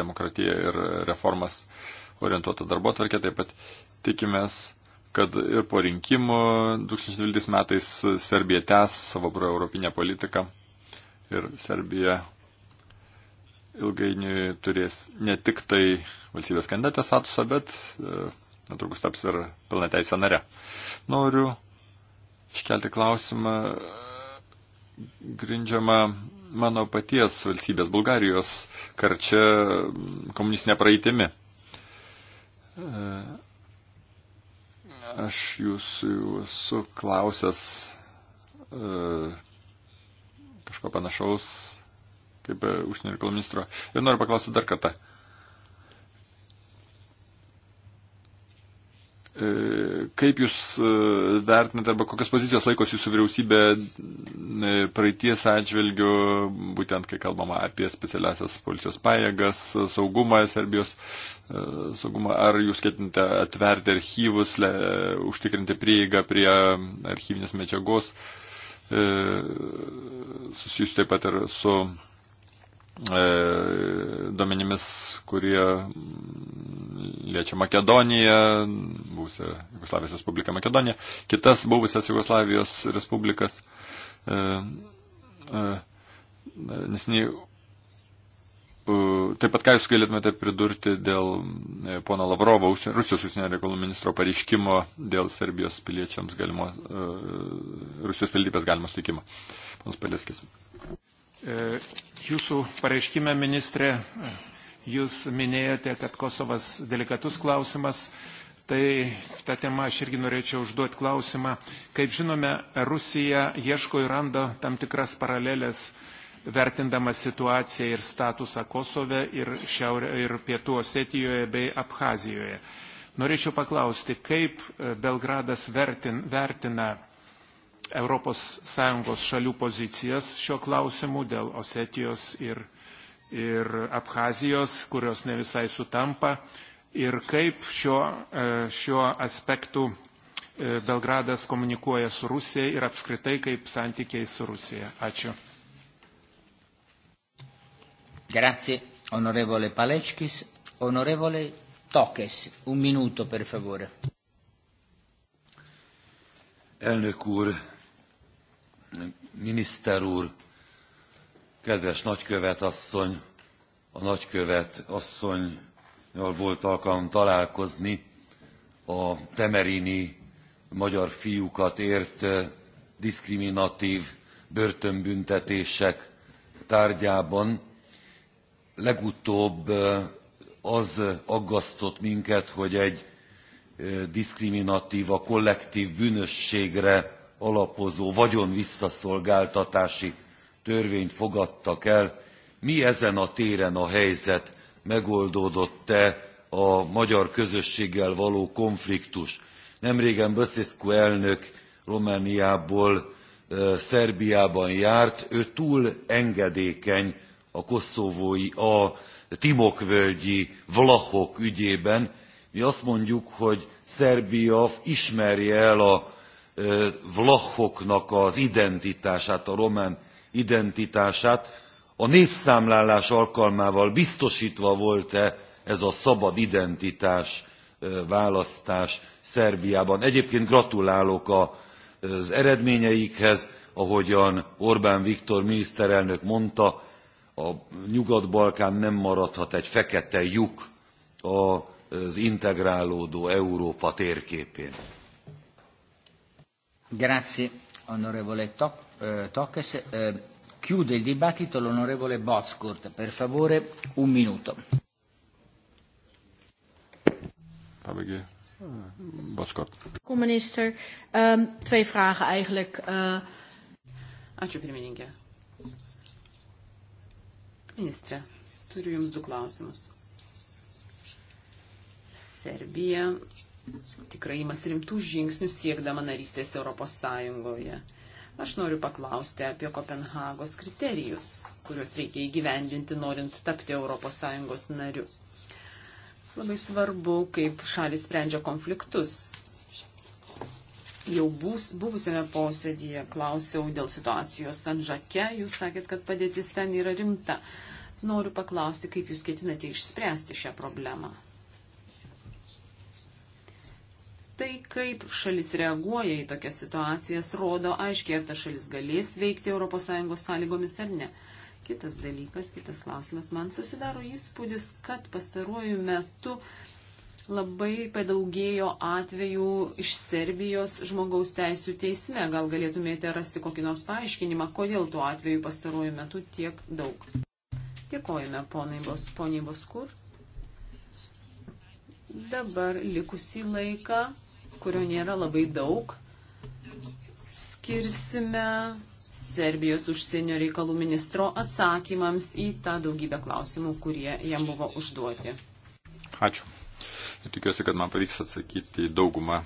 Speaker 5: demokratiją ir reformas orientuotą darbo tvarkę. Taip pat tikimės, kad ir po rinkimų 2012 metais Serbija tęs savo proeuropinę politiką ir Serbija ilgainiui turės ne tik tai valstybės kandidatės statusą, bet e, netrukus taps ir pilnateisė nare. Noriu iškelti klausimą grindžiamą mano paties valstybės Bulgarijos karčia komunistinė praeitimi. E, aš jūsų esu klausęs e, kažko panašaus kaip e, užsienio reikalų ministro. Ir noriu paklausyti dar kartą. E, kaip jūs e, vertinate arba kokios pozicijos laikos jūsų vyriausybė praeities atžvilgių, būtent kai kalbama apie specialiasias policijos pajėgas, saugumą, Serbijos saugumą, ar jūs ketinate atverti archyvus, le, užtikrinti prieigą prie archyvinės medžiagos? Uh, E, susijusi taip pat ir su e, duomenimis, kurie mm, liečia Makedoniją, buvusią Jugoslavijos Respubliką Makedoniją, kitas buvusias Jugoslavijos Respublikas. E, Nesiniai E, taip pat ką Jūs galėtumėte pridurti dėl e, pono Lavrovo, Rusijos užsienio reikalų ministro pareiškimo dėl Serbijos piliečiams galimo, e, Rusijos pilietybės galimo sutikimo? Ponas Palėskis. Jūsų pareiškime, ministrė, Jūs minėjote, kad Kosovas delikatus klausimas. Tai tą temą aš irgi norėčiau užduoti klausimą. Kaip žinome, Rusija ieško ir randa tam tikras paralelės vertindamas situaciją ir statusą Kosove ir, šiaurė, ir pietų Osetijoje bei Abhazijoje. Norėčiau paklausti, kaip e, Belgradas vertin, vertina ES šalių pozicijas šio klausimu dėl Osetijos ir, ir Abhazijos, kurios ne visai sutampa, ir kaip šiuo, e, šiuo aspektu e, Belgradas komunikuoja su Rusija ir apskritai kaip santykiai su Rusija. Ačiū.
Speaker 1: Grazie, onorevole Palečkis.
Speaker 5: Onorevole
Speaker 1: Tokes, un minuto, per favore.
Speaker 4: Elnök úr, miniszter úr, kedves nagykövet asszony, a nagykövet asszonyjal volt alkalom találkozni a temerini magyar fiúkat ért eh, diszkriminatív börtönbüntetések tárgyában legutóbb az aggasztott minket, hogy egy diszkriminatív, a kollektív bűnösségre alapozó vagyon visszaszolgáltatási törvényt fogadtak el. Mi ezen a téren a helyzet? Megoldódott-e a magyar közösséggel való konfliktus? Nemrégen Böszeszku elnök Romániából Szerbiában járt, ő túl engedékeny a koszovói, a timokvölgyi vlachok ügyében. Mi azt mondjuk, hogy Szerbia ismerje el a vlachoknak az identitását, a román identitását. A népszámlálás alkalmával biztosítva volt-e ez a szabad identitás választás Szerbiában? Egyébként gratulálok az eredményeikhez, ahogyan Orbán Viktor miniszterelnök mondta, a Nyugat-Balkán nem maradhat egy fekete lyuk az integrálódó Európa térképén.
Speaker 1: Grazie, onorevole eh, Tokes. Eh, chiude il dibattito l'onorevole Botscourt. Per favore, un minuto.
Speaker 5: Pabege. Boskort.
Speaker 1: Kom minister, um, ehm,
Speaker 2: twee vragen eigenlijk. Uh... Ačiū pirmininkė. Ministre, turiu Jums du klausimus. Serbija tikrai imas rimtų žingsnių siekdama narystės Europos Sąjungoje. Aš noriu paklausti apie Kopenhagos kriterijus, kuriuos reikia įgyvendinti, norint tapti Europos Sąjungos nariu. Labai svarbu, kaip šalis sprendžia konfliktus. Jau bus, buvusiame posėdėje klausiau dėl situacijos Sanžake, jūs sakėt, kad padėtis ten yra rimta. Noriu paklausti, kaip jūs ketinate išspręsti šią problemą. Tai kaip šalis reaguoja į tokias situacijas, rodo aiškiai, ar ta šalis galės veikti ES sąlygomis ar ne. Kitas dalykas, kitas klausimas, man susidaro įspūdis, kad pastaruoju metu labai padaugėjo atvejų iš Serbijos žmogaus teisų teisme. Gal galėtumėte rasti kokį nors paaiškinimą, kodėl tuo atveju pastaruoju metu tiek daug. Dėkojame poniai Bos, Boskur. Dabar likusi laiką, kurio nėra labai daug, skirsime Serbijos užsienio reikalų ministro atsakymams į tą daugybę klausimų, kurie jam buvo užduoti.
Speaker 5: Ačiū. Ir tikiuosi, kad man pavyks atsakyti į daugumą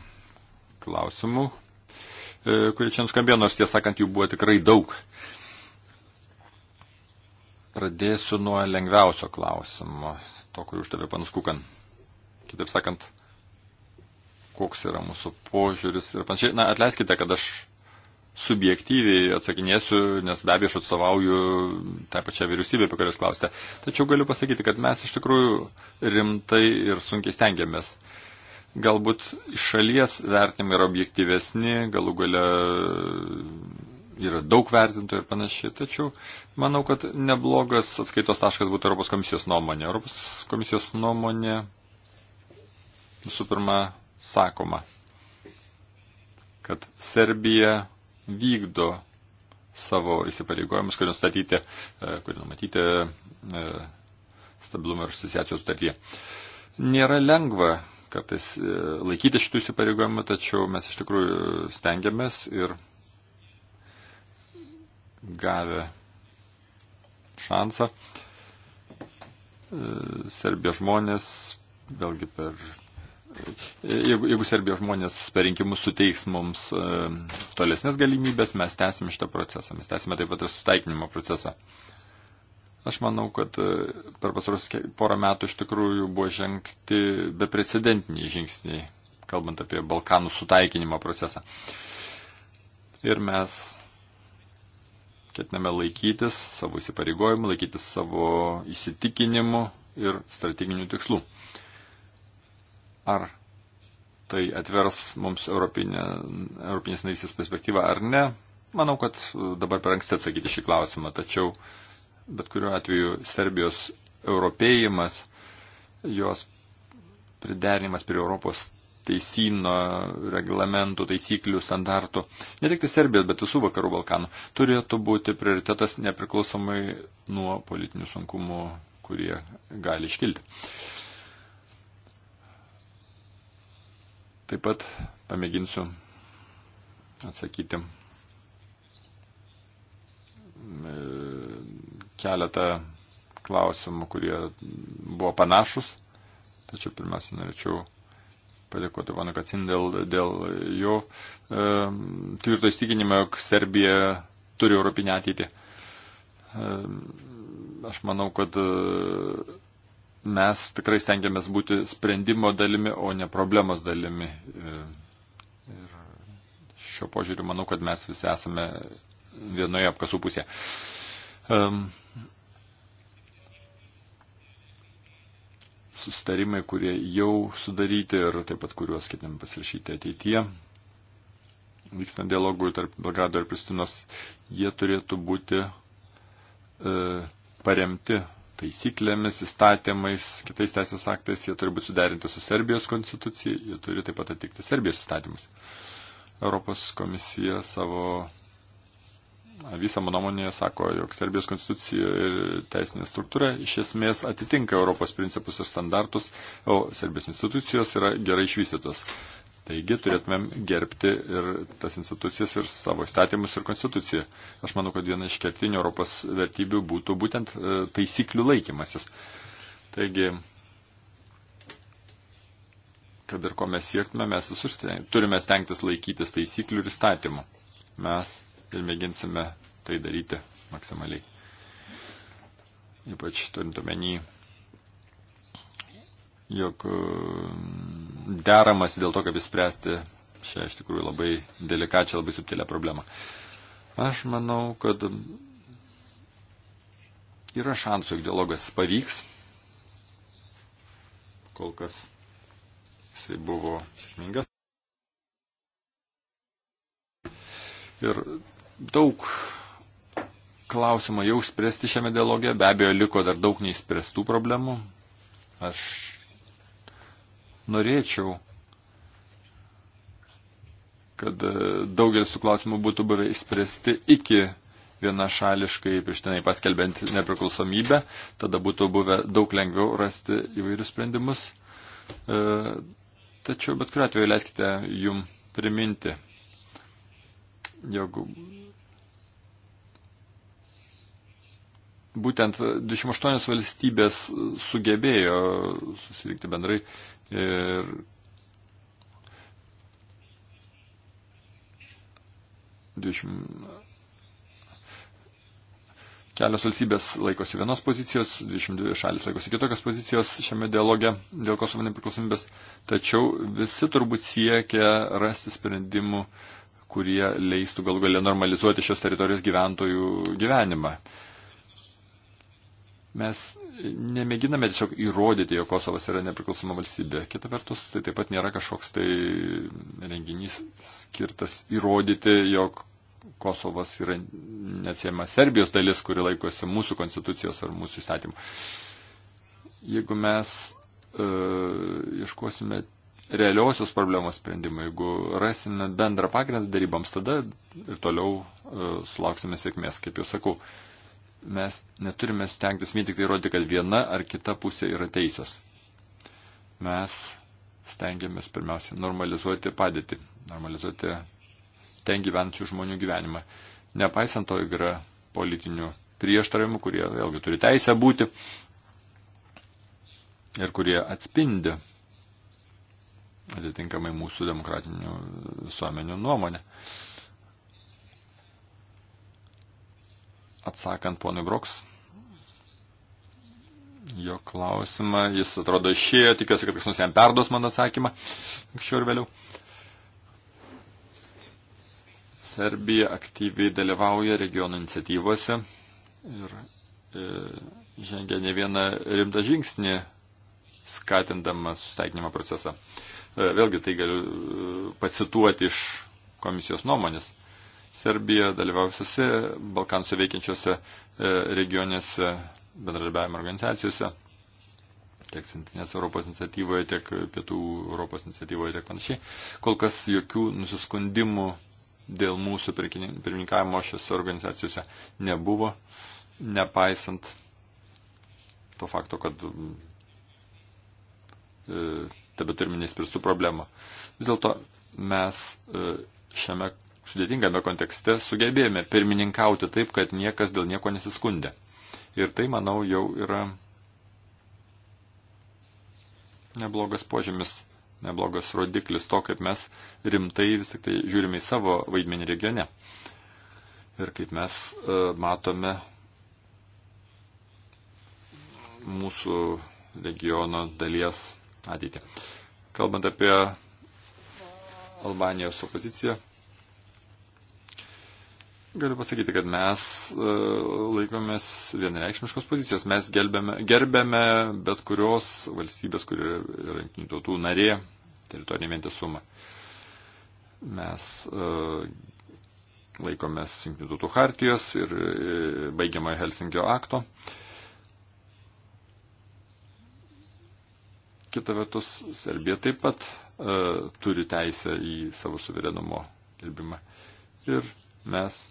Speaker 5: klausimų, e, kurie čia nuskambėjo, nors tiesą sakant, jų buvo tikrai daug. E, Pradėsiu nuo lengviausio klausimo, to, kurį uždavė panas Kukan. Kitaip sakant, koks yra mūsų požiūris ir panašiai. Na, atleiskite, kad aš subjektyviai atsakinėsiu, nes be abejo aš atstovauju tą pačią vyriausybę, apie kurias klausite. Tačiau galiu pasakyti, kad mes iš tikrųjų rimtai ir sunkiai stengiamės. Galbūt iš šalies vertinimai yra objektyvesni, galų gale yra daug vertintojų ir panašiai, tačiau manau, kad neblogas atskaitos taškas būtų Europos komisijos nuomonė. Europos komisijos nuomonė visų pirma sakoma, kad Serbija vykdo savo įsipareigojimus, kurie nustatyti, e, kurie numatyti e, stabilumo ir asociacijos sutartyje. Nėra lengva kartais e, laikyti šitų įsipareigojimų, tačiau mes iš tikrųjų stengiamės ir gavę šansą. E, Serbijos žmonės, vėlgi per. E, jeigu, jeigu Serbijos žmonės per rinkimus suteiks mums e, tolesnės galimybės, mes tęsime šitą procesą, mes tęsime taip pat ir sutaikinimo procesą. Aš manau, kad e, per pasarus porą metų iš tikrųjų buvo žengti beprecedentiniai žingsniai, kalbant apie Balkanų sutaikinimo procesą. Ir mes ketiname laikytis savo įsipareigojimų, laikytis savo įsitikinimų ir strateginių tikslų. Ar tai atvers mums europinė, europinės narysės perspektyvą ar ne, manau, kad uh, dabar per anksti atsakyti šį klausimą, tačiau bet kuriuo atveju Serbijos europėjimas, jos priderinimas prie Europos teisino, reglamentų, taisyklių, standartų, ne tik tai Serbijos, bet visų vakarų Balkanų, turėtų būti prioritetas nepriklausomai nuo politinių sunkumų, kurie gali iškilti. Taip pat pamėginsiu atsakyti e, keletą klausimų, kurie buvo panašus, tačiau pirmiausia norėčiau padėkoti Vanu Kacin dėl, dėl jo e, tvirto įstikinimo, jog Serbija turi europinę ateitį. E, aš manau, kad e, mes tikrai stengiamės būti sprendimo dalimi, o ne problemos dalimi. E, ir šio požiūriu manau, kad mes visi esame vienoje apkasų pusėje. Um, sustarimai, kurie jau sudaryti ir taip pat kuriuos ketinam pasirašyti ateityje, vykstant dialogui tarp Belgrado ir Pristinos, jie turėtų būti e, paremti taisyklėmis, įstatymais, kitais teisės aktais, jie turi būti suderinti su Serbijos konstitucija, jie turi taip pat atitikti Serbijos įstatymus. Europos komisija savo visą mano nuomonę sako, jog Serbijos konstitucija ir teisinė struktūra iš esmės atitinka Europos principus ir standartus, o Serbijos institucijos yra gerai išvystytos. Taigi turėtumėm gerbti ir tas institucijas, ir savo įstatymus, ir konstituciją. Aš manau, kad viena iš kertinių Europos vertybių būtų būtent e, taisyklių laikymasis. Taigi, kad ir ko mes siektume, mes visur turime stengtis laikytis taisyklių ir įstatymų. Mes ir mėginsime tai daryti maksimaliai. Ypač turint omeny, jog mm, deramas dėl to, kaip įspręsti šią iš tikrųjų labai delikačią, labai subtilę problemą. Aš manau, kad mm, yra šansų, jog dialogas pavyks. Kol kas jisai buvo sėkmingas. Ir daug klausimų jau išspręsti šiame dialoge, be abejo liko dar daug neįspręstų problemų. Aš norėčiau, kad e, daugelis tų klausimų būtų buvę išspręsti iki vienašališkai prieštinai paskelbent nepriklausomybę, tada būtų buvę daug lengviau rasti įvairius sprendimus. E, tačiau bet kuriuo atveju leiskite jum priminti, jog būtent 28 valstybės sugebėjo susirinkti bendrai ir kelios valstybės laikosi vienos pozicijos, 22 šalis laikosi kitokios pozicijos šiame dialoge dėl Kosovo nepriklausomybės, tačiau visi turbūt siekia rasti sprendimų, kurie leistų gal galia normalizuoti šios teritorijos gyventojų gyvenimą. Uh, mes nemėginame tiesiog įrodyti, jog Kosovas yra nepriklausoma valstybė. Kita vertus, tai taip pat nėra kažkoks tai renginys skirtas įrodyti, jog Kosovas yra neatsiema Serbijos dalis, kuri laikosi mūsų konstitucijos ar mūsų įstatymų. Jeigu mes uh, e, ieškosime realiosios problemos sprendimą, jeigu rasime bendrą pagrindą darybams, tada ir toliau uh, e, sulauksime sėkmės, kaip jau sakau. Uh, mes neturime stengtis vien tik tai rodyti, kad viena ar kita pusė yra teisios. Mes stengiamės pirmiausia normalizuoti padėtį, normalizuoti ten gyvenančių žmonių gyvenimą. Nepaisant to, yra politinių prieštaravimų, kurie vėlgi turi teisę būti ir kurie atspindi atitinkamai mūsų demokratinių visuomenių nuomonę. Uh, atsakant ponui Broks. Jo klausimą, jis atrodo išėjo, tikiuosi, kad kas nors jam perduos mano atsakymą, anksčiau ir vėliau. Serbija aktyviai dalyvauja regionų iniciatyvose ir e, žengia ne vieną rimtą žingsnį, skatindama susitaikinimo procesą. E, vėlgi tai galiu e, pacituoti iš komisijos nuomonės. Serbija dalyvauja visose Balkanose veikiančiose e, regionėse bendradarbiavimo organizacijose, tiek Centrinės Europos iniciatyvoje, tiek Pietų Europos iniciatyvoje, tiek panašiai. Kol kas jokių nusiskundimų dėl mūsų pirmininkavimo šiose organizacijose nebuvo, nepaisant to fakto, kad e, tebe turime nespręstų problemų. Vis dėlto mes e, šiame sudėtingame kontekste sugebėjome pirmininkauti taip, kad niekas dėl nieko nesiskundė. Ir tai, manau, jau yra neblogas požymis, neblogas rodiklis to, kaip mes rimtai vis tik tai žiūrime į savo vaidmenį regione. Ir kaip mes uh, matome mūsų regiono dalies ateitį. Kalbant apie Albanijos opoziciją, Galiu pasakyti, kad mes e, laikomės vienreikšmiškos pozicijos. Mes gelbėme, gerbėme bet kurios valstybės, kuri yra jungtinių tautų narė, teritorinį vientisumą. Mes e, laikomės jungtinių tautų hartijos ir e, baigiamojo Helsinkio akto. Kita vertus, Serbija taip pat turi teisę į savo suverenumo gerbimą. Ir mes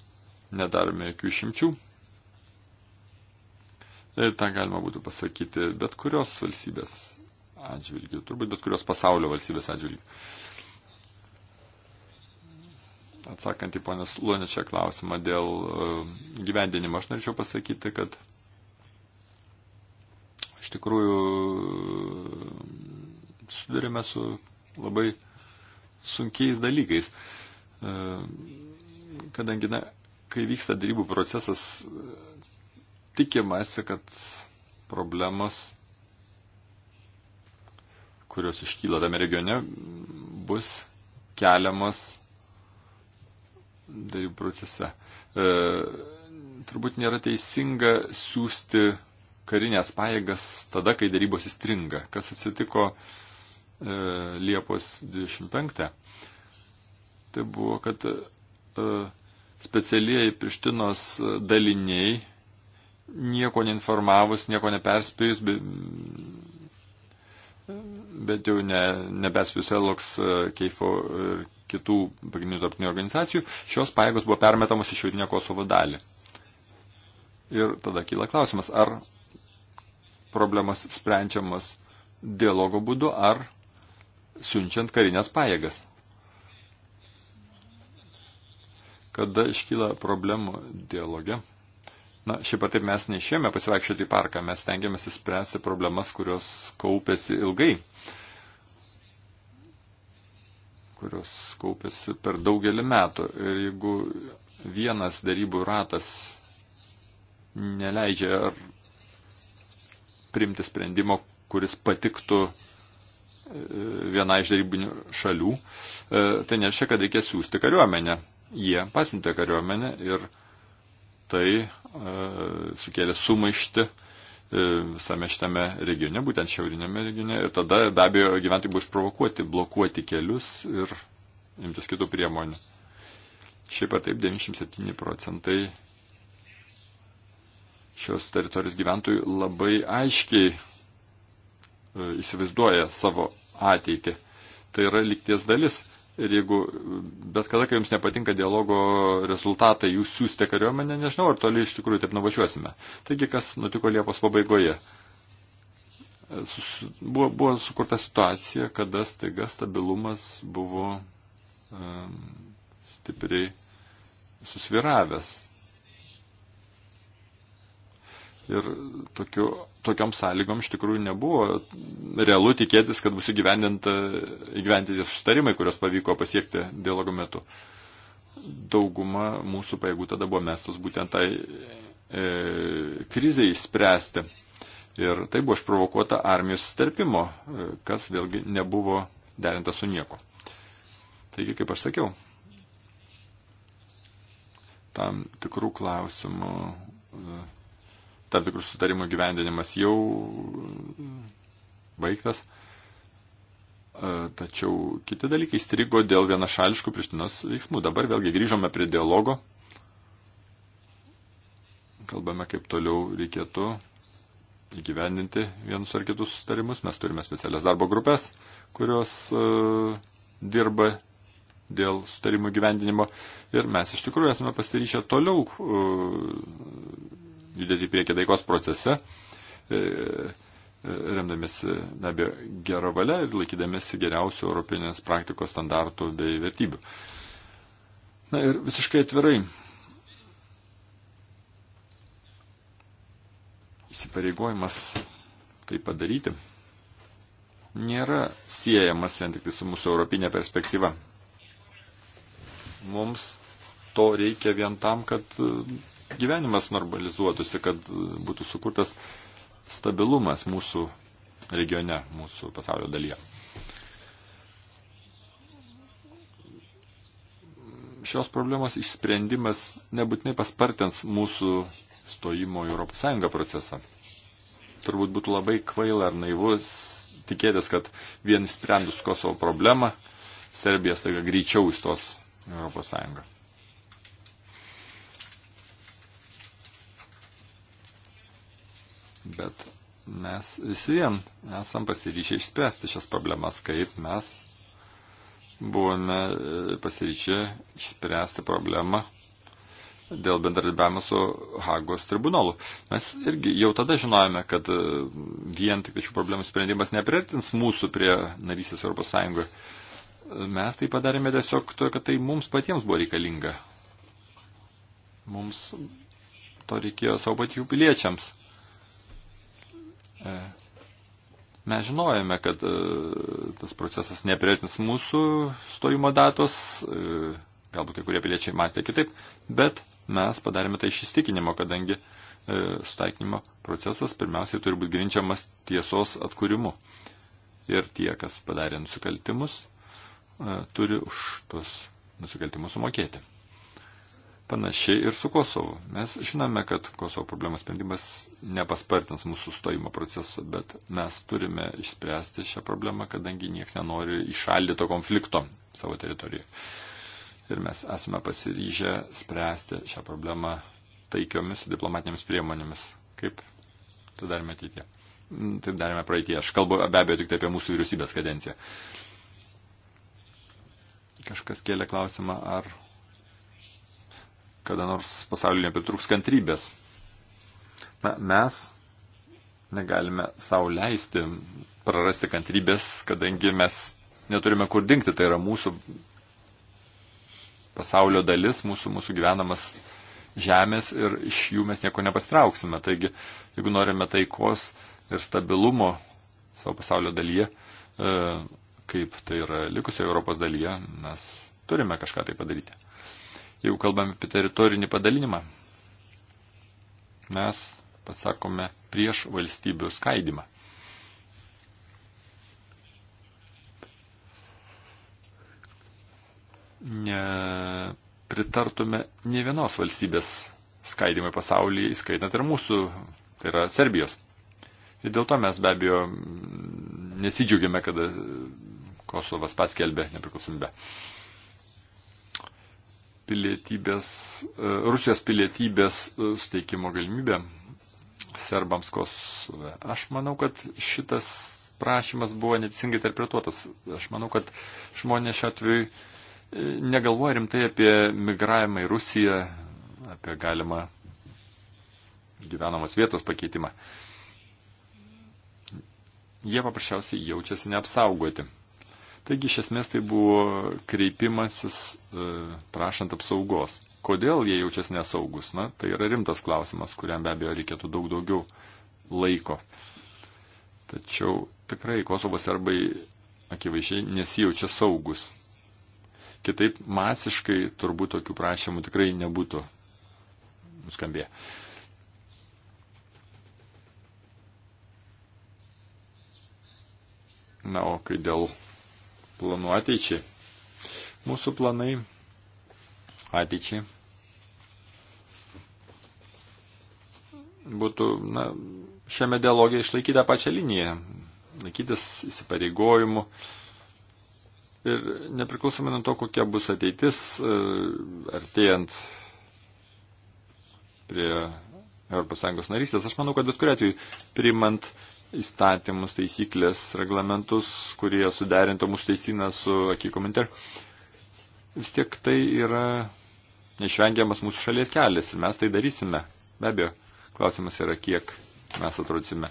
Speaker 5: nedarome jokių išimčių. Ir tą galima būtų pasakyti bet kurios valstybės atžvilgių, turbūt bet kurios pasaulio valstybės atžvilgių. Atsakant į ponės Loničią klausimą dėl e, gyvendinimo, aš norėčiau pasakyti, kad iš tikrųjų e, sudarėme su labai sunkiais dalykais. E, kadangi, na, kai vyksta darybų procesas, tikimasi, kad problemas, kurios iškyla tame regione, bus keliamas darybų procese. E, turbūt nėra teisinga siūsti karinės paėgas tada, kai darybos įstringa, kas atsitiko e, Liepos 25. Tai buvo, kad e, specialieji Prištinos daliniai, nieko neinformavus, nieko neperspėjus, bet, bet jau ne, neperspėjus Eloks, e, Keifo ir kitų pagrindinių tarptautinių organizacijų, šios paėgos buvo permetamos iš šiaurinio Kosovo dalį. Ir tada kyla klausimas, ar problemas sprendžiamas dialogo būdu, ar siunčiant karinės paėgas. kada iškyla problemų dialoge. Na, šiaip ar taip mes neišėjome pasivaikščioti į parką, mes tengiamės įspręsti problemas, kurios kaupėsi ilgai, kurios kaupėsi per daugelį metų. Ir jeigu vienas darybų ratas neleidžia priimti sprendimo, kuris patiktų e, viena iš darybinių šalių, e, tai nereiškia, kad reikia siūsti kariuomenę jie pasimtė kariuomenę ir tai e, sukėlė sumaišti e, visame šitame regione, būtent šiaurinėme regione. Ir tada be abejo gyventojai buvo išprovokuoti, blokuoti kelius ir imtis kitų priemonių. Šiaip ar taip 97 procentai šios teritorijos gyventojų labai aiškiai e, įsivaizduoja savo ateitį. Tai yra likties dalis. Ir jeigu bet kada, kai jums nepatinka dialogo rezultatai, jūs siūstė kariuomenę, nežinau, ar toli iš tikrųjų taip nuvažiuosime. Taigi, kas nutiko Liepos pabaigoje? Sus, buvo, buvo sukurta situacija, kada staiga stabilumas buvo um, stipriai susviravęs. Ir tokiu, tokiam sąlygom iš tikrųjų nebuvo realu tikėtis, kad bus įgyvendinti tie sustarimai, kurios pavyko pasiekti dialogo metu. Dauguma mūsų pajėgų tada buvo mestos būtent tai e, kriziai spręsti. Ir tai buvo išprovokuota armijos sterpimo, e, kas vėlgi nebuvo derinta su nieko. Taigi, kaip aš sakiau, tam tikrų klausimų e, tam tikrų sutarimų gyvendinimas jau baigtas, e, tačiau kiti dalykai strigo dėl vienašališkų prištinos veiksmų. Dabar vėlgi grįžome prie dialogo, kalbame, kaip toliau reikėtų įgyvendinti vienus ar kitus sutarimus. Mes turime specialias darbo grupės, kurios uh, dirba dėl sutarimų gyvendinimo. Ir mes iš tikrųjų esame pasiryšę toliau uh, judėti į priekį taikos procese, e, e, remdamėsi e, be abejo gerą valią ir laikydamėsi geriausių europinės praktikos standartų bei vertybių. Na ir visiškai atvirai. Įsipareigojimas tai padaryti nėra siejamas vien tik tai su mūsų europinė perspektyva. Mums to reikia vien tam, kad gyvenimas normalizuotųsi, kad būtų sukurtas stabilumas mūsų regione, mūsų pasaulio dalyje. Šios problemos išsprendimas nebūtinai paspartins mūsų stojimo į ES procesą. Turbūt būtų labai kvaila ar naivus tikėtis, kad vien sprendus Kosovo problemą, Serbija staiga greičiau įstos ES. bet mes visi vien esam pasiryšę išspręsti šias problemas, kaip mes buvome e, pasiryšę išspręsti problemą dėl bendradarbiavimo su Hagos tribunolu. Mes irgi jau tada žinojame, kad e, vien tik šių problemų sprendimas nepriartins mūsų prie narysės Europos Sąjungoje. Mes tai padarėme tiesiog to, kad tai mums patiems buvo reikalinga. Mums to reikėjo savo pačių piliečiams. E, mes žinojame, kad e, tas procesas neprieitins mūsų stojimo datos, e, galbūt kai kurie piliečiai mąstė kitaip, bet mes padarėme tai iš įstikinimo, kadangi sutaikinimo procesas pirmiausiai turi būti grinčiamas tiesos atkūrimu. Ir tie, kas padarė nusikaltimus, turi už tuos nusikaltimus sumokėti. Panašiai ir su Kosovu. Mes žinome, kad Kosovo problemos sprendimas nepaspartins mūsų stojimo proceso, bet mes turime išspręsti šią problemą, kadangi niekas nenori išaldyto konflikto savo teritorijoje. Ir mes esame pasiryžę spręsti šią problemą taikiomis diplomatinėmis priemonėmis, kaip tai darėme ateitie. Mm, taip darėme praeitie. Aš kalbu be abejo tik tai apie mūsų vyriausybės kadenciją. Kažkas kėlė klausimą, ar kada nors pasaulyje pritruks kantrybės. Na, mes negalime savo leisti prarasti kantrybės, kadangi mes neturime kur dingti, tai yra mūsų pasaulio dalis, mūsų, mūsų gyvenamas žemės ir iš jų mes nieko nepastrauksime. Taigi, jeigu norime taikos ir stabilumo savo pasaulio dalyje, e, kaip tai yra likusioje Europos dalyje, mes turime kažką tai padaryti jeigu kalbame apie teritorinį padalinimą, mes pasakome prieš valstybių skaidimą. Nepritartume ne vienos valstybės skaidimai pasaulyje, įskaitant ir mūsų, tai yra Serbijos. Ir dėl to mes be abejo nesidžiaugiame, kada Kosovas paskelbė nepriklausomybę pilietybės, e, Rusijos pilietybės e, suteikimo galimybę serbams Kosove. Aš manau, kad šitas prašymas buvo neteisingai interpretuotas. Aš manau, kad žmonės šiuo atveju e, negalvoja rimtai apie migravimą į Rusiją, apie galimą gyvenamos vietos pakeitimą. Jie paprasčiausiai jaučiasi neapsaugoti. Taigi iš esmės tai buvo kreipimasis e, prašant apsaugos. Kodėl jie jaučiasi nesaugus? Na, tai yra rimtas klausimas, kuriam be abejo reikėtų daug daugiau laiko. Tačiau tikrai Kosovo serbai akivaizdžiai nesijaučia saugus. Kitaip masiškai turbūt tokių prašymų tikrai nebūtų nuskambėję. Na, o kai dėl planų ateičiai. Mūsų planai ateičiai būtų na, šiame dialogė išlaikyti tą pačią liniją, laikytis įsipareigojimų. Ir nepriklausomai nuo to, kokia bus ateitis, e, artėjant prie ES narystės, aš manau, kad bet kuriu atveju priimant įstatymus, taisyklės, reglamentus, kurie suderinto mūsų teisiną su akikomenter, vis tiek tai yra neišvengiamas mūsų šalies kelias ir mes tai darysime. Be abejo, klausimas yra, kiek mes atrodysime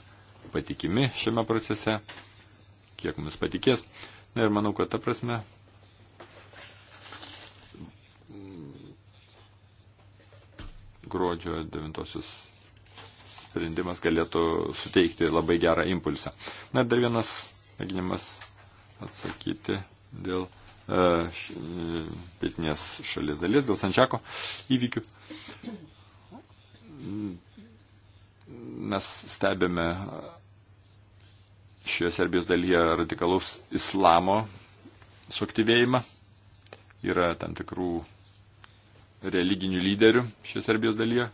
Speaker 5: patikimi šiame procese, kiek mums patikės. Na ir manau, kad ta prasme gruodžio 9 sprendimas galėtų suteikti labai gerą impulsą. Na ir dar vienas mėginimas atsakyti dėl e, e pietinės šalies dalies, dėl Sančiako įvykių. Mes stebėme šioje Serbijos dalyje radikalaus islamo suaktyvėjimą. Yra tam tikrų religinių lyderių šioje Serbijos dalyje,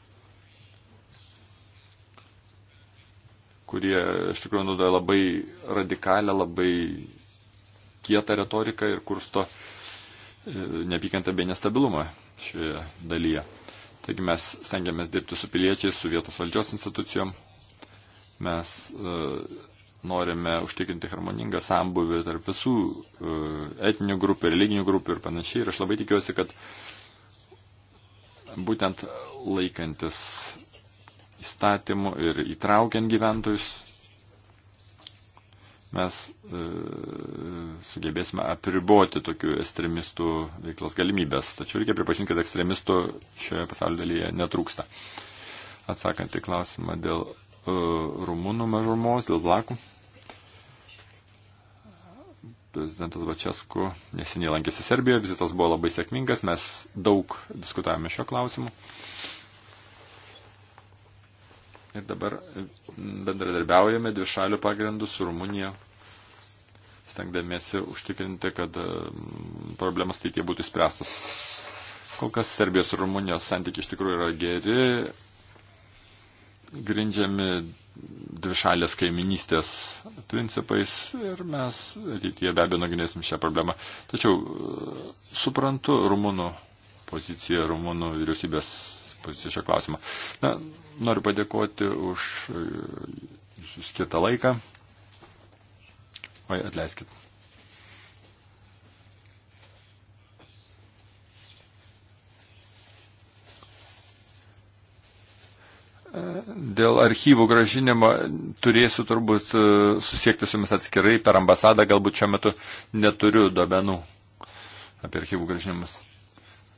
Speaker 5: kurie iš tikrųjų naudoja labai radikalią, labai kietą retoriką ir kursto e, neapykantą bei nestabilumą šioje dalyje. Taigi mes stengiamės dirbti su piliečiais, su vietos valdžios institucijom. Mes e, norime užtikrinti harmoningą sambuvį tarp visų e, etinių grupių, religinių grupių ir panašiai. Ir aš labai tikiuosi, kad būtent laikantis įstatymų ir įtraukiant gyventojus mes e, sugebėsime apriboti tokių ekstremistų veiklos galimybės. Tačiau reikia pripažinti, kad ekstremistų šioje pasaulio dalyje netrūksta. Atsakant į klausimą dėl e, rumunų mažumos, dėl blakų. Prezidentas Vačesku neseniai lankėsi Serbijoje, vizitas buvo labai sėkmingas, mes daug diskutavome šio klausimu. E, Ir dabar bendradarbiaujame dvišalių pagrindų su Rumunija, stengdamiesi užtikrinti, kad mm, problemas ateitie būtų spręstas. Kol kas Serbijos ir Rumunijos santykiai iš tikrųjų yra geri, grindžiami dvišalės kaiminystės principais ir mes ateityje be abejo nagrinėsim šią problemą. Tačiau e, suprantu rumunų poziciją, rumunų vyriausybės poziciją šio klausimą. Na, Noriu padėkoti už jūsų e, skirtą laiką. Oi, atleiskit. E, dėl archyvų gražinimo turėsiu turbūt e, susiekti su jumis atskirai per ambasadą, galbūt šiuo metu neturiu domenų apie archyvų gražinimus.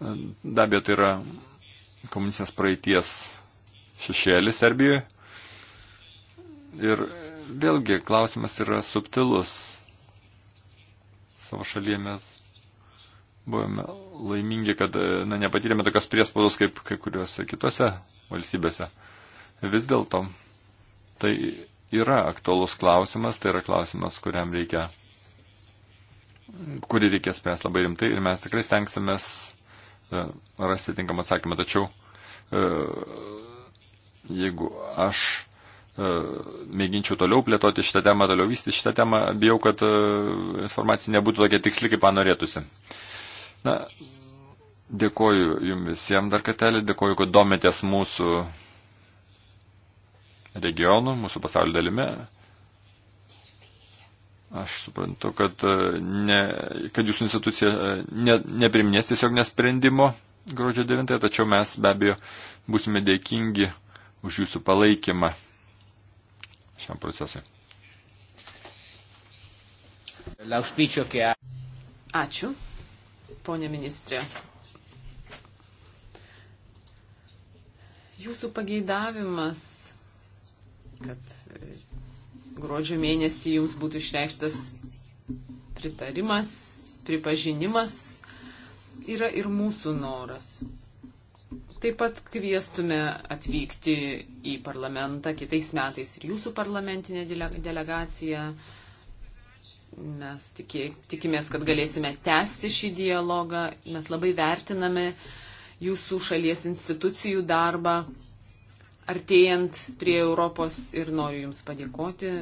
Speaker 5: Be abejo, tai yra komunistinės praeities šešėlį Serbijoje. Ir vėlgi klausimas yra subtilus. Savo šalyje mes buvome laimingi, kad na, nepatyrėme tokios priespaudos kaip kai kuriuose kitose valstybėse. Vis dėlto tai yra aktuolus klausimas, tai yra klausimas, kuriam reikia, kurį reikia spręsti labai rimtai ir mes tikrai stengsimės e, rasti tinkamą atsakymą. Tačiau e, jeigu aš e, mėginčiau toliau plėtoti šitą temą, toliau vystyti šitą temą, bijau, kad e, informacija nebūtų tokia tiksli, kaip man norėtųsi. Na, dėkoju jums visiems dar kartelį, dėkoju, kad dometės mūsų regionų, mūsų pasaulio dalimi. Aš suprantu, kad, e, ne, kad jūsų institucija ne, nepriminės tiesiog nesprendimo gruodžio 9, tačiau mes be abejo būsime dėkingi už jūsų palaikymą šiam procesui.
Speaker 2: Ačiū, ponė ministrė. Jūsų pageidavimas, kad gruodžio mėnesį jums būtų išreikštas pritarimas, pripažinimas, yra ir mūsų noras. Taip pat kviestume atvykti į parlamentą kitais metais ir jūsų parlamentinė delegacija. Mes tikė, tikimės, kad galėsime tęsti šį dialogą. Mes labai vertiname jūsų šalies institucijų darbą artėjant prie Europos ir noriu Jums padėkoti